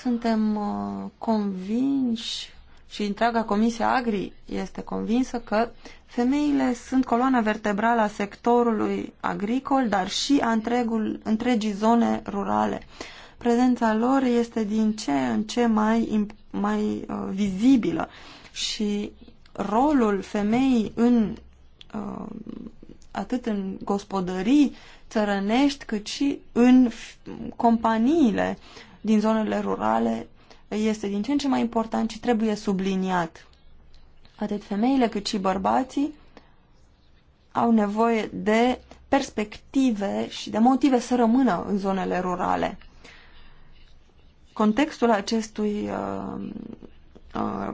Suntem uh, convinși și întreaga Comisie Agri este convinsă că femeile sunt coloana vertebrală a sectorului agricol, dar și a întregul, întregii zone rurale. Prezența lor este din ce în ce mai, mai uh, vizibilă și rolul femeii în uh, atât în gospodării țărănești cât și în companiile uh, din zonele rurale este din ce în ce mai important și trebuie subliniat. Atât femeile cât și bărbații au nevoie de perspective și de motive să rămână în zonele rurale. Contextul acestui uh, Uh,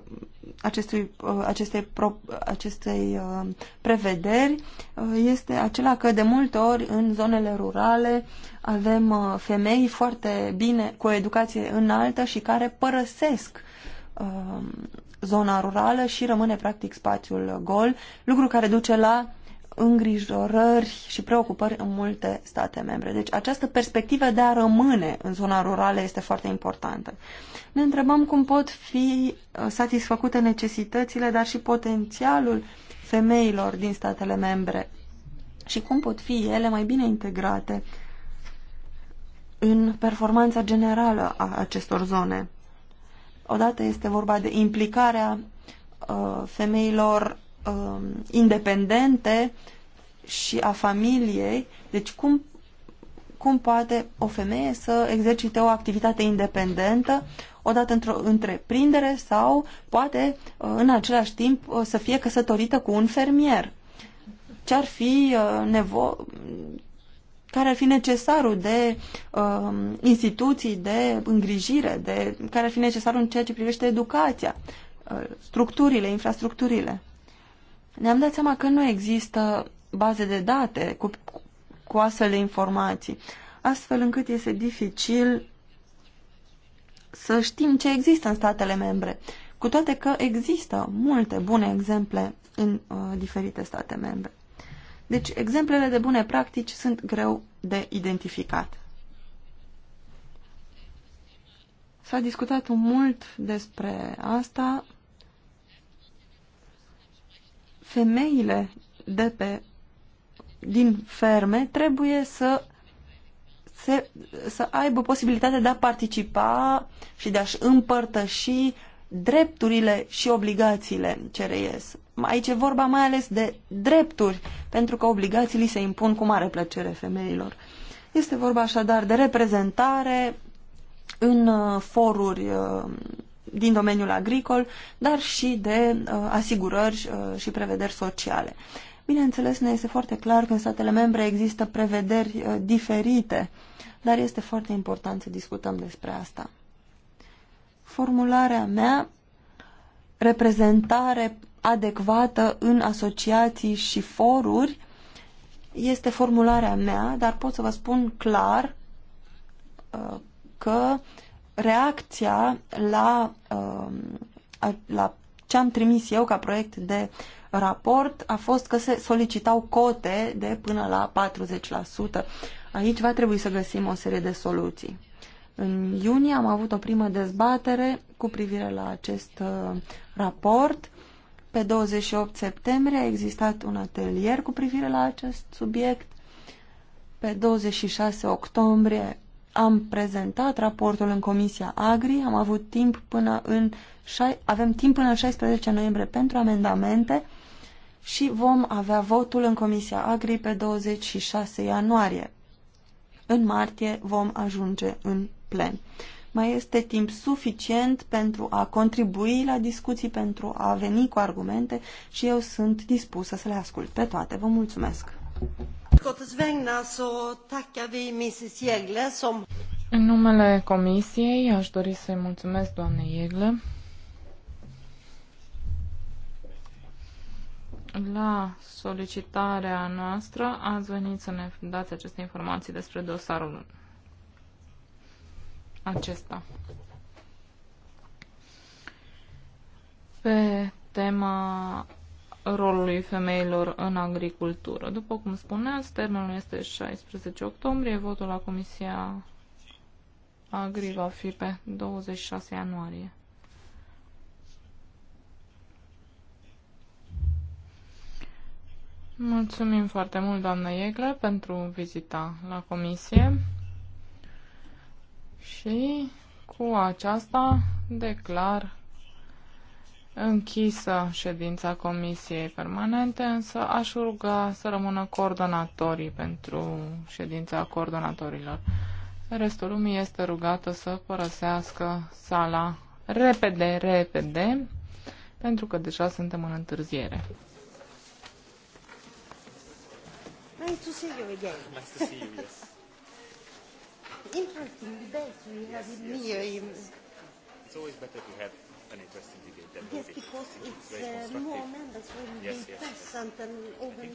acestui, uh, acestei, acestei uh, prevederi este acela că de multe ori în zonele rurale avem femei foarte bine, cu o educație înaltă și care părăsesc zona rurală și rămâne practic spațiul gol, lucru care duce la îngrijorări și preocupări în multe state membre. Deci această perspectivă de a rămâne în zona rurală este foarte importantă. Ne întrebăm cum pot fi uh, satisfăcute necesitățile, dar și potențialul femeilor din statele membre și cum pot fi ele mai bine integrate în performanța generală a acestor zone. Odată este vorba de implicarea uh, femeilor uh, independente și a familiei. Deci cum, cum poate o femeie să exercite o activitate independentă odată într-o întreprindere sau poate uh, în același timp uh, să fie căsătorită cu un fermier. Ce ar fi uh, nevo- care ar fi necesarul de uh, instituții de îngrijire, de care ar fi necesarul în ceea ce privește educația, uh, structurile, infrastructurile ne-am dat seama că nu există baze de date cu, cu astfel de informații, astfel încât este dificil să știm ce există în statele membre, cu toate că există multe bune exemple în uh, diferite state membre. Deci, exemplele de bune practici sunt greu de identificat. S-a discutat mult despre asta femeile de pe, din ferme trebuie să, se, să aibă posibilitatea de a participa și de a-și împărtăși drepturile și obligațiile ce reies. Aici e vorba mai ales de drepturi, pentru că obligațiile se impun cu mare plăcere femeilor. Este vorba așadar de reprezentare în uh, foruri uh, din domeniul agricol, dar și de uh, asigurări uh, și prevederi sociale. Bineînțeles, ne este foarte clar că în statele membre există prevederi uh, diferite, dar este foarte important să discutăm despre asta. Formularea mea, reprezentare adecvată în asociații și foruri, este formularea mea, dar pot să vă spun clar uh, că uh, reacția la, uh, la ce am trimis eu ca proiect de raport a fost că se solicitau cote de până la 40%. Aici va trebui să găsim o serie de soluții. În iunie am avut o primă dezbatere cu privire la acest uh, raport. Pe 28 septembrie a existat un atelier cu privire la acest subiect. Pe 26 octombrie am prezentat raportul în Comisia Agri, am avut timp până în, avem timp până în 16 noiembrie pentru amendamente și vom avea votul în Comisia Agri pe 26 ianuarie. În martie vom ajunge în plen. Mai este timp suficient pentru a contribui la discuții, pentru a veni cu argumente și eu sunt dispusă să le ascult pe toate. Vă mulțumesc! În numele Comisiei aș dori să-i mulțumesc doamnei Iegle. La solicitarea noastră ați venit să ne dați aceste informații despre dosarul acesta. Pe tema rolului femeilor în agricultură. După cum spuneați, termenul este 16 octombrie, votul la Comisia Agri va fi pe 26 ianuarie. Mulțumim foarte mult, doamnă Iegle, pentru vizita la comisie. Și cu aceasta declar închisă ședința Comisiei Permanente, însă aș ruga să rămână coordonatorii pentru ședința coordonatorilor. Restul lumii este rugată să părăsească sala repede, repede, pentru că deja suntem în întârziere. Nice to see you again. Nice to see you, yes. Interesting debate we yes, in yes, here. Yes. It's always better to have an interesting Yes, because it's uh, more members will yes, be yes, present yes. and organized.